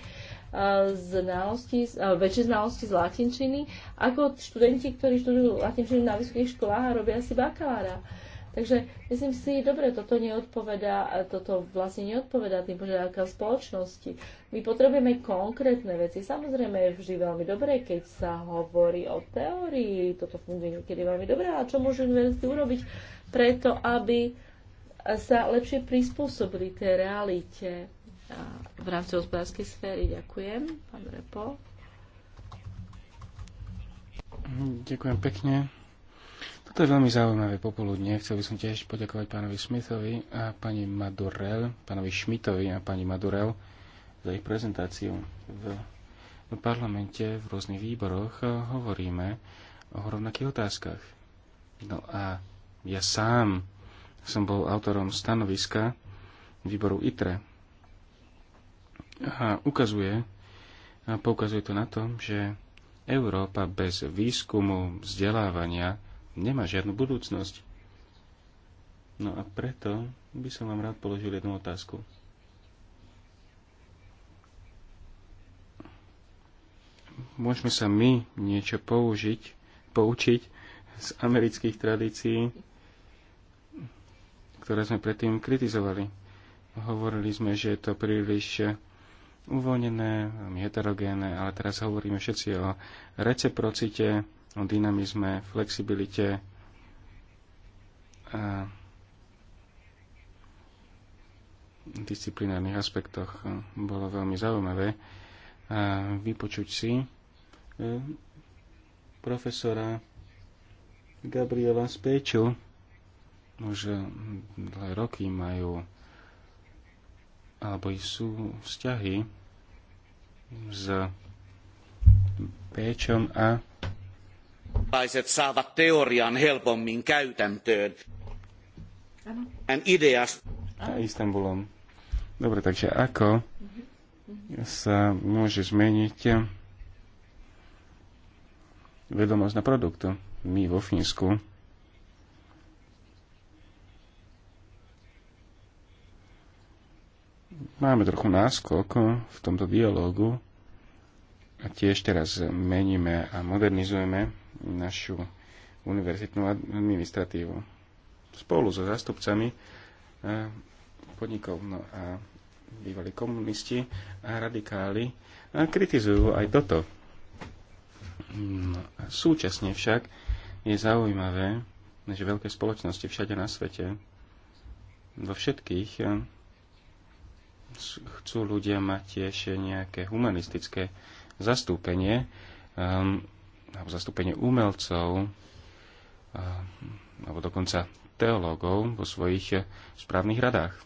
uh, znalosti, uh, väčšie znalosti z latinčiny ako študenti, ktorí študujú latinčinu na vysokých školách a robia si bakalára. Uh, Takže myslím si, dobre, toto neodpoveda, toto vlastne neodpoveda tým požiadavkám spoločnosti. My potrebujeme konkrétne veci. Samozrejme je vždy veľmi dobré, keď sa hovorí o teórii, toto funguje niekedy veľmi dobre, a čo môžu univerzity urobiť preto, aby sa lepšie prispôsobili tej realite v rámci hospodárskej sféry. Ďakujem, pán Repo. Hm, ďakujem pekne. To je veľmi zaujímavé popoludne. Chcel by som tiež poďakovať pánovi Smithovi a pani Madurel, pánovi Šmitovi a pani Madurel za ich prezentáciu. V parlamente, v rôznych výboroch hovoríme o rovnakých otázkach. No a ja sám som bol autorom stanoviska výboru ITRE. A ukazuje, a poukazuje to na tom, že Európa bez výskumu, vzdelávania, nemá žiadnu budúcnosť. No a preto by som vám rád položil jednu otázku. Môžeme sa my niečo použiť, poučiť z amerických tradícií, ktoré sme predtým kritizovali. Hovorili sme, že je to príliš uvoľnené, heterogénne, ale teraz hovoríme všetci o reciprocite, o dynamizme, flexibilite a e, disciplinárnych aspektoch. Bolo veľmi zaujímavé e, vypočuť si e, profesora Gabriela Spéču. Už dlhé roky majú alebo sú vzťahy s Péčom a kansalaiset saavat teorian helpommin käytäntöön. An ideas... Istanbulom. Dobre, takže ako sa môže zmeniť vedomosť na produktu? My vo Fínsku máme trochu náskok v tomto dialogu a tiež teraz meníme a modernizujeme našu univerzitnú administratívu spolu so zastupcami e, podnikov. No a bývalí komunisti a radikáli a e, kritizujú aj toto. No a súčasne však je zaujímavé, že veľké spoločnosti všade na svete, vo všetkých e, chcú ľudia mať tiež nejaké humanistické zastúpenie. Um, alebo zastúpenie umelcov alebo dokonca teológov vo svojich e, správnych radách.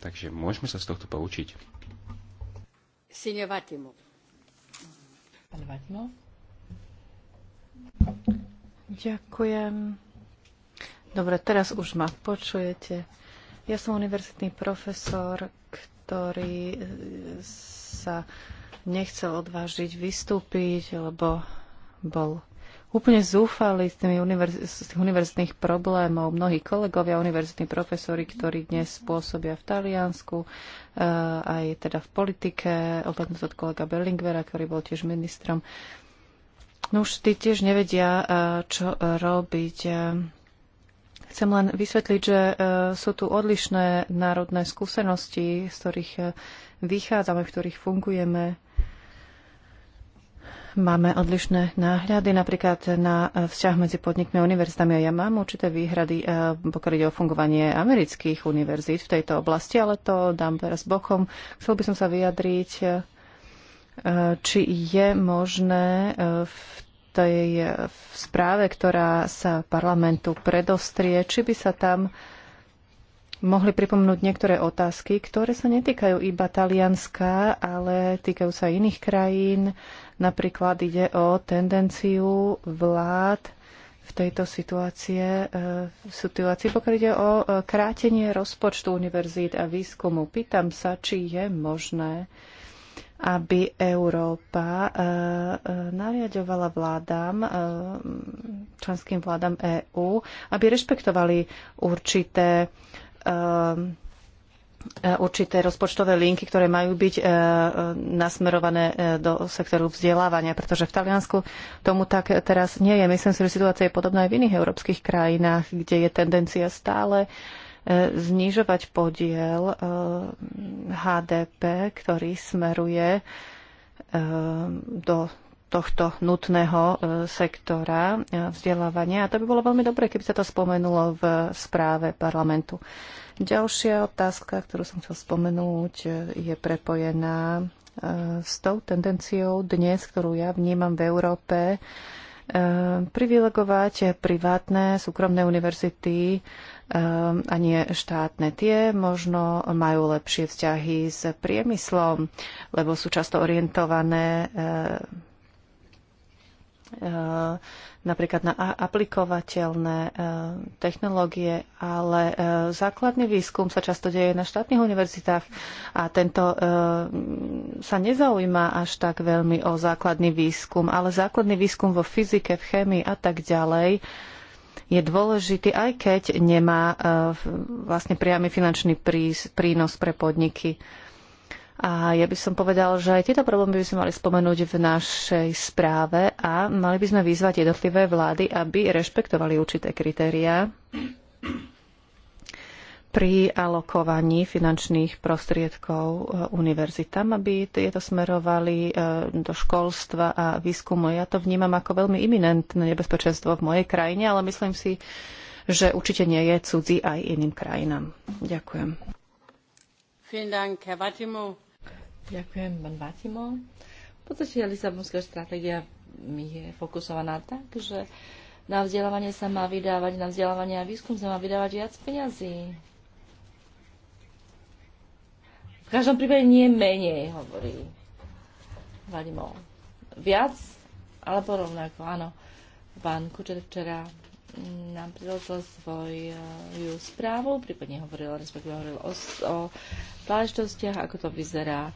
Takže môžeme sa z tohto poučiť. Signor Vatimov. Ďakujem. Dobre, teraz už ma počujete. Ja som univerzitný profesor, ktorý e, sa nechcel odvážiť vystúpiť, lebo bol úplne zúfalý z, univerz- tých univerzitných problémov. Mnohí kolegovia, univerzitní profesori, ktorí dnes pôsobia v Taliansku, uh, aj teda v politike, odhľadnúť od kolega Berlingvera, ktorý bol tiež ministrom. No už tí tiež nevedia, eh, čo robiť. Chcem len vysvetliť, že eh, sú tu odlišné národné skúsenosti, z ktorých vychádzame, v ktorých fungujeme máme odlišné náhľady napríklad na vzťah medzi podnikmi a univerzitami. A ja mám určité výhrady, eh, pokiaľ ide o fungovanie amerických univerzít v tejto oblasti, ale to dám teraz bokom. Chcel by som sa vyjadriť, eh, či je možné eh, v tej správe, ktorá sa parlamentu predostrie, či by sa tam mohli pripomnúť niektoré otázky, ktoré sa netýkajú iba Talianska, ale týkajú sa iných krajín, Napríklad ide o tendenciu vlád v tejto situácie, e, situácii, pokiaľ ide o e, krátenie rozpočtu univerzít a výskumu. Pýtam sa, či je možné, aby Európa e, nariadovala vládám, členským vládám EÚ, aby rešpektovali určité E, určité rozpočtové linky, ktoré majú byť e, e, nasmerované do sektoru vzdelávania, pretože v Taliansku tomu tak teraz nie je. Myslím si, že situácia je podobná aj v iných európskych krajinách, kde je tendencia stále znižovať podiel HDP, ktorý smeruje do tohto nutného e, sektora e, vzdelávania. A to by bolo veľmi dobré, keby sa to spomenulo v správe parlamentu. Ďalšia otázka, ktorú som chcel spomenúť, e, je prepojená s tou tendenciou dnes, ktorú ja vnímam v Európe, privilegovať privátne, súkromné univerzity a nie štátne. Tie možno majú lepšie vzťahy s priemyslom, lebo sú často orientované Eh, napríklad na aplikovateľné eh, technológie, ale eh, základný výskum sa často deje na štátnych univerzitách a tento sa nezaujíma až tak veľmi o základný výskum, ale základný výskum vo fyzike, v chémii a tak ďalej je dôležitý, aj keď nemá vlastne priamy finančný prínos pre podniky. A ja by som povedal, že aj tieto problémy by sme mali spomenúť v našej správe a mali by sme vyzvať jednotlivé vlády, aby rešpektovali určité kritériá pri alokovaní finančných prostriedkov e, univerzitám, aby tieto smerovali e, do školstva a výskumu. Ja to vnímam ako veľmi iminentné nebezpečenstvo v mojej krajine, ale myslím si, že určite nie je cudzí aj iným krajinám. Ďakujem. Vielen Dank, Herr Ďakujem, pán Vatimo. V podstate Lisabonská stratégia je fokusovaná tak, že na vzdelávanie sa má vydávať, na vzdelávanie a výskum sa má vydávať viac peňazí. V každom prípade nie menej, hovorí Vadimov. Viac alebo rovnako, áno. Pán Kučer včera nám priložil svoju správu, prípadne hovoril, respektíve hovoril o, o záležitostiach, ako to vyzerá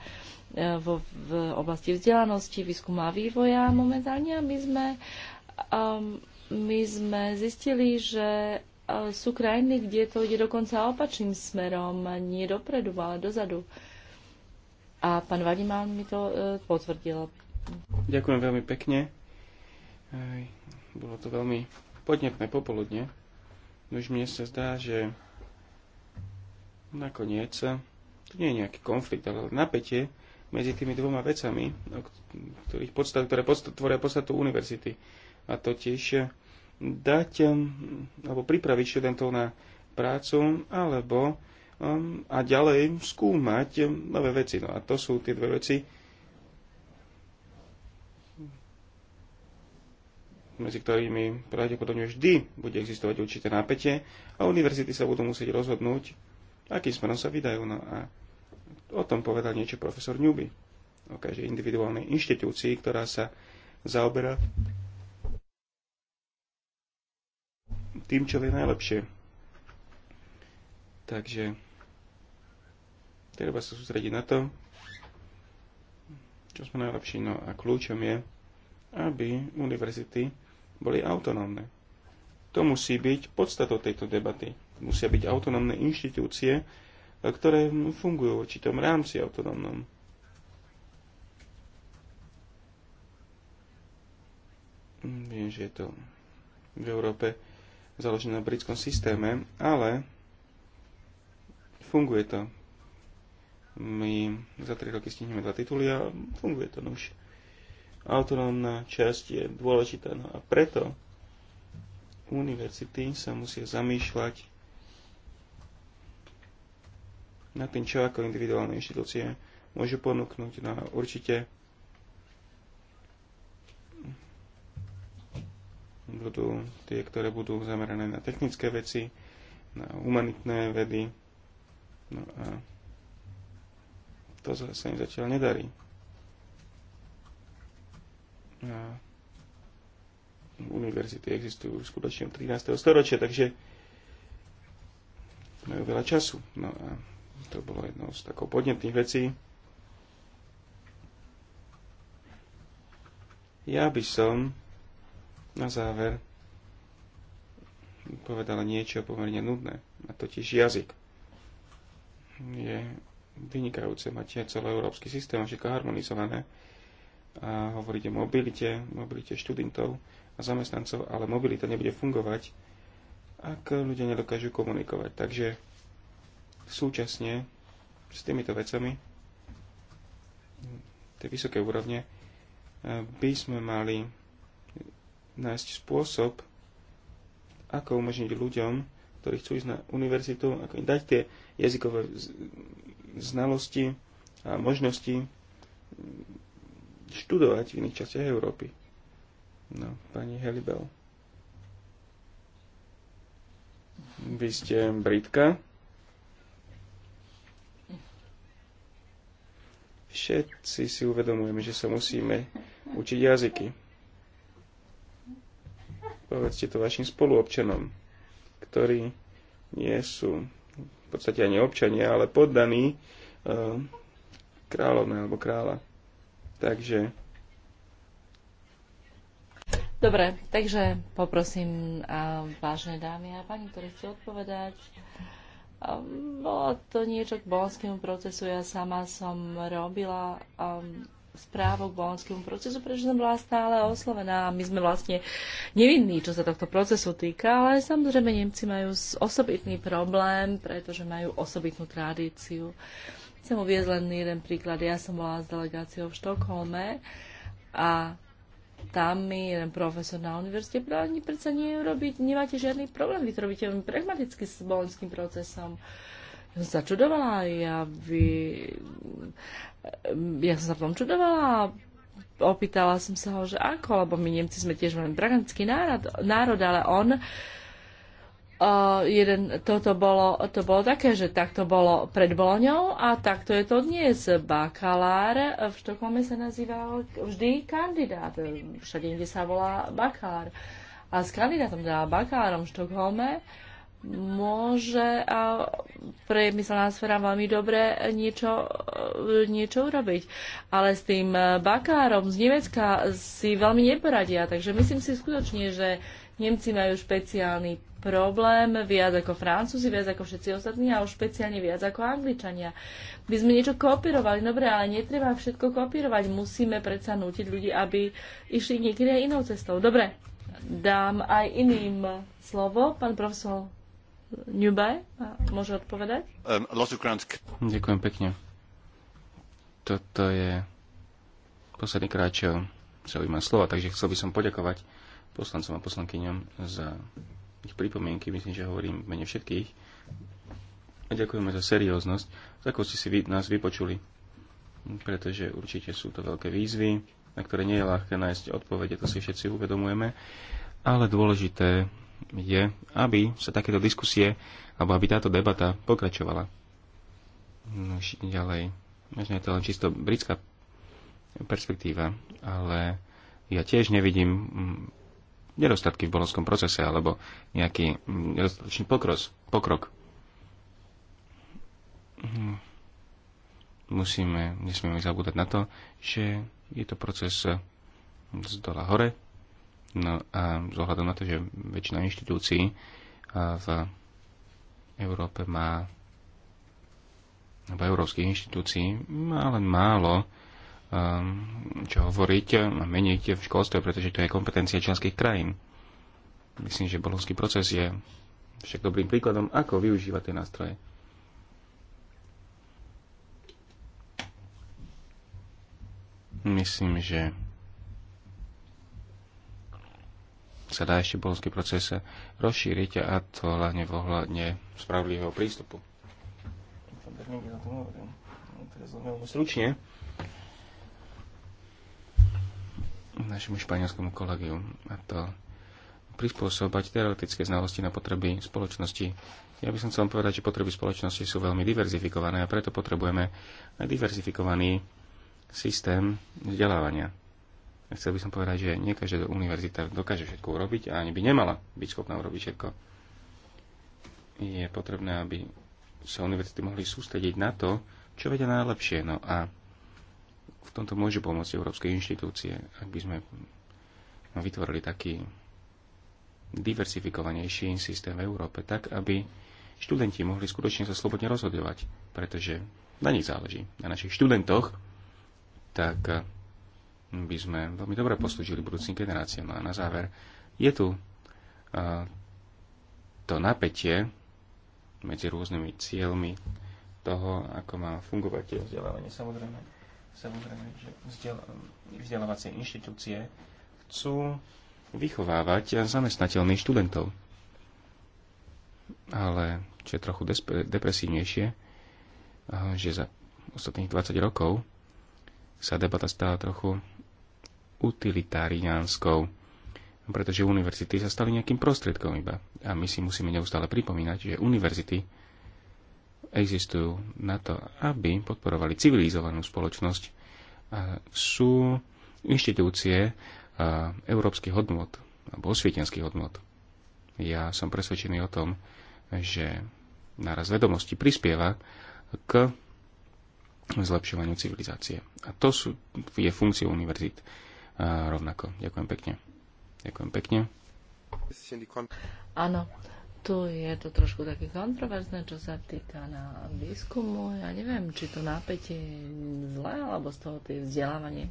v, v oblasti vzdelanosti, výskumu a vývoja momentálne. A my sme, um, my sme zistili, že uh, sú krajiny, kde to ide dokonca opačným smerom, nie dopredu, ale dozadu. A pán Vadimán mi to uh, potvrdil. Ďakujem veľmi pekne. Aj, bolo to veľmi podnetné popoludne. Už mne sa zdá, že nakoniec tu nie je nejaký konflikt, ale napätie medzi tými dvoma vecami, ktorých podstat, ktoré podstat, tvoria podstatu univerzity. A totiž eh, dať eh, alebo pripraviť študentov na prácu alebo eh, a ďalej skúmať nové veci. No a to sú tie dve veci, medzi ktorými pravdepodobne vždy bude existovať určité nápetie a univerzity sa budú musieť rozhodnúť, akým smerom sa vydajú. No a O tom povedal niečo profesor Newby, o každej individuálnej inštitúcii, ktorá sa zaoberá tým, čo je najlepšie. Takže treba sa sústrediť na to, čo sme najlepší. No a kľúčom je, aby univerzity boli autonómne. To musí byť podstatou tejto debaty. Musia byť autonómne inštitúcie, ktoré fungujú v určitom rámci autonómnom. Viem, že je to v Európe založené na britskom systéme, ale funguje to. My za 3 roky stihneme dva tituly a funguje to už. Autonómna časť je dôležitá no a preto univerzity sa musia zamýšľať na tým, čo ako individuálne inštitúcie môžu ponúknuť. na určite budú tie, ktoré budú zamerané na technické veci, na humanitné vedy. No a to sa im zatiaľ nedarí. A univerzity existujú skutočne 13. storočia, takže majú veľa času. No a to bolo jedno z takých podnetných vecí. Ja by som na záver povedala niečo pomerne nudné, a totiž jazyk. Je vynikajúce, máte európsky systém, všetko harmonizované a hovoríte o mobilite, mobilite študentov a zamestnancov, ale mobilita nebude fungovať, ak ľudia nedokážu komunikovať. Takže súčasne s týmito vecami tie vysoké úrovne eh, by sme mali nájsť spôsob, ako umožniť ľuďom, ktorí chcú ísť na univerzitu, ako im dať tie jazykové znalosti a možnosti študovať v iných častiach Európy. No, pani Helibel. Vy ste Britka. Všetci si uvedomujeme, že sa musíme učiť jazyky. Povedzte to vašim spoluobčanom, ktorí nie sú v podstate ani občania, ale poddaní uh, alebo kráľa. Takže. Dobre, takže poprosím uh, vážne dámy a páni, ktorí chcú odpovedať. Ehm, bolo to niečo k bolonskému procesu. Ja sama som robila um, správu k bolonskému procesu, pretože som bola stále oslovená. My sme vlastne nevinní, čo sa tohto procesu týka, ale samozrejme Nemci majú osobitný problém, pretože majú osobitnú tradíciu. Chcem uviezť len jeden príklad. Ja som bola s delegáciou v Štokholme a tam mi jeden profesor na univerzite povedal, ani predsa robiť, nemáte žiadny problém, vy to robíte veľmi pragmaticky s bolonským procesom. Ja som sa čudovala, ja by... Ja som sa v tom čudovala, a opýtala som sa ho, že ako, lebo my Nemci sme tiež veľmi pragmatický národ, národ ale on uh, Uh, jeden, toto bolo, to bolo také, že takto bolo pred Boloňou a takto je to dnes. Bakalár v Štokholme sa nazýval vždy kandidát. Všade, kde sa volá bakalár. A s kandidátom, teda bakalárom v Štokholme, môže a priemyselná sféra veľmi dobre niečo, niečo urobiť. Ale s tým bakárom z Nemecka si veľmi neporadia. Takže myslím si skutočne, že Nemci majú špeciálny problém viac ako Francúzi, viac ako všetci ostatní a už špeciálne viac ako Angličania. By sme niečo kopírovali, dobre, ale netreba všetko kopírovať. Musíme predsa nútiť ľudí, aby išli niekedy aj inou cestou. Dobre, dám aj iným slovo. Pán profesor Newby môže odpovedať. Um, Ďakujem pekne. Toto je posledný krát, čo slova, takže chcel by som poďakovať poslancom a poslankyňom za ich pripomienky, myslím, že hovorím v mene všetkých. A ďakujeme za serióznosť, za ako ste si vy, nás vypočuli, pretože určite sú to veľké výzvy, na ktoré nie je ľahké nájsť odpovede, to si všetci uvedomujeme, ale dôležité je, aby sa takéto diskusie, alebo aby táto debata pokračovala. No, ďalej. Možno je to len čisto britská perspektíva, ale ja tiež nevidím mm, nedostatky v bolonskom procese alebo nejaký mm, nedostatočný pokros, pokrok. Mhm. Musíme, nesmieme zabúdať na to, že je to proces z dola hore. No a z ohľadom na to, že väčšina inštitúcií v Európe má v európskych inštitúcií má len málo Ehm, čo hovoriť a meniť v školstve, pretože to je kompetencia členských krajín. Myslím, že bolonský proces je však dobrým príkladom, ako využívať tie nástroje. Myslím, že sa dá ešte bolonský proces rozšíriť a to hlavne v ohľadne spravlivého prístupu. Stručne našemu španielskému kolegiu a to prispôsobať teoretické znalosti na potreby spoločnosti. Ja by som chcel povedať, že potreby spoločnosti sú veľmi diverzifikované a preto potrebujeme aj diverzifikovaný systém vzdelávania. Chcel by som povedať, že nie každá univerzita dokáže všetko urobiť a ani by nemala byť schopná urobiť všetko. Je potrebné, aby sa univerzity mohli sústrediť na to, čo vedia najlepšie. No a v tomto môžu pomôcť európske inštitúcie, ak by sme vytvorili taký diversifikovanejší systém v Európe, tak aby študenti mohli skutočne sa slobodne rozhodovať, pretože na nich záleží, na našich študentoch, tak eh, by sme veľmi dobre poslúžili budúcim generáciám. A na záver je tu eh, to napätie medzi rôznymi cieľmi toho, ako má fungovať tie vzdelávanie samozrejme Samozrejme, že vzdelávacie inštitúcie chcú vychovávať zamestnateľných študentov. Ale čo je trochu depresívnejšie, eh, že za ostatných 20 rokov sa debata stala trochu utilitáriánskou, pretože univerzity sa stali nejakým prostriedkom iba. A my si musíme neustále pripomínať, že univerzity existujú na to, aby podporovali civilizovanú spoločnosť, sú inštitúcie európskych hodnot alebo osvietenských hodnot. Ja som presvedčený o tom, že náraz vedomosti prispieva k zlepšovaniu civilizácie. A to sú, je funkciou univerzít rovnako. Ďakujem pekne. Ďakujem pekne. Áno, tu je to trošku také kontroverzné, čo sa týka na výskumu. Ja neviem, či to napätie je zlé, alebo z toho tie vzdelávanie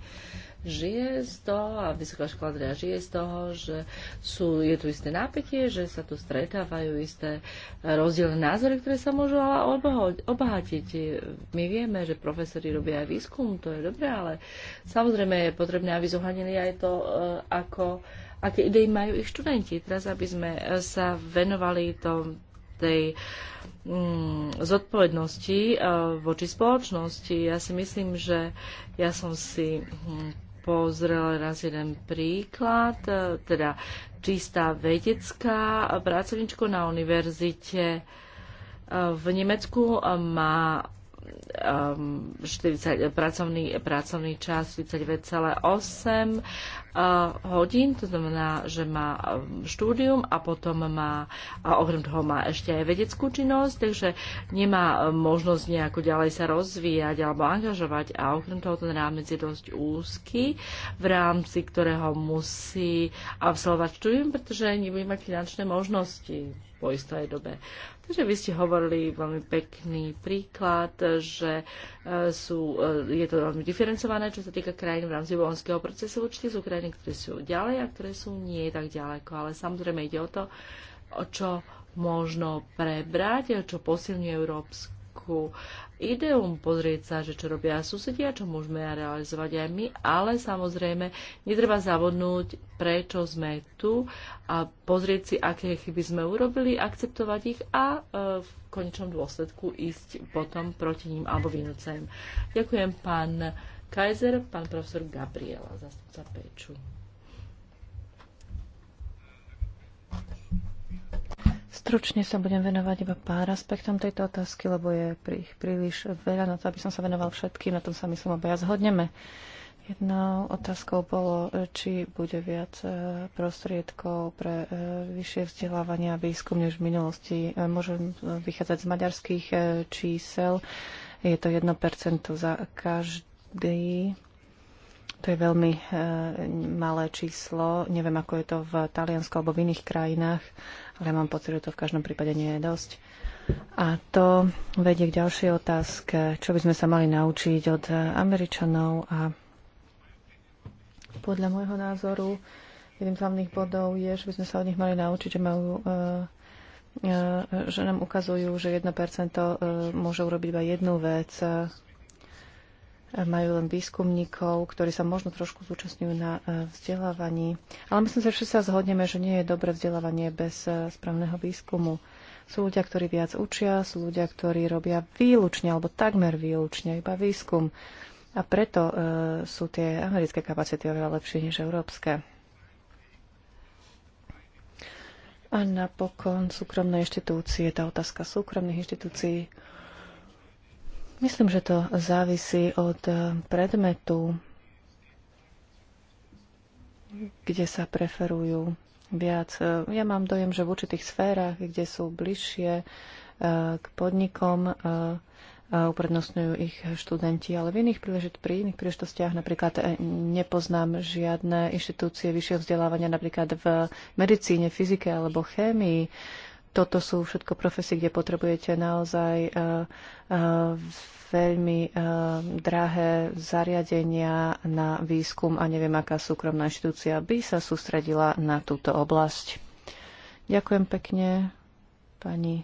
žije z toho, a vysoká škola teda žije z toho, že sú, je tu isté napätie, že sa tu stretávajú isté rozdielne názory, ktoré sa môžu ale obohatiť. My vieme, že profesori robia aj výskum, to je dobré, ale samozrejme je potrebné, aby zohľadnili aj to, e, ako aké idei majú ich študenti. Teraz, aby sme e, sa venovali tom, tej mm, zodpovednosti e, voči spoločnosti, ja si myslím, že ja som si hm, pozrel raz jeden príklad, e, teda čistá vedecká pracovníčka na univerzite v Nemecku má um, 40, pracovný, pracovný čas 49,8 uh, eh, hodín, to znamená, že má eh, štúdium a potom má, a okrem toho má ešte aj vedeckú činnosť, takže nemá eh, možnosť nejako ďalej sa rozvíjať alebo angažovať a okrem toho ten rámec je dosť úzky, v rámci ktorého musí absolvovať štúdium, pretože nebude mať finančné možnosti po istej dobe. Uh, Takže vy ste hovorili veľmi pekný príklad, že e, sú, e, je to veľmi diferencované, čo sa týka krajín v rámci bolonského procesu. Určite sú krajiny, ktoré sú ďalej a ktoré sú nie tak ďaleko. Ale samozrejme ide o to, o čo možno prebrať, čo posilňuje európsku ideum, pozrieť sa, že čo robia susedia, čo môžeme realizovať aj my, ale samozrejme netreba zavodnúť, prečo sme tu a pozrieť si, aké chyby sme urobili, akceptovať ich a e, v konečnom dôsledku ísť potom proti ním alebo vynúcem. Ďakujem pán Kaiser, pán profesor Gabriela, zastupca Peču. Stručne sa budem venovať iba pár aspektom tejto otázky, lebo je pri ich príliš veľa na to, aby som sa venoval všetkým. Na tom sa myslím obaja zhodneme. Jednou otázkou bolo, či bude viac e, prostriedkov pre e, vyššie vzdelávanie a výskum než v minulosti. E, môžem vychádzať z maďarských čísel. Je to 1% za každý to je veľmi e, malé číslo. Neviem, ako je to v Taliansku alebo v iných krajinách, ale ja mám pocit, že to v každom prípade nie je dosť. A to vedie k ďalšej otázke, čo by sme sa mali naučiť od Američanov. A podľa môjho názoru jedným z hlavných bodov je, že by sme sa od nich mali naučiť, že majú e, e, že nám ukazujú, že 1% môže urobiť iba jednu vec, majú len výskumníkov, ktorí sa možno trošku zúčastňujú na e, vzdelávaní. Ale myslím si, že sa zhodneme, že nie je dobré vzdelávanie bez e, správneho výskumu. Sú ľudia, ktorí viac učia, sú ľudia, ktorí robia výlučne alebo takmer výlučne iba výskum. A preto e, sú tie americké kapacity oveľa lepšie než európske. A napokon súkromné inštitúcie, tá otázka súkromných inštitúcií. Myslím, že to závisí od eh, predmetu, kde sa preferujú viac. Eh, ja mám dojem, že v určitých sférach, kde sú bližšie eh, k podnikom, uprednostňujú ich študenti, ale v iných príležit, pri iných príležitostiach napríklad nepoznám žiadne inštitúcie vyššieho vzdelávania napríklad v medicíne, fyzike alebo chémii, toto sú všetko profesie, kde potrebujete naozaj eh, eh, veľmi eh, drahé zariadenia na výskum a neviem, aká súkromná inštitúcia by sa sústredila na túto oblasť. Ďakujem pekne, pani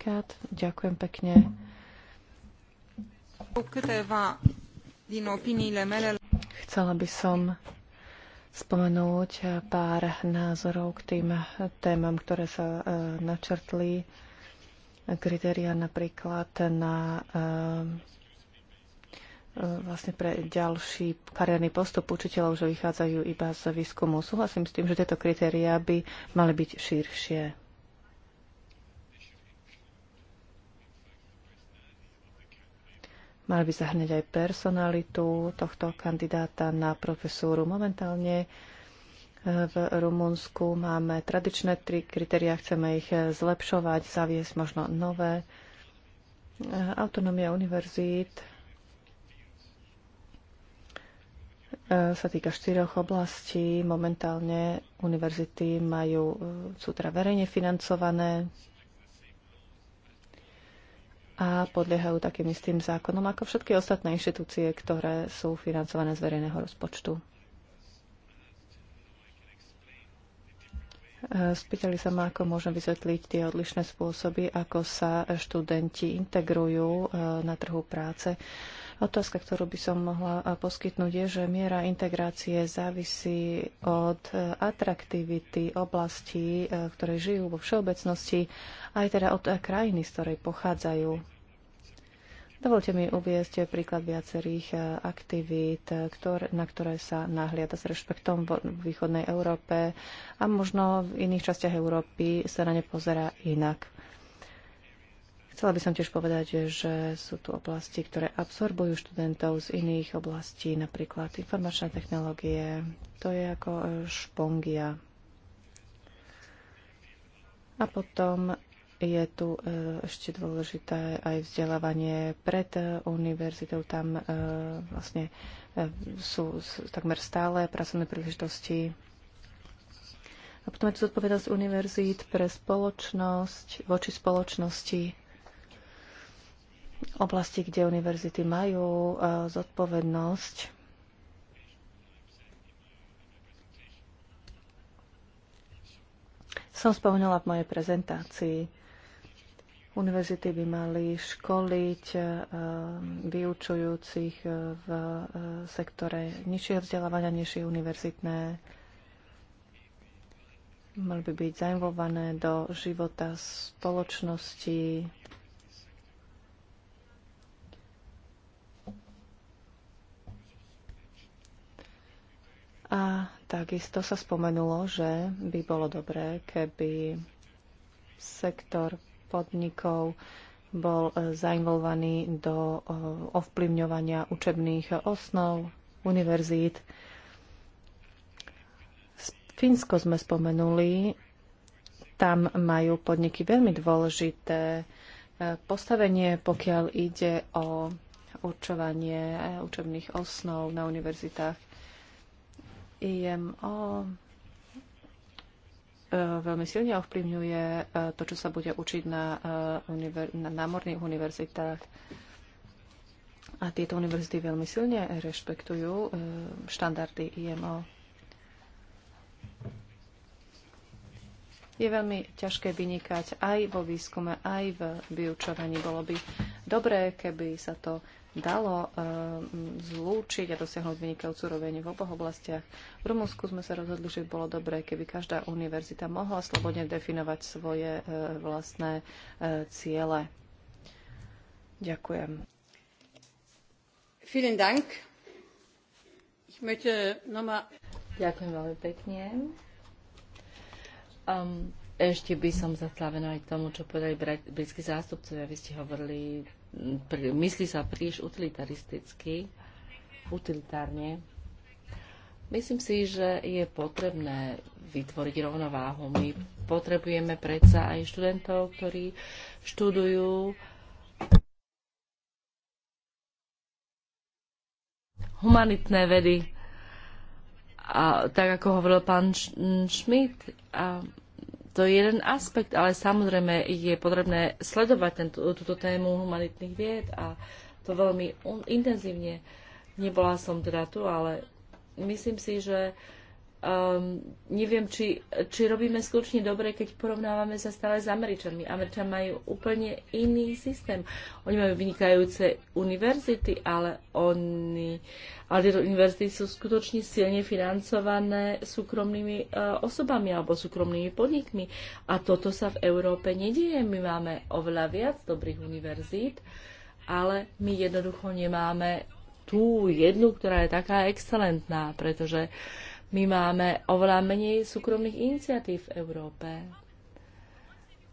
Kat. Ďakujem pekne. Chcela by som spomenúť pár názorov k tým témam, ktoré sa e, načrtli. Kritéria napríklad na e, e, vlastne pre ďalší kariérny postup učiteľov, že vychádzajú iba z výskumu. Súhlasím s tým, že tieto kritéria by mali byť širšie. Mali by zahrňať aj personalitu tohto kandidáta na profesúru. Momentálne e, v Rumunsku máme tradičné tri kritériá, chceme ich e, zlepšovať, zaviesť možno nové. E, autonómia univerzít sa týka štyroch oblastí. Momentálne univerzity majú, sú teda verejne financované, a podliehajú takým istým zákonom ako všetky ostatné inštitúcie, ktoré sú financované z verejného rozpočtu. E, spýtali sa ma, ako môžem vysvetliť tie odlišné spôsoby, ako sa študenti integrujú e, na trhu práce. Otázka, ktorú by som mohla poskytnúť, je, že miera integrácie závisí od e, atraktivity oblasti, e, v ktorej žijú vo všeobecnosti, aj teda od e, krajiny, z ktorej pochádzajú. Dovolte mi uviezť príklad viacerých aktivít, na ktoré sa nahliada s rešpektom v východnej Európe a možno v iných častiach Európy sa na ne pozera inak. Chcela by som tiež povedať, že sú tu oblasti, ktoré absorbujú študentov z iných oblastí, napríklad informačné technológie. To je ako špongia. A potom je tu e, ešte dôležité aj vzdelávanie pred e, univerzitou. Tam e, vlastne sú takmer stále pracovné príležitosti. A potom je tu zodpovednosť univerzít pre spoločnosť, voči spoločnosti oblasti, kde univerzity majú e, zodpovednosť som spomínala v mojej prezentácii. Univerzity by mali školiť e, vyučujúcich e, v sektore nižšieho vzdelávania, nižšie univerzitné. Mali by byť zainvolvané do života spoločnosti, A takisto sa spomenulo, že by bolo dobré, keby sektor podnikov bol e, zainvolvaný do e, ovplyvňovania učebných osnov univerzít. Fínsko sme spomenuli, tam majú podniky veľmi dôležité e, postavenie, pokiaľ ide o určovanie učebných osnov na univerzitách. IMO e, veľmi silne ovplyvňuje e, to, čo sa bude učiť na, e, univer- na námorných univerzitách. A tieto univerzity veľmi silne rešpektujú štandardy IMO. Je veľmi ťažké vynikať aj vo výskume, aj v vyučovaní. Bolo by dobré, keby sa to dalo eh, zlúčiť a dosiahnuť vynikajúcu roveň v oboch oblastiach. V Rumunsku sme sa rozhodli, že by bolo dobré, keby každá univerzita mohla slobodne definovať svoje eh, vlastné eh, ciele. Ďakujem. Vielen Dank. Ich möchte nochmal... Ďakujem veľmi pekne. Um, ešte by som sa aj tomu, čo povedali britskí zástupcovia. Vy ste hovorili myslí sa príliš utilitaristicky, utilitárne. Myslím si, že je potrebné vytvoriť rovnováhu. My potrebujeme predsa aj študentov, ktorí študujú humanitné vedy. A tak ako hovoril pán Šmit, to je jeden aspekt, ale samozrejme je potrebné sledovať tento, túto tému humanitných vied a to veľmi intenzívne. Nebola som teda tu, ale myslím si, že uh, um, neviem, či, či robíme skutočne dobre, keď porovnávame sa stále s Američanmi. Američan majú úplne iný systém. Oni majú vynikajúce univerzity, ale oni, ale tieto univerzity sú skutočne silne financované súkromnými uh, osobami alebo súkromnými podnikmi. A toto sa v Európe nedieje. My máme oveľa viac dobrých univerzít, ale my jednoducho nemáme tú jednu, ktorá je taká excelentná, pretože uh, my máme oveľa menej súkromných iniciatív v Európe.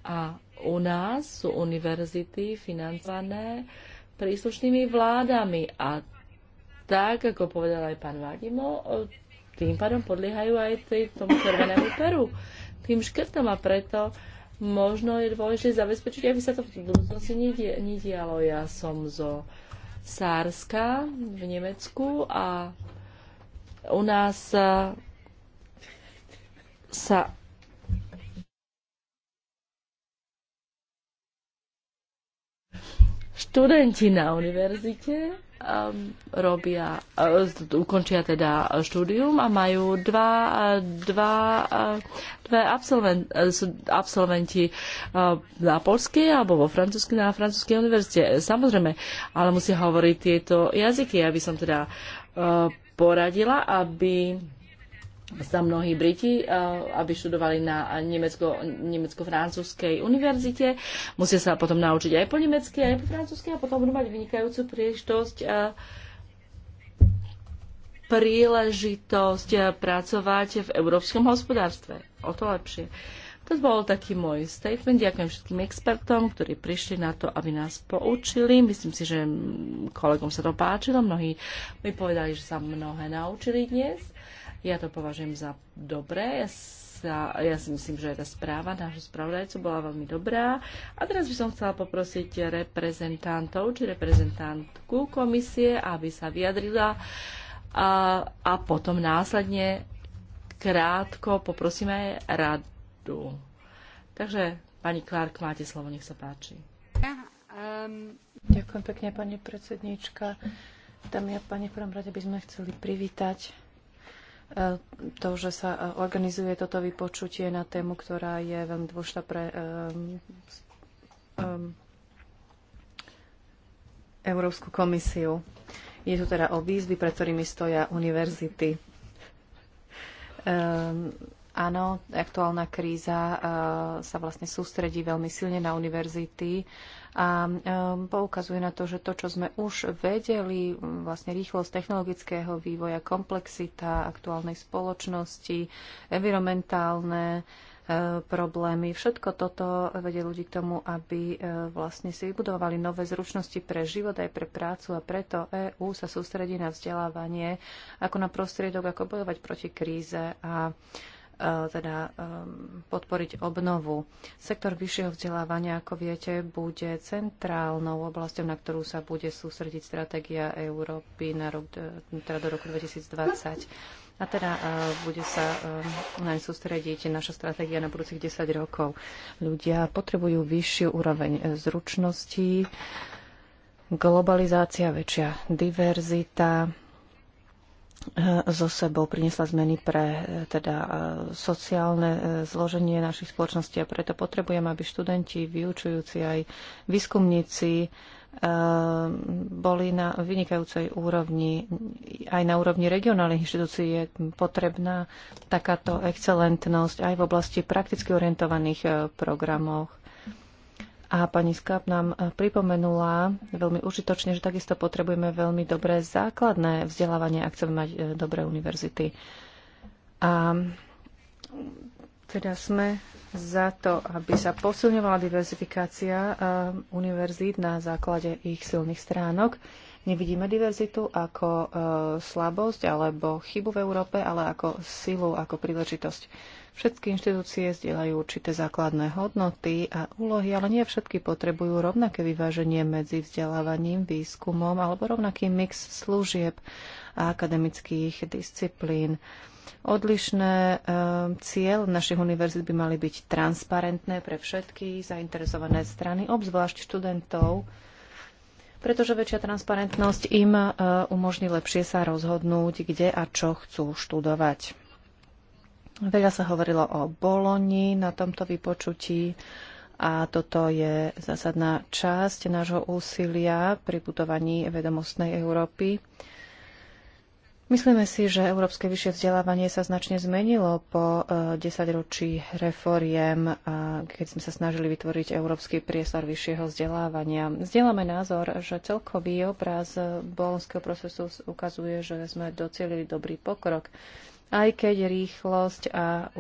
A u nás sú univerzity financované príslušnými vládami. A tak, ako povedal aj pán Vadimo, tým pádom podliehajú aj tej, tomu červenému peru, tým škrtom. A preto možno je dôležité zabezpečiť, aby sa to v budúcnosti nedialo. Ja som zo Sárska v Nemecku a u nás e, sa študenti na univerzite um, robia, uh, ukončia teda štúdium a majú dva, dva, e, absolven, uh, absolventi uh, na polskej alebo vo francúzskej na francúzskej univerzite. Samozrejme, ale musia hovoriť tieto jazyky. aby som teda uh, poradila, aby sa mnohí Briti, eh, aby študovali na Nemecko, nemecko-francúzskej univerzite. Musia sa potom naučiť aj po nemecky, aj po francúzsky a potom budú mať vynikajúcu príležitosť eh, príležitosť eh, pracovať v európskom hospodárstve. O to lepšie. Uh, to bol taký môj statement. Ďakujem všetkým expertom, ktorí prišli na to, aby nás poučili. Myslím si, že kolegom sa to páčilo. Mnohí mi povedali, že sa mnohé naučili dnes. Ja to považujem za dobré. Ja sa, ja si myslím, že tá správa nášho spravodajcu bola veľmi dobrá. A teraz by som chcela poprosiť reprezentantov či reprezentantku komisie, aby sa vyjadrila a, a potom následne krátko poprosíme aj rad, pravdu. Takže, pani Clark, máte slovo, nech sa páči. Ďakujem pekne, pani predsedníčka. Tam ja, pani prvom rade by sme chceli privítať e, to, že sa e, organizuje toto vypočutie na tému, ktorá je veľmi dôležitá pre um, um, Európsku komisiu. Je tu teda o výzvy, pre ktorými stoja univerzity. Um, Áno, aktuálna kríza e, sa vlastne sústredí veľmi silne na univerzity a e, poukazuje na to, že to, čo sme už vedeli, vlastne rýchlosť technologického vývoja, komplexita aktuálnej spoločnosti, environmentálne e, problémy. Všetko toto vedie ľudí k tomu, aby vlastne si vybudovali nové zručnosti pre život aj pre prácu a preto EÚ sa sústredí na vzdelávanie ako na prostriedok, ako bojovať proti kríze a Eh, teda podporiť obnovu. Sektor vyššieho vzdelávania, ako viete, bude centrálnou oblasťou, na ktorú sa bude sústrediť stratégia Európy na rok, eh, teda do roku 2020. A teda eh, bude sa naň sústrediť naša stratégia na budúcich 10 rokov. Ľudia potrebujú vyššiu úroveň zručností, globalizácia, väčšia diverzita, E, zo sebou priniesla zmeny pre e, teda e, sociálne zloženie našich spoločností a preto potrebujem, aby študenti, vyučujúci aj výskumníci boli na vynikajúcej úrovni, aj na úrovni regionálnych inštitúcií je potrebná takáto excelentnosť aj v oblasti prakticky orientovaných programov a pani Skáp nám eh, pripomenula veľmi užitočne, že takisto potrebujeme veľmi dobré základné vzdelávanie, ak chceme mať eh, dobré univerzity. A teda sme za to, aby sa posilňovala diverzifikácia eh, univerzít na základe ich silných stránok. Nevidíme diverzitu ako e, slabosť alebo chybu v Európe, ale ako silu, ako príležitosť. Všetky inštitúcie zdieľajú určité základné hodnoty a úlohy, ale nie všetky potrebujú rovnaké vyváženie medzi vzdelávaním, výskumom alebo rovnaký mix služieb a akademických disciplín. Odlišné e, cieľ našich univerzít by mali byť transparentné pre všetky zainteresované strany, obzvlášť študentov, pretože väčšia transparentnosť im e, umožní lepšie sa rozhodnúť, kde a čo chcú študovať. Veľa sa hovorilo o Boloni na tomto vypočutí a toto je zásadná časť nášho úsilia pri budovaní vedomostnej Európy. Myslíme si, že európske vyššie vzdelávanie sa značne zmenilo po 10 eh, ročí reforiem, keď sme sa snažili vytvoriť európsky priestor vyššieho vzdelávania. Zdieľame názor, že celkový obraz eh, bolonského procesu ukazuje, že sme docielili dobrý pokrok, aj keď rýchlosť a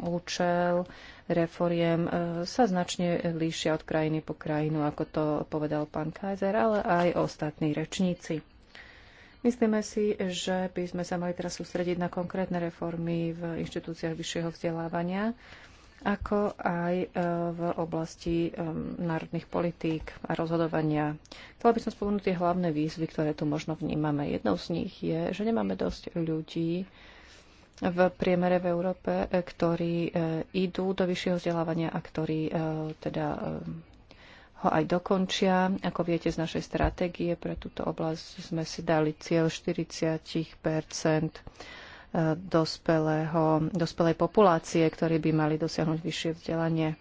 účel reforiem eh, sa značne líšia od krajiny po krajinu, ako to povedal pán Kaiser, ale aj ostatní rečníci. Myslíme si, že by sme sa mali teraz sústrediť na konkrétne reformy v inštitúciách vyššieho vzdelávania, ako aj e, v oblasti e, národných politík a rozhodovania. Chcela by som spomenúť tie hlavné výzvy, ktoré tu možno vnímame. Jednou z nich je, že nemáme dosť ľudí, v priemere v Európe, e, ktorí idú do vyššieho vzdelávania a ktorí teda ho aj dokončia. Ako viete z našej stratégie pre túto oblasť sme si dali cieľ 40 e, dospelého, dospelej populácie, ktorí by mali dosiahnuť vyššie vzdelanie. E,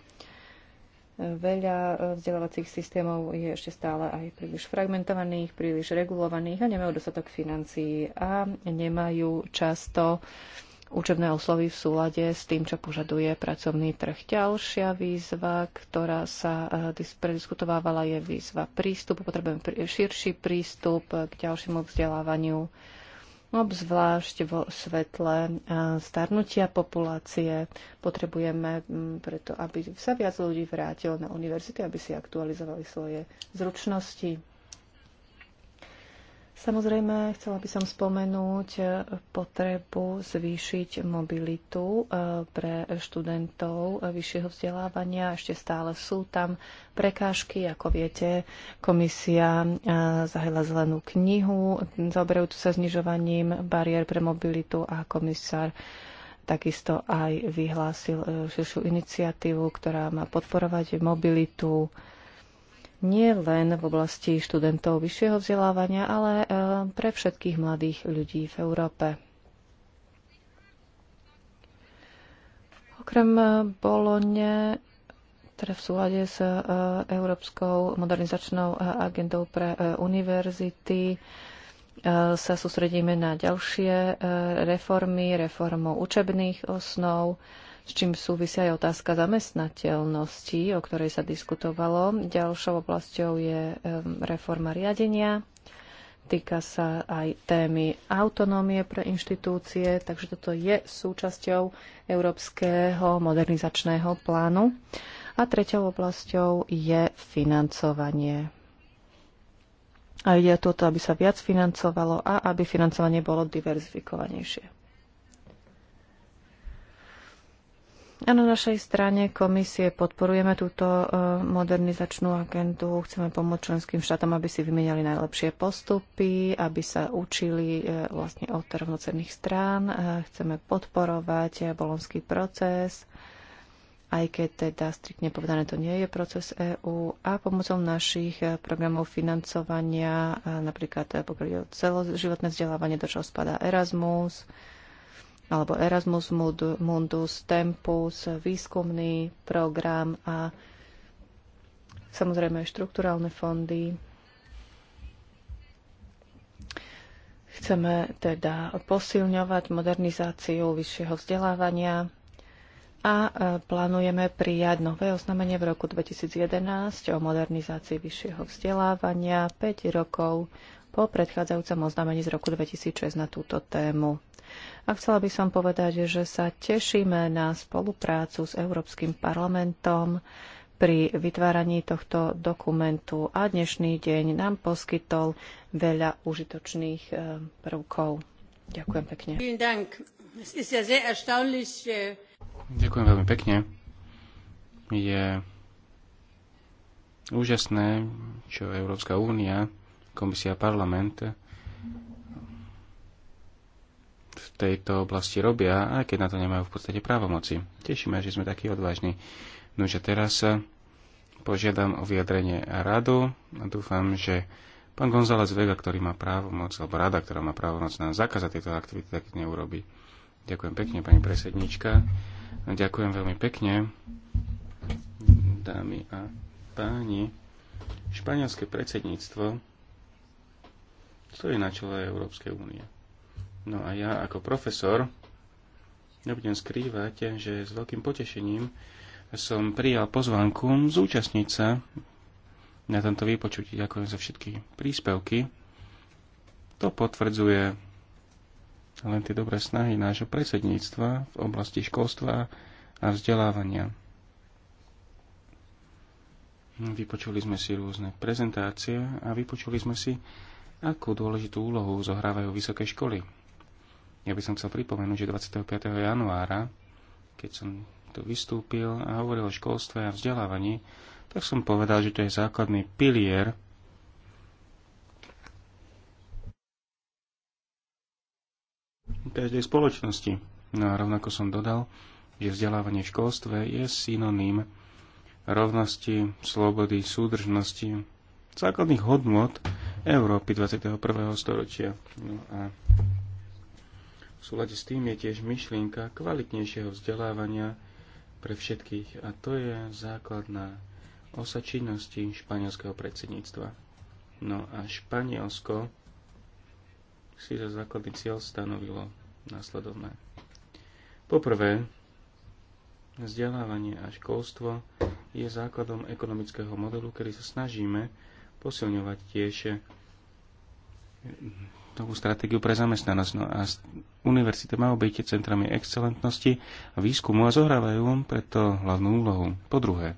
veľa e, vzdelávacích systémov je ešte stále aj príliš fragmentovaných, príliš regulovaných a nemajú dostatok financií a nemajú často uh, učebné oslovy v súlade s tým, čo požaduje pracovný trh. Ďalšia výzva, ktorá sa eh, prediskutovávala, je výzva prístupu. Potrebujeme širší prístup eh, k ďalšiemu vzdelávaniu, obzvlášť vo svetle eh, starnutia populácie. Potrebujeme mm, preto, aby sa viac ľudí vrátilo na univerzity, aby si aktualizovali svoje zručnosti. Samozrejme, chcela by som spomenúť e, potrebu zvýšiť mobilitu e, pre študentov e, vyššieho vzdelávania. Ešte stále sú tam prekážky, ako viete, komisia zahela zelenú knihu, zaoberajúcu sa znižovaním bariér pre mobilitu a komisár takisto aj vyhlásil širšiu iniciatívu, ktorá má podporovať mobilitu nie len v oblasti študentov vyššieho vzdelávania, ale e, pre všetkých mladých ľudí v Európe. Okrem e, Bolone, teda v súlade s e, Európskou modernizačnou agendou pre univerzity, sa sústredíme na ďalšie reformy, reformou učebných osnov, s čím súvisia aj otázka zamestnateľnosti, o ktorej sa diskutovalo. Ďalšou oblasťou je reforma riadenia. Týka sa aj témy autonómie pre inštitúcie, takže toto je súčasťou Európskeho modernizačného plánu. A treťou oblasťou je financovanie. A ide o toto, aby sa viac financovalo a aby financovanie bolo diverzifikovanejšie. A na našej strane komisie podporujeme túto e, modernizačnú agendu. Chceme pomôcť členským štátom, aby si vymenali najlepšie postupy, aby sa učili e, vlastne od rovnocenných strán. E, chceme podporovať bolonský proces, aj keď teda striktne povedané to nie je proces EÚ a pomocou našich programov financovania, napríklad pokiaľ celoživotné vzdelávanie, do čoho spadá Erasmus, alebo Erasmus Mundus, Tempus, výskumný program a samozrejme aj štruktúrálne fondy. Chceme teda posilňovať modernizáciu vyššieho vzdelávania a e, plánujeme prijať nové oznámenie v roku 2011 o modernizácii vyššieho vzdelávania 5 rokov po predchádzajúcom oznámení z roku 2006 na túto tému. A chcela by som povedať, že sa tešíme na spoluprácu s Európskym parlamentom pri vytváraní tohto dokumentu a dnešný deň nám poskytol veľa užitočných eh, prvkov. Ďakujem pekne. Eh, Ďakujem veľmi pekne. Je úžasné, čo Európska únia, komisia parlament tejto oblasti robia, aj keď na to nemajú v podstate právomoci. Tešíme, že sme takí odvážni. Nože teraz eh, požiadam o vyjadrenie radu a dúfam, že pán González Vega, ktorý má právomoc, alebo rada, ktorá má právomoc nám zakázať tieto aktivity, tak neurobi. Ďakujem pekne, pani presednička. Ďakujem veľmi pekne, dámy a páni. Španielské predsedníctvo stojí na čele Európskej únie. No a ja ako profesor nebudem skrývať, že s veľkým potešením som prijal pozvánku zúčastniť sa na tomto vypočutí. Ďakujem za všetky príspevky. To potvrdzuje len tie dobré snahy nášho predsedníctva v oblasti školstva a vzdelávania. Vypočuli sme si rôzne prezentácie a vypočuli sme si, akú dôležitú úlohu zohrávajú vysoké školy ja by som chcel pripomenúť, že 25. januára, keď som tu vystúpil a hovoril o školstve a vzdelávaní, tak som povedal, že to je základný pilier každej spoločnosti. No a rovnako som dodal, že vzdelávanie v školstve je synonym rovnosti, slobody, súdržnosti, základných hodnot Európy 21. storočia. No a v súlade s tým je tiež myšlienka kvalitnejšieho vzdelávania pre všetkých a to je základná osa činnosti španielského predsedníctva. No a Španielsko si za základný cieľ stanovilo následovné. Poprvé, vzdelávanie a školstvo je základom ekonomického modelu, ktorý sa snažíme posilňovať tiež novú stratégiu pre zamestnanosť. No a univerzity majú byť centrami excelentnosti a výskumu a zohrávajú preto hlavnú úlohu. Po druhé,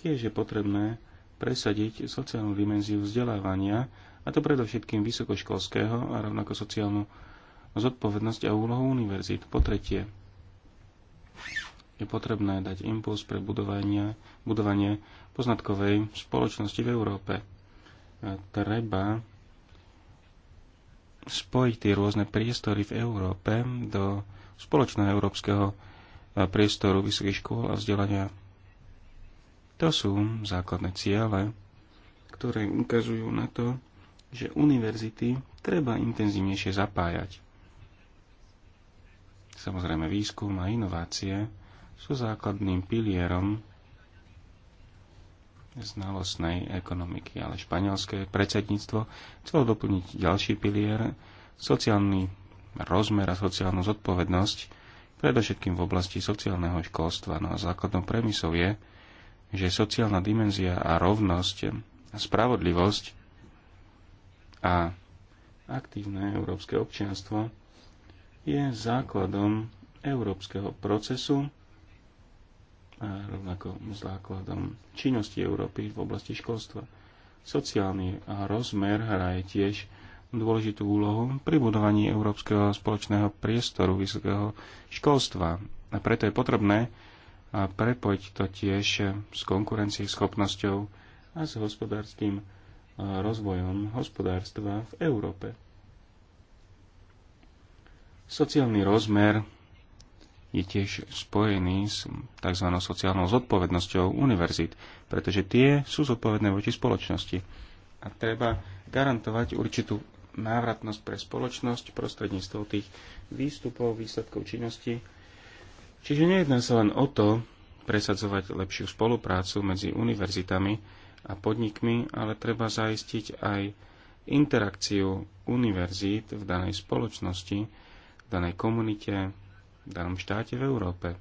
tiež je potrebné presadiť sociálnu dimenziu vzdelávania, a to predovšetkým vysokoškolského a rovnako sociálnu zodpovednosť a úlohu univerzít. Po tretie, je potrebné dať impuls pre budovanie, budovanie poznatkovej spoločnosti v Európe treba spojiť tie rôzne priestory v Európe do spoločného európskeho priestoru vysokých škôl a vzdelania. To sú základné ciele, ktoré ukazujú na to, že univerzity treba intenzívnejšie zapájať. Samozrejme, výskum a inovácie sú základným pilierom znalostnej ekonomiky, ale španielské predsedníctvo chcelo doplniť ďalší pilier, sociálny rozmer a sociálnu zodpovednosť, predovšetkým v oblasti sociálneho školstva. No a základnou premisou je, že sociálna dimenzia a rovnosť a spravodlivosť a aktívne európske občianstvo je základom európskeho procesu, rovnako základom činnosti Európy v oblasti školstva. Sociálny rozmer hraje tiež dôležitú úlohu pri budovaní európskeho spoločného priestoru vysokého školstva. A preto je potrebné prepojiť to tiež s konkurencieschopnosťou a s hospodárským e, rozvojom hospodárstva v Európe. Sociálny rozmer je tiež spojený s tzv. sociálnou zodpovednosťou univerzít, pretože tie sú zodpovedné voči spoločnosti. A treba garantovať určitú návratnosť pre spoločnosť prostredníctvom tých výstupov, výsledkov činnosti. Čiže nejedná sa len o to presadzovať lepšiu spoluprácu medzi univerzitami a podnikmi, ale treba zaistiť aj interakciu univerzít v danej spoločnosti, v danej komunite, v danom štáte v Európe.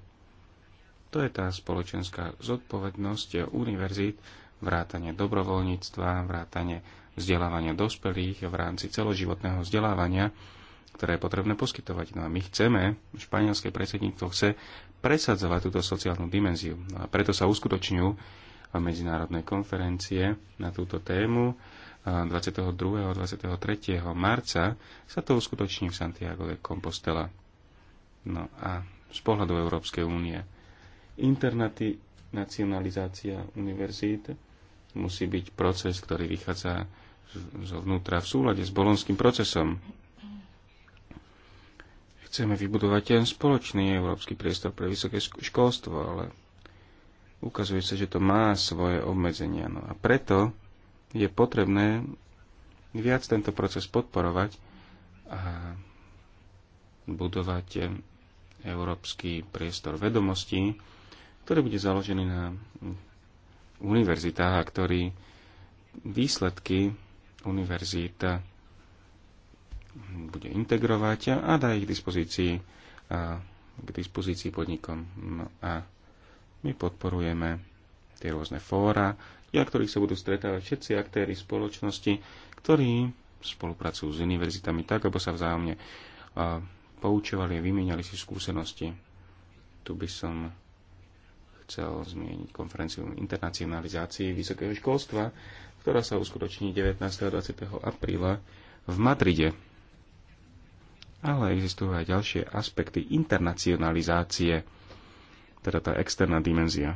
To je tá spoločenská zodpovednosť univerzít, vrátanie dobrovoľníctva, vrátanie vzdelávania dospelých v rámci celoživotného vzdelávania, ktoré je potrebné poskytovať. No a my chceme, španielské predsedníctvo chce presadzovať túto sociálnu dimenziu. No a preto sa uskutočňujú medzinárodné konferencie na túto tému. 22. a 23. marca sa to uskutoční v Santiago de Compostela. No a z pohľadu Európskej únie nacionalizácia univerzít musí byť proces, ktorý vychádza zovnútra v súlade s bolonským procesom. Chceme vybudovať ten spoločný európsky priestor pre vysoké školstvo, ale ukazuje sa, že to má svoje obmedzenia. No a preto je potrebné viac tento proces podporovať a budovať európsky priestor vedomostí, ktorý bude založený na univerzitách a ktorý výsledky univerzít bude integrovať a dá ich k dispozícii, a k dispozícii podnikom. No a my podporujeme tie rôzne fóra, na ktorých sa budú stretávať všetci aktéry spoločnosti, ktorí spolupracujú s univerzitami tak, aby sa vzájomne poučovali a vymieňali si skúsenosti. Tu by som chcel zmieniť konferenciu internacionalizácii vysokého školstva, ktorá sa uskutoční 19. a 20. apríla v Madride. Ale existujú aj ďalšie aspekty internacionalizácie, teda tá externá dimenzia.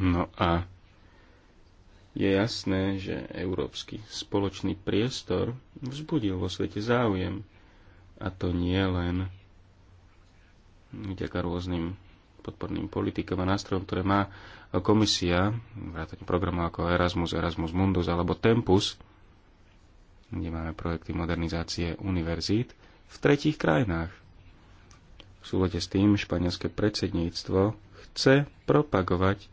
No a je jasné, že európsky spoločný priestor vzbudil vo svete záujem a to nie len vďaka rôznym podporným politikám a nástrojom, ktoré má komisia, vrátane programov ako Erasmus, Erasmus Mundus alebo Tempus, kde máme projekty modernizácie univerzít v tretích krajinách. V súlade s tým španielské predsedníctvo chce propagovať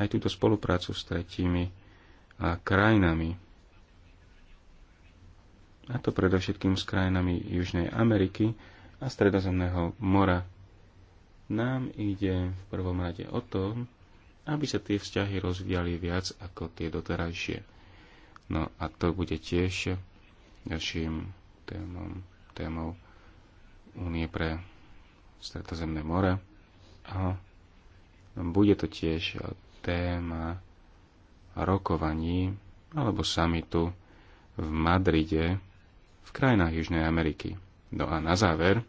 aj túto spoluprácu s tretími krajinami a to predovšetkým s krajinami Južnej Ameriky a Stredozemného mora. Nám ide v prvom rade o to, aby sa tie vzťahy rozvíjali viac ako tie doterajšie. No a to bude tiež ďalším témom, témou Únie pre Stredozemné more. A bude to tiež téma rokovaní alebo samitu v Madride v krajinách Južnej Ameriky. No a na záver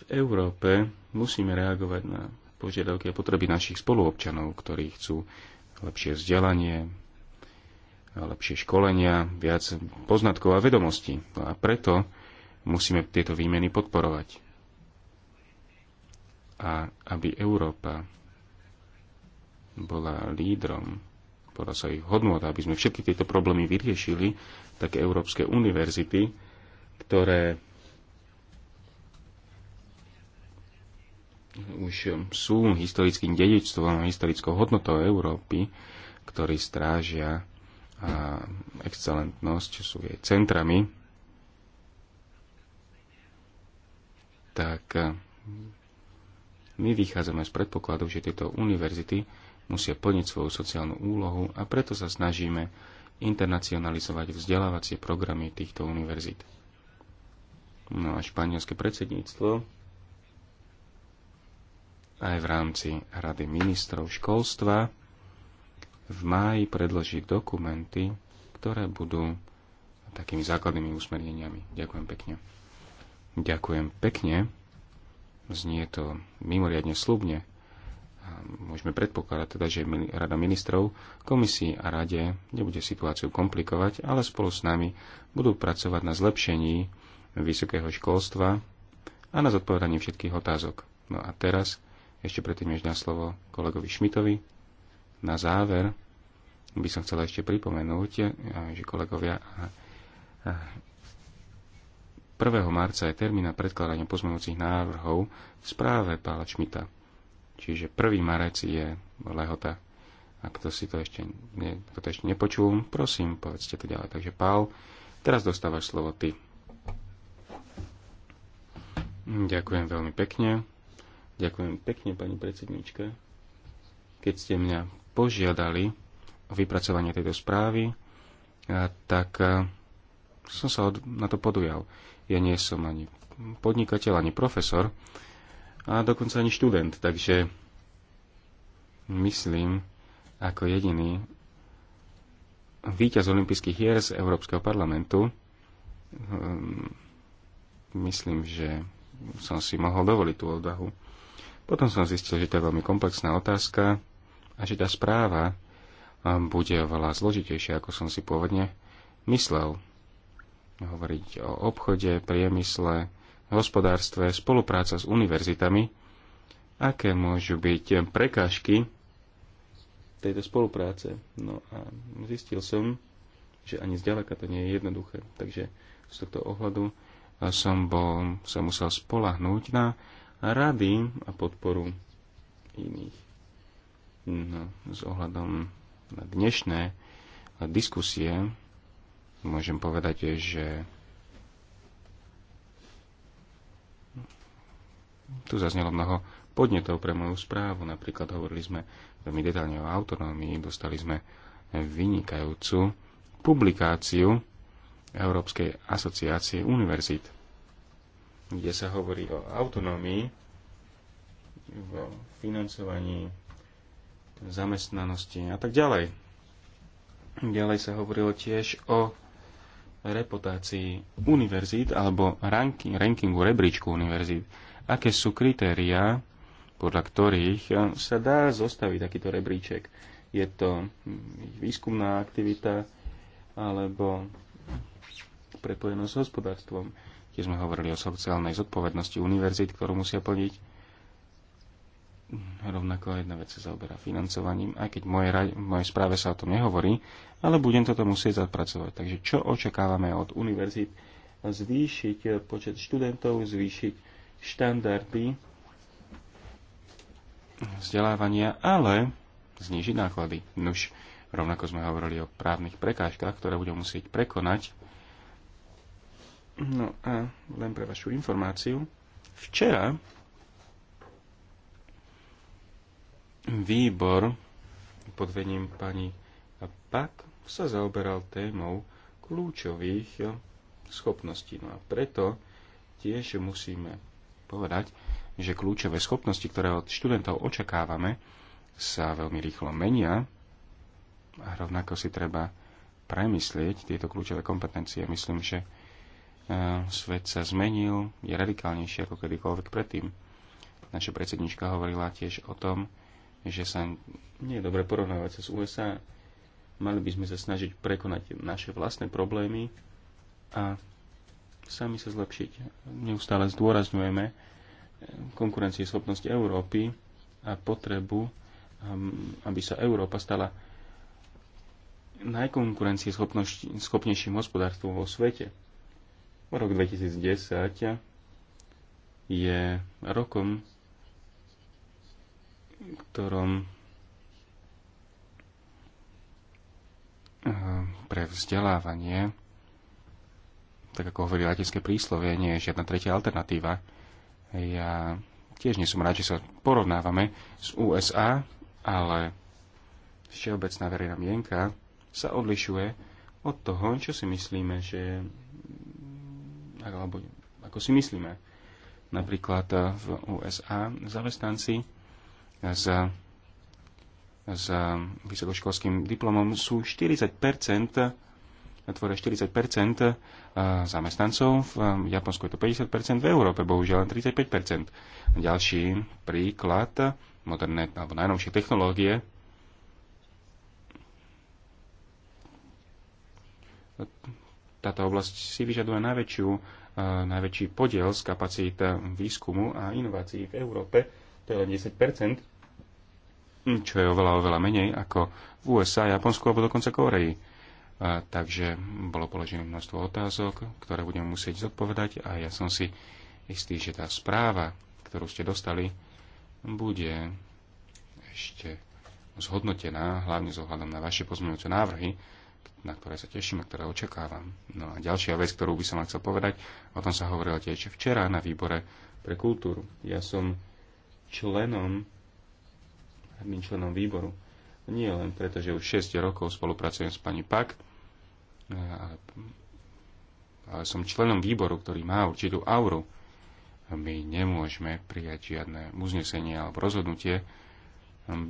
v Európe musíme reagovať na požiadavky a potreby našich spoluobčanov, ktorí chcú lepšie vzdelanie, lepšie školenia, viac poznatkov a vedomostí. No a preto musíme tieto výmeny podporovať. A aby Európa bola lídrom podľa svojich hodnot, aby sme všetky tieto problémy vyriešili, tak európske univerzity, ktoré už sú historickým dedičstvom a historickou hodnotou Európy, ktorí strážia a excelentnosť, sú jej centrami, tak e, my vychádzame z predpokladu, že tieto univerzity musia plniť svoju sociálnu úlohu a preto sa snažíme internacionalizovať vzdelávacie programy týchto univerzít. No a španielské predsedníctvo aj v rámci Rady ministrov školstva v máji predloží dokumenty, ktoré budú takými základnými usmerneniami. Ďakujem pekne. Ďakujem pekne. Znie to mimoriadne slubne môžeme predpokladať teda, že Rada ministrov, komisii a rade nebude situáciu komplikovať, ale spolu s nami budú pracovať na zlepšení vysokého školstva a na zodpovedaní všetkých otázok. No a teraz, ešte predtým, než na slovo kolegovi Šmitovi, na záver by som chcela ešte pripomenúť, eh, že kolegovia 1. Eh, marca je termín na predkladanie pozmenujúcich návrhov v správe Pála Šmita. Čiže 1. marec je lehota. A kto si to ešte, ne, kto to ešte nepočul, prosím, povedzte to ďalej. Takže Pál, teraz dostávaš slovo ty. Ďakujem veľmi pekne. Ďakujem pekne, pani predsednička. Keď ste mňa požiadali o vypracovanie tejto správy, tak som sa na to podujal. Ja nie som ani podnikateľ, ani profesor, a dokonca ani študent. Takže myslím, ako jediný víťaz olympijských hier z Európskeho parlamentu, ehm, myslím, že som si mohol dovoliť tú odvahu. Potom som zistil, že to je veľmi komplexná otázka a že tá správa ehm, bude oveľa zložitejšia, ako som si pôvodne myslel. Hovoriť o obchode, priemysle, hospodárstve, spolupráca s univerzitami, aké môžu byť prekážky tejto spolupráce. No a zistil som, že ani zďaleka to nie je jednoduché. Takže z tohto ohľadu som bol, sa musel spolahnúť na rady a podporu iných. No, s ohľadom na dnešné diskusie môžem povedať, že tu zaznelo mnoho podnetov pre moju správu. Napríklad hovorili sme veľmi detálne o autonómii, dostali sme vynikajúcu publikáciu Európskej asociácie univerzít, kde sa hovorí o autonómii v financovaní zamestnanosti a tak ďalej. Ďalej sa hovorilo tiež o reputácii univerzít alebo ranking, rankingu rebríčku univerzít aké sú kritériá, podľa ktorých eh, sa dá zostaviť takýto rebríček. Je to výskumná aktivita alebo prepojenosť s hospodárstvom. Keď sme hovorili o sociálnej zodpovednosti univerzít, ktorú musia plniť. Rovnako jedna vec sa zaoberá financovaním, aj keď v mojej, v mojej správe sa o tom nehovorí, ale budem toto musieť zapracovať. Takže čo očakávame od univerzít? Zvýšiť počet študentov, zvýšiť štandardy vzdelávania, ale znižiť náklady. Nuž, rovnako sme hovorili o právnych prekážkach, ktoré budú musieť prekonať. No a len pre vašu informáciu, včera výbor pod vedením pani Pak sa zaoberal témou kľúčových schopností. No a preto tiež musíme povedať, že kľúčové schopnosti, ktoré od študentov očakávame, sa veľmi rýchlo menia a rovnako si treba premyslieť tieto kľúčové kompetencie. Myslím, že e, svet sa zmenil, je radikálnejší ako kedykoľvek predtým. Naša predsednička hovorila tiež o tom, že sa nie je dobre porovnávať sa s USA. Mali by sme sa snažiť prekonať naše vlastné problémy a sami sa zlepšiť. Neustále zdôrazňujeme konkurencieschopnosť Európy a potrebu, um, aby sa Európa stala schopnejším hospodárstvom vo svete. Rok 2010 je rokom, ktorom um, pre vzdelávanie tak ako hovorí latinské príslovie, nie je žiadna tretia alternatíva. Ja tiež nie som rád, že sa porovnávame s USA, ale všeobecná verejná mienka sa odlišuje od toho, čo si myslíme, že alebo ako si myslíme. Napríklad v USA zamestnanci s, s vysokoškolským diplomom sú 40 tvoria 40 eh, zamestnancov, v Japonsku je to 50 v Európe bohužiaľ len 35 Ďalší príklad moderné alebo najnovšie technológie táto oblasť si vyžaduje najväčšiu, eh, najväčší podiel z kapacít eh, výskumu a inovácií v Európe, to je len 10 čo je oveľa, oveľa menej ako v USA, Japonsku alebo dokonca Koreji. A, takže bolo položené množstvo otázok, ktoré budem musieť zodpovedať a ja som si istý, že tá správa, ktorú ste dostali, bude ešte zhodnotená, hlavne s ohľadom na vaše pozmeňujúce návrhy, na ktoré sa teším a ktoré očakávam. No a ďalšia vec, ktorú by som vám chcel povedať, o tom sa hovorilo tiež včera na výbore pre kultúru. Ja som členom, hrdným členom výboru. Nie len preto, že už 6 rokov spolupracujem s pani Pak, ale, ale som členom výboru, ktorý má určitú auru. My nemôžeme prijať žiadne uznesenie alebo rozhodnutie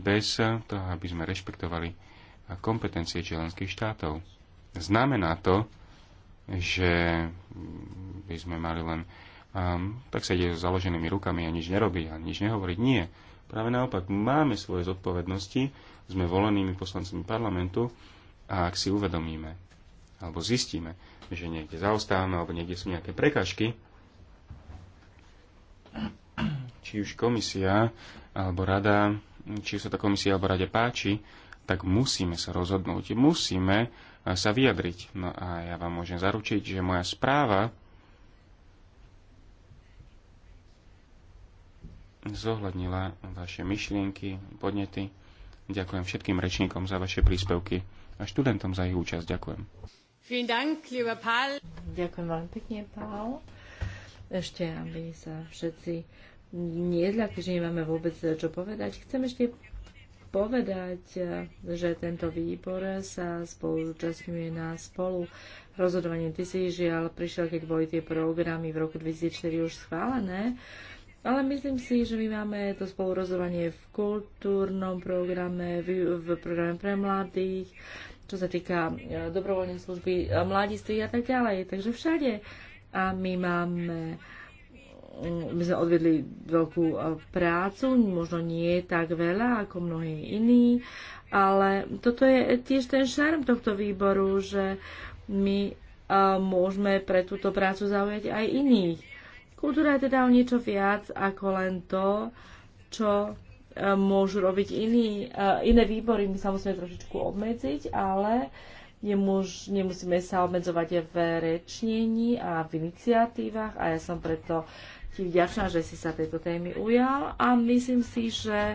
bez toho, aby sme rešpektovali kompetencie členských štátov. Znamená to, že by sme mali len um, tak sedieť so založenými rukami a nič nerobiť a nič nehovoriť. Nie. Práve naopak, máme svoje zodpovednosti, sme volenými poslancami parlamentu a ak si uvedomíme, alebo zistíme, že niekde zaostávame alebo niekde sú nejaké prekažky, či už komisia alebo rada, či sa tá komisia alebo rade páči, tak musíme sa rozhodnúť, musíme sa vyjadriť. No a ja vám môžem zaručiť, že moja správa zohľadnila vaše myšlienky, podnety. Ďakujem všetkým rečníkom za vaše príspevky a študentom za ich účasť. Ďakujem. Ďakujem veľmi pekne, Pál. Ešte, aby sa všetci nezľakli, že nemáme vôbec eh, čo povedať. Chcem ešte povedať, eh, že tento výbor sa spolu zúčastňuje na spolu rozhodovaní. Ty si žiaľ prišiel, keď boli tie programy v roku 2004 už schválené, ale myslím si, že my máme to spolu rozhodovanie v kultúrnom programe, v, v programe pre mladých, čo sa týka e, dobrovoľnej služby e, mladiství a tak ďalej. Takže všade. A my máme mm, my sme odvedli veľkú e, prácu, možno nie tak veľa ako mnohí iní, ale toto je tiež ten šarm tohto výboru, že my môžeme pre túto prácu zaujať aj iných. Kultúra je teda o niečo viac ako len to, čo môžu robiť iný, eh, iné výbory, my sa musíme trošičku obmedziť, ale nemôž, nemusíme sa obmedzovať v rečnení a v iniciatívach a ja som preto ti vďačná, že si sa tejto témy ujal a myslím si, že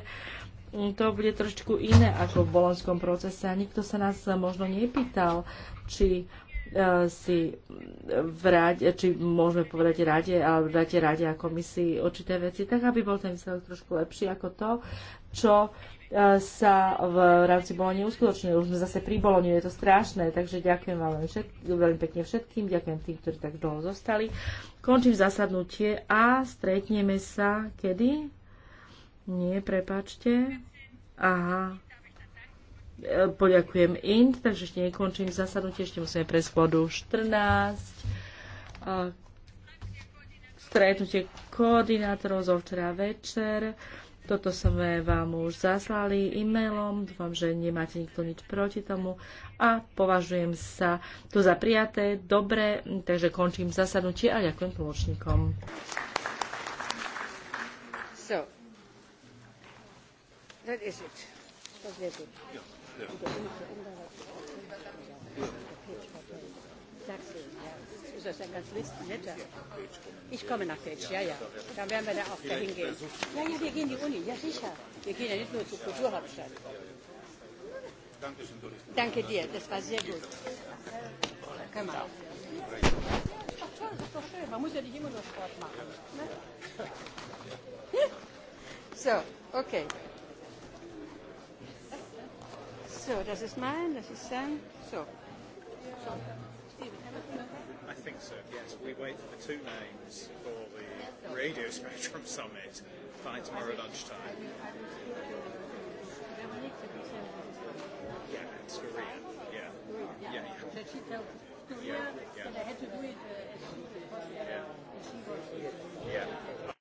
to bude trošičku iné ako v bolonskom procese. Nikto sa nás možno nepýtal, či si rade, či môžeme povedať rade, alebo dáte rade a komisii určité veci, tak aby bol ten výsledok trošku lepší ako to, čo e, sa v rámci bolo uskutočnilo. Už sme zase pri Bolonii, je to strašné, takže ďakujem vám veľmi, veľmi pekne všetkým, ďakujem tým, ktorí tak dlho zostali. Končím zasadnutie a stretneme sa kedy? Nie, prepačte. Aha, poďakujem ind, takže ešte nekončím zasadnutie, ešte musíme prejsť vodu 14. Stretnutie koordinátorov zo včera večer. Toto sme vám už zaslali e-mailom, dúfam, že nemáte nikto nič proti tomu a považujem sa to za prijaté, dobre, takže končím zasadnutie a ďakujem tlmočníkom. So, that is it. That Das ein ganz netter. Ich komme nach Page, ja, ja. Dann werden wir da auch dahin gehen. Ja, ja, wir gehen die Uni, ja sicher. Wir gehen ja nicht nur zur Kulturhauptstadt. Danke dir, das war sehr gut. Kann man. Ach toll, das ist doch schön. Man muss ja nicht immer nur Sport machen. Ne? So, okay. So, das ist mein, das ist sein. So. so. I think so, yes. We wait for the two names for the Radio Spectrum Summit by tomorrow lunchtime. Yeah, and Korea. Yeah. Yeah, yeah. yeah. she tells Korea yeah, yeah. that I had to do it uh, she was. Yeah. As she was. Yeah.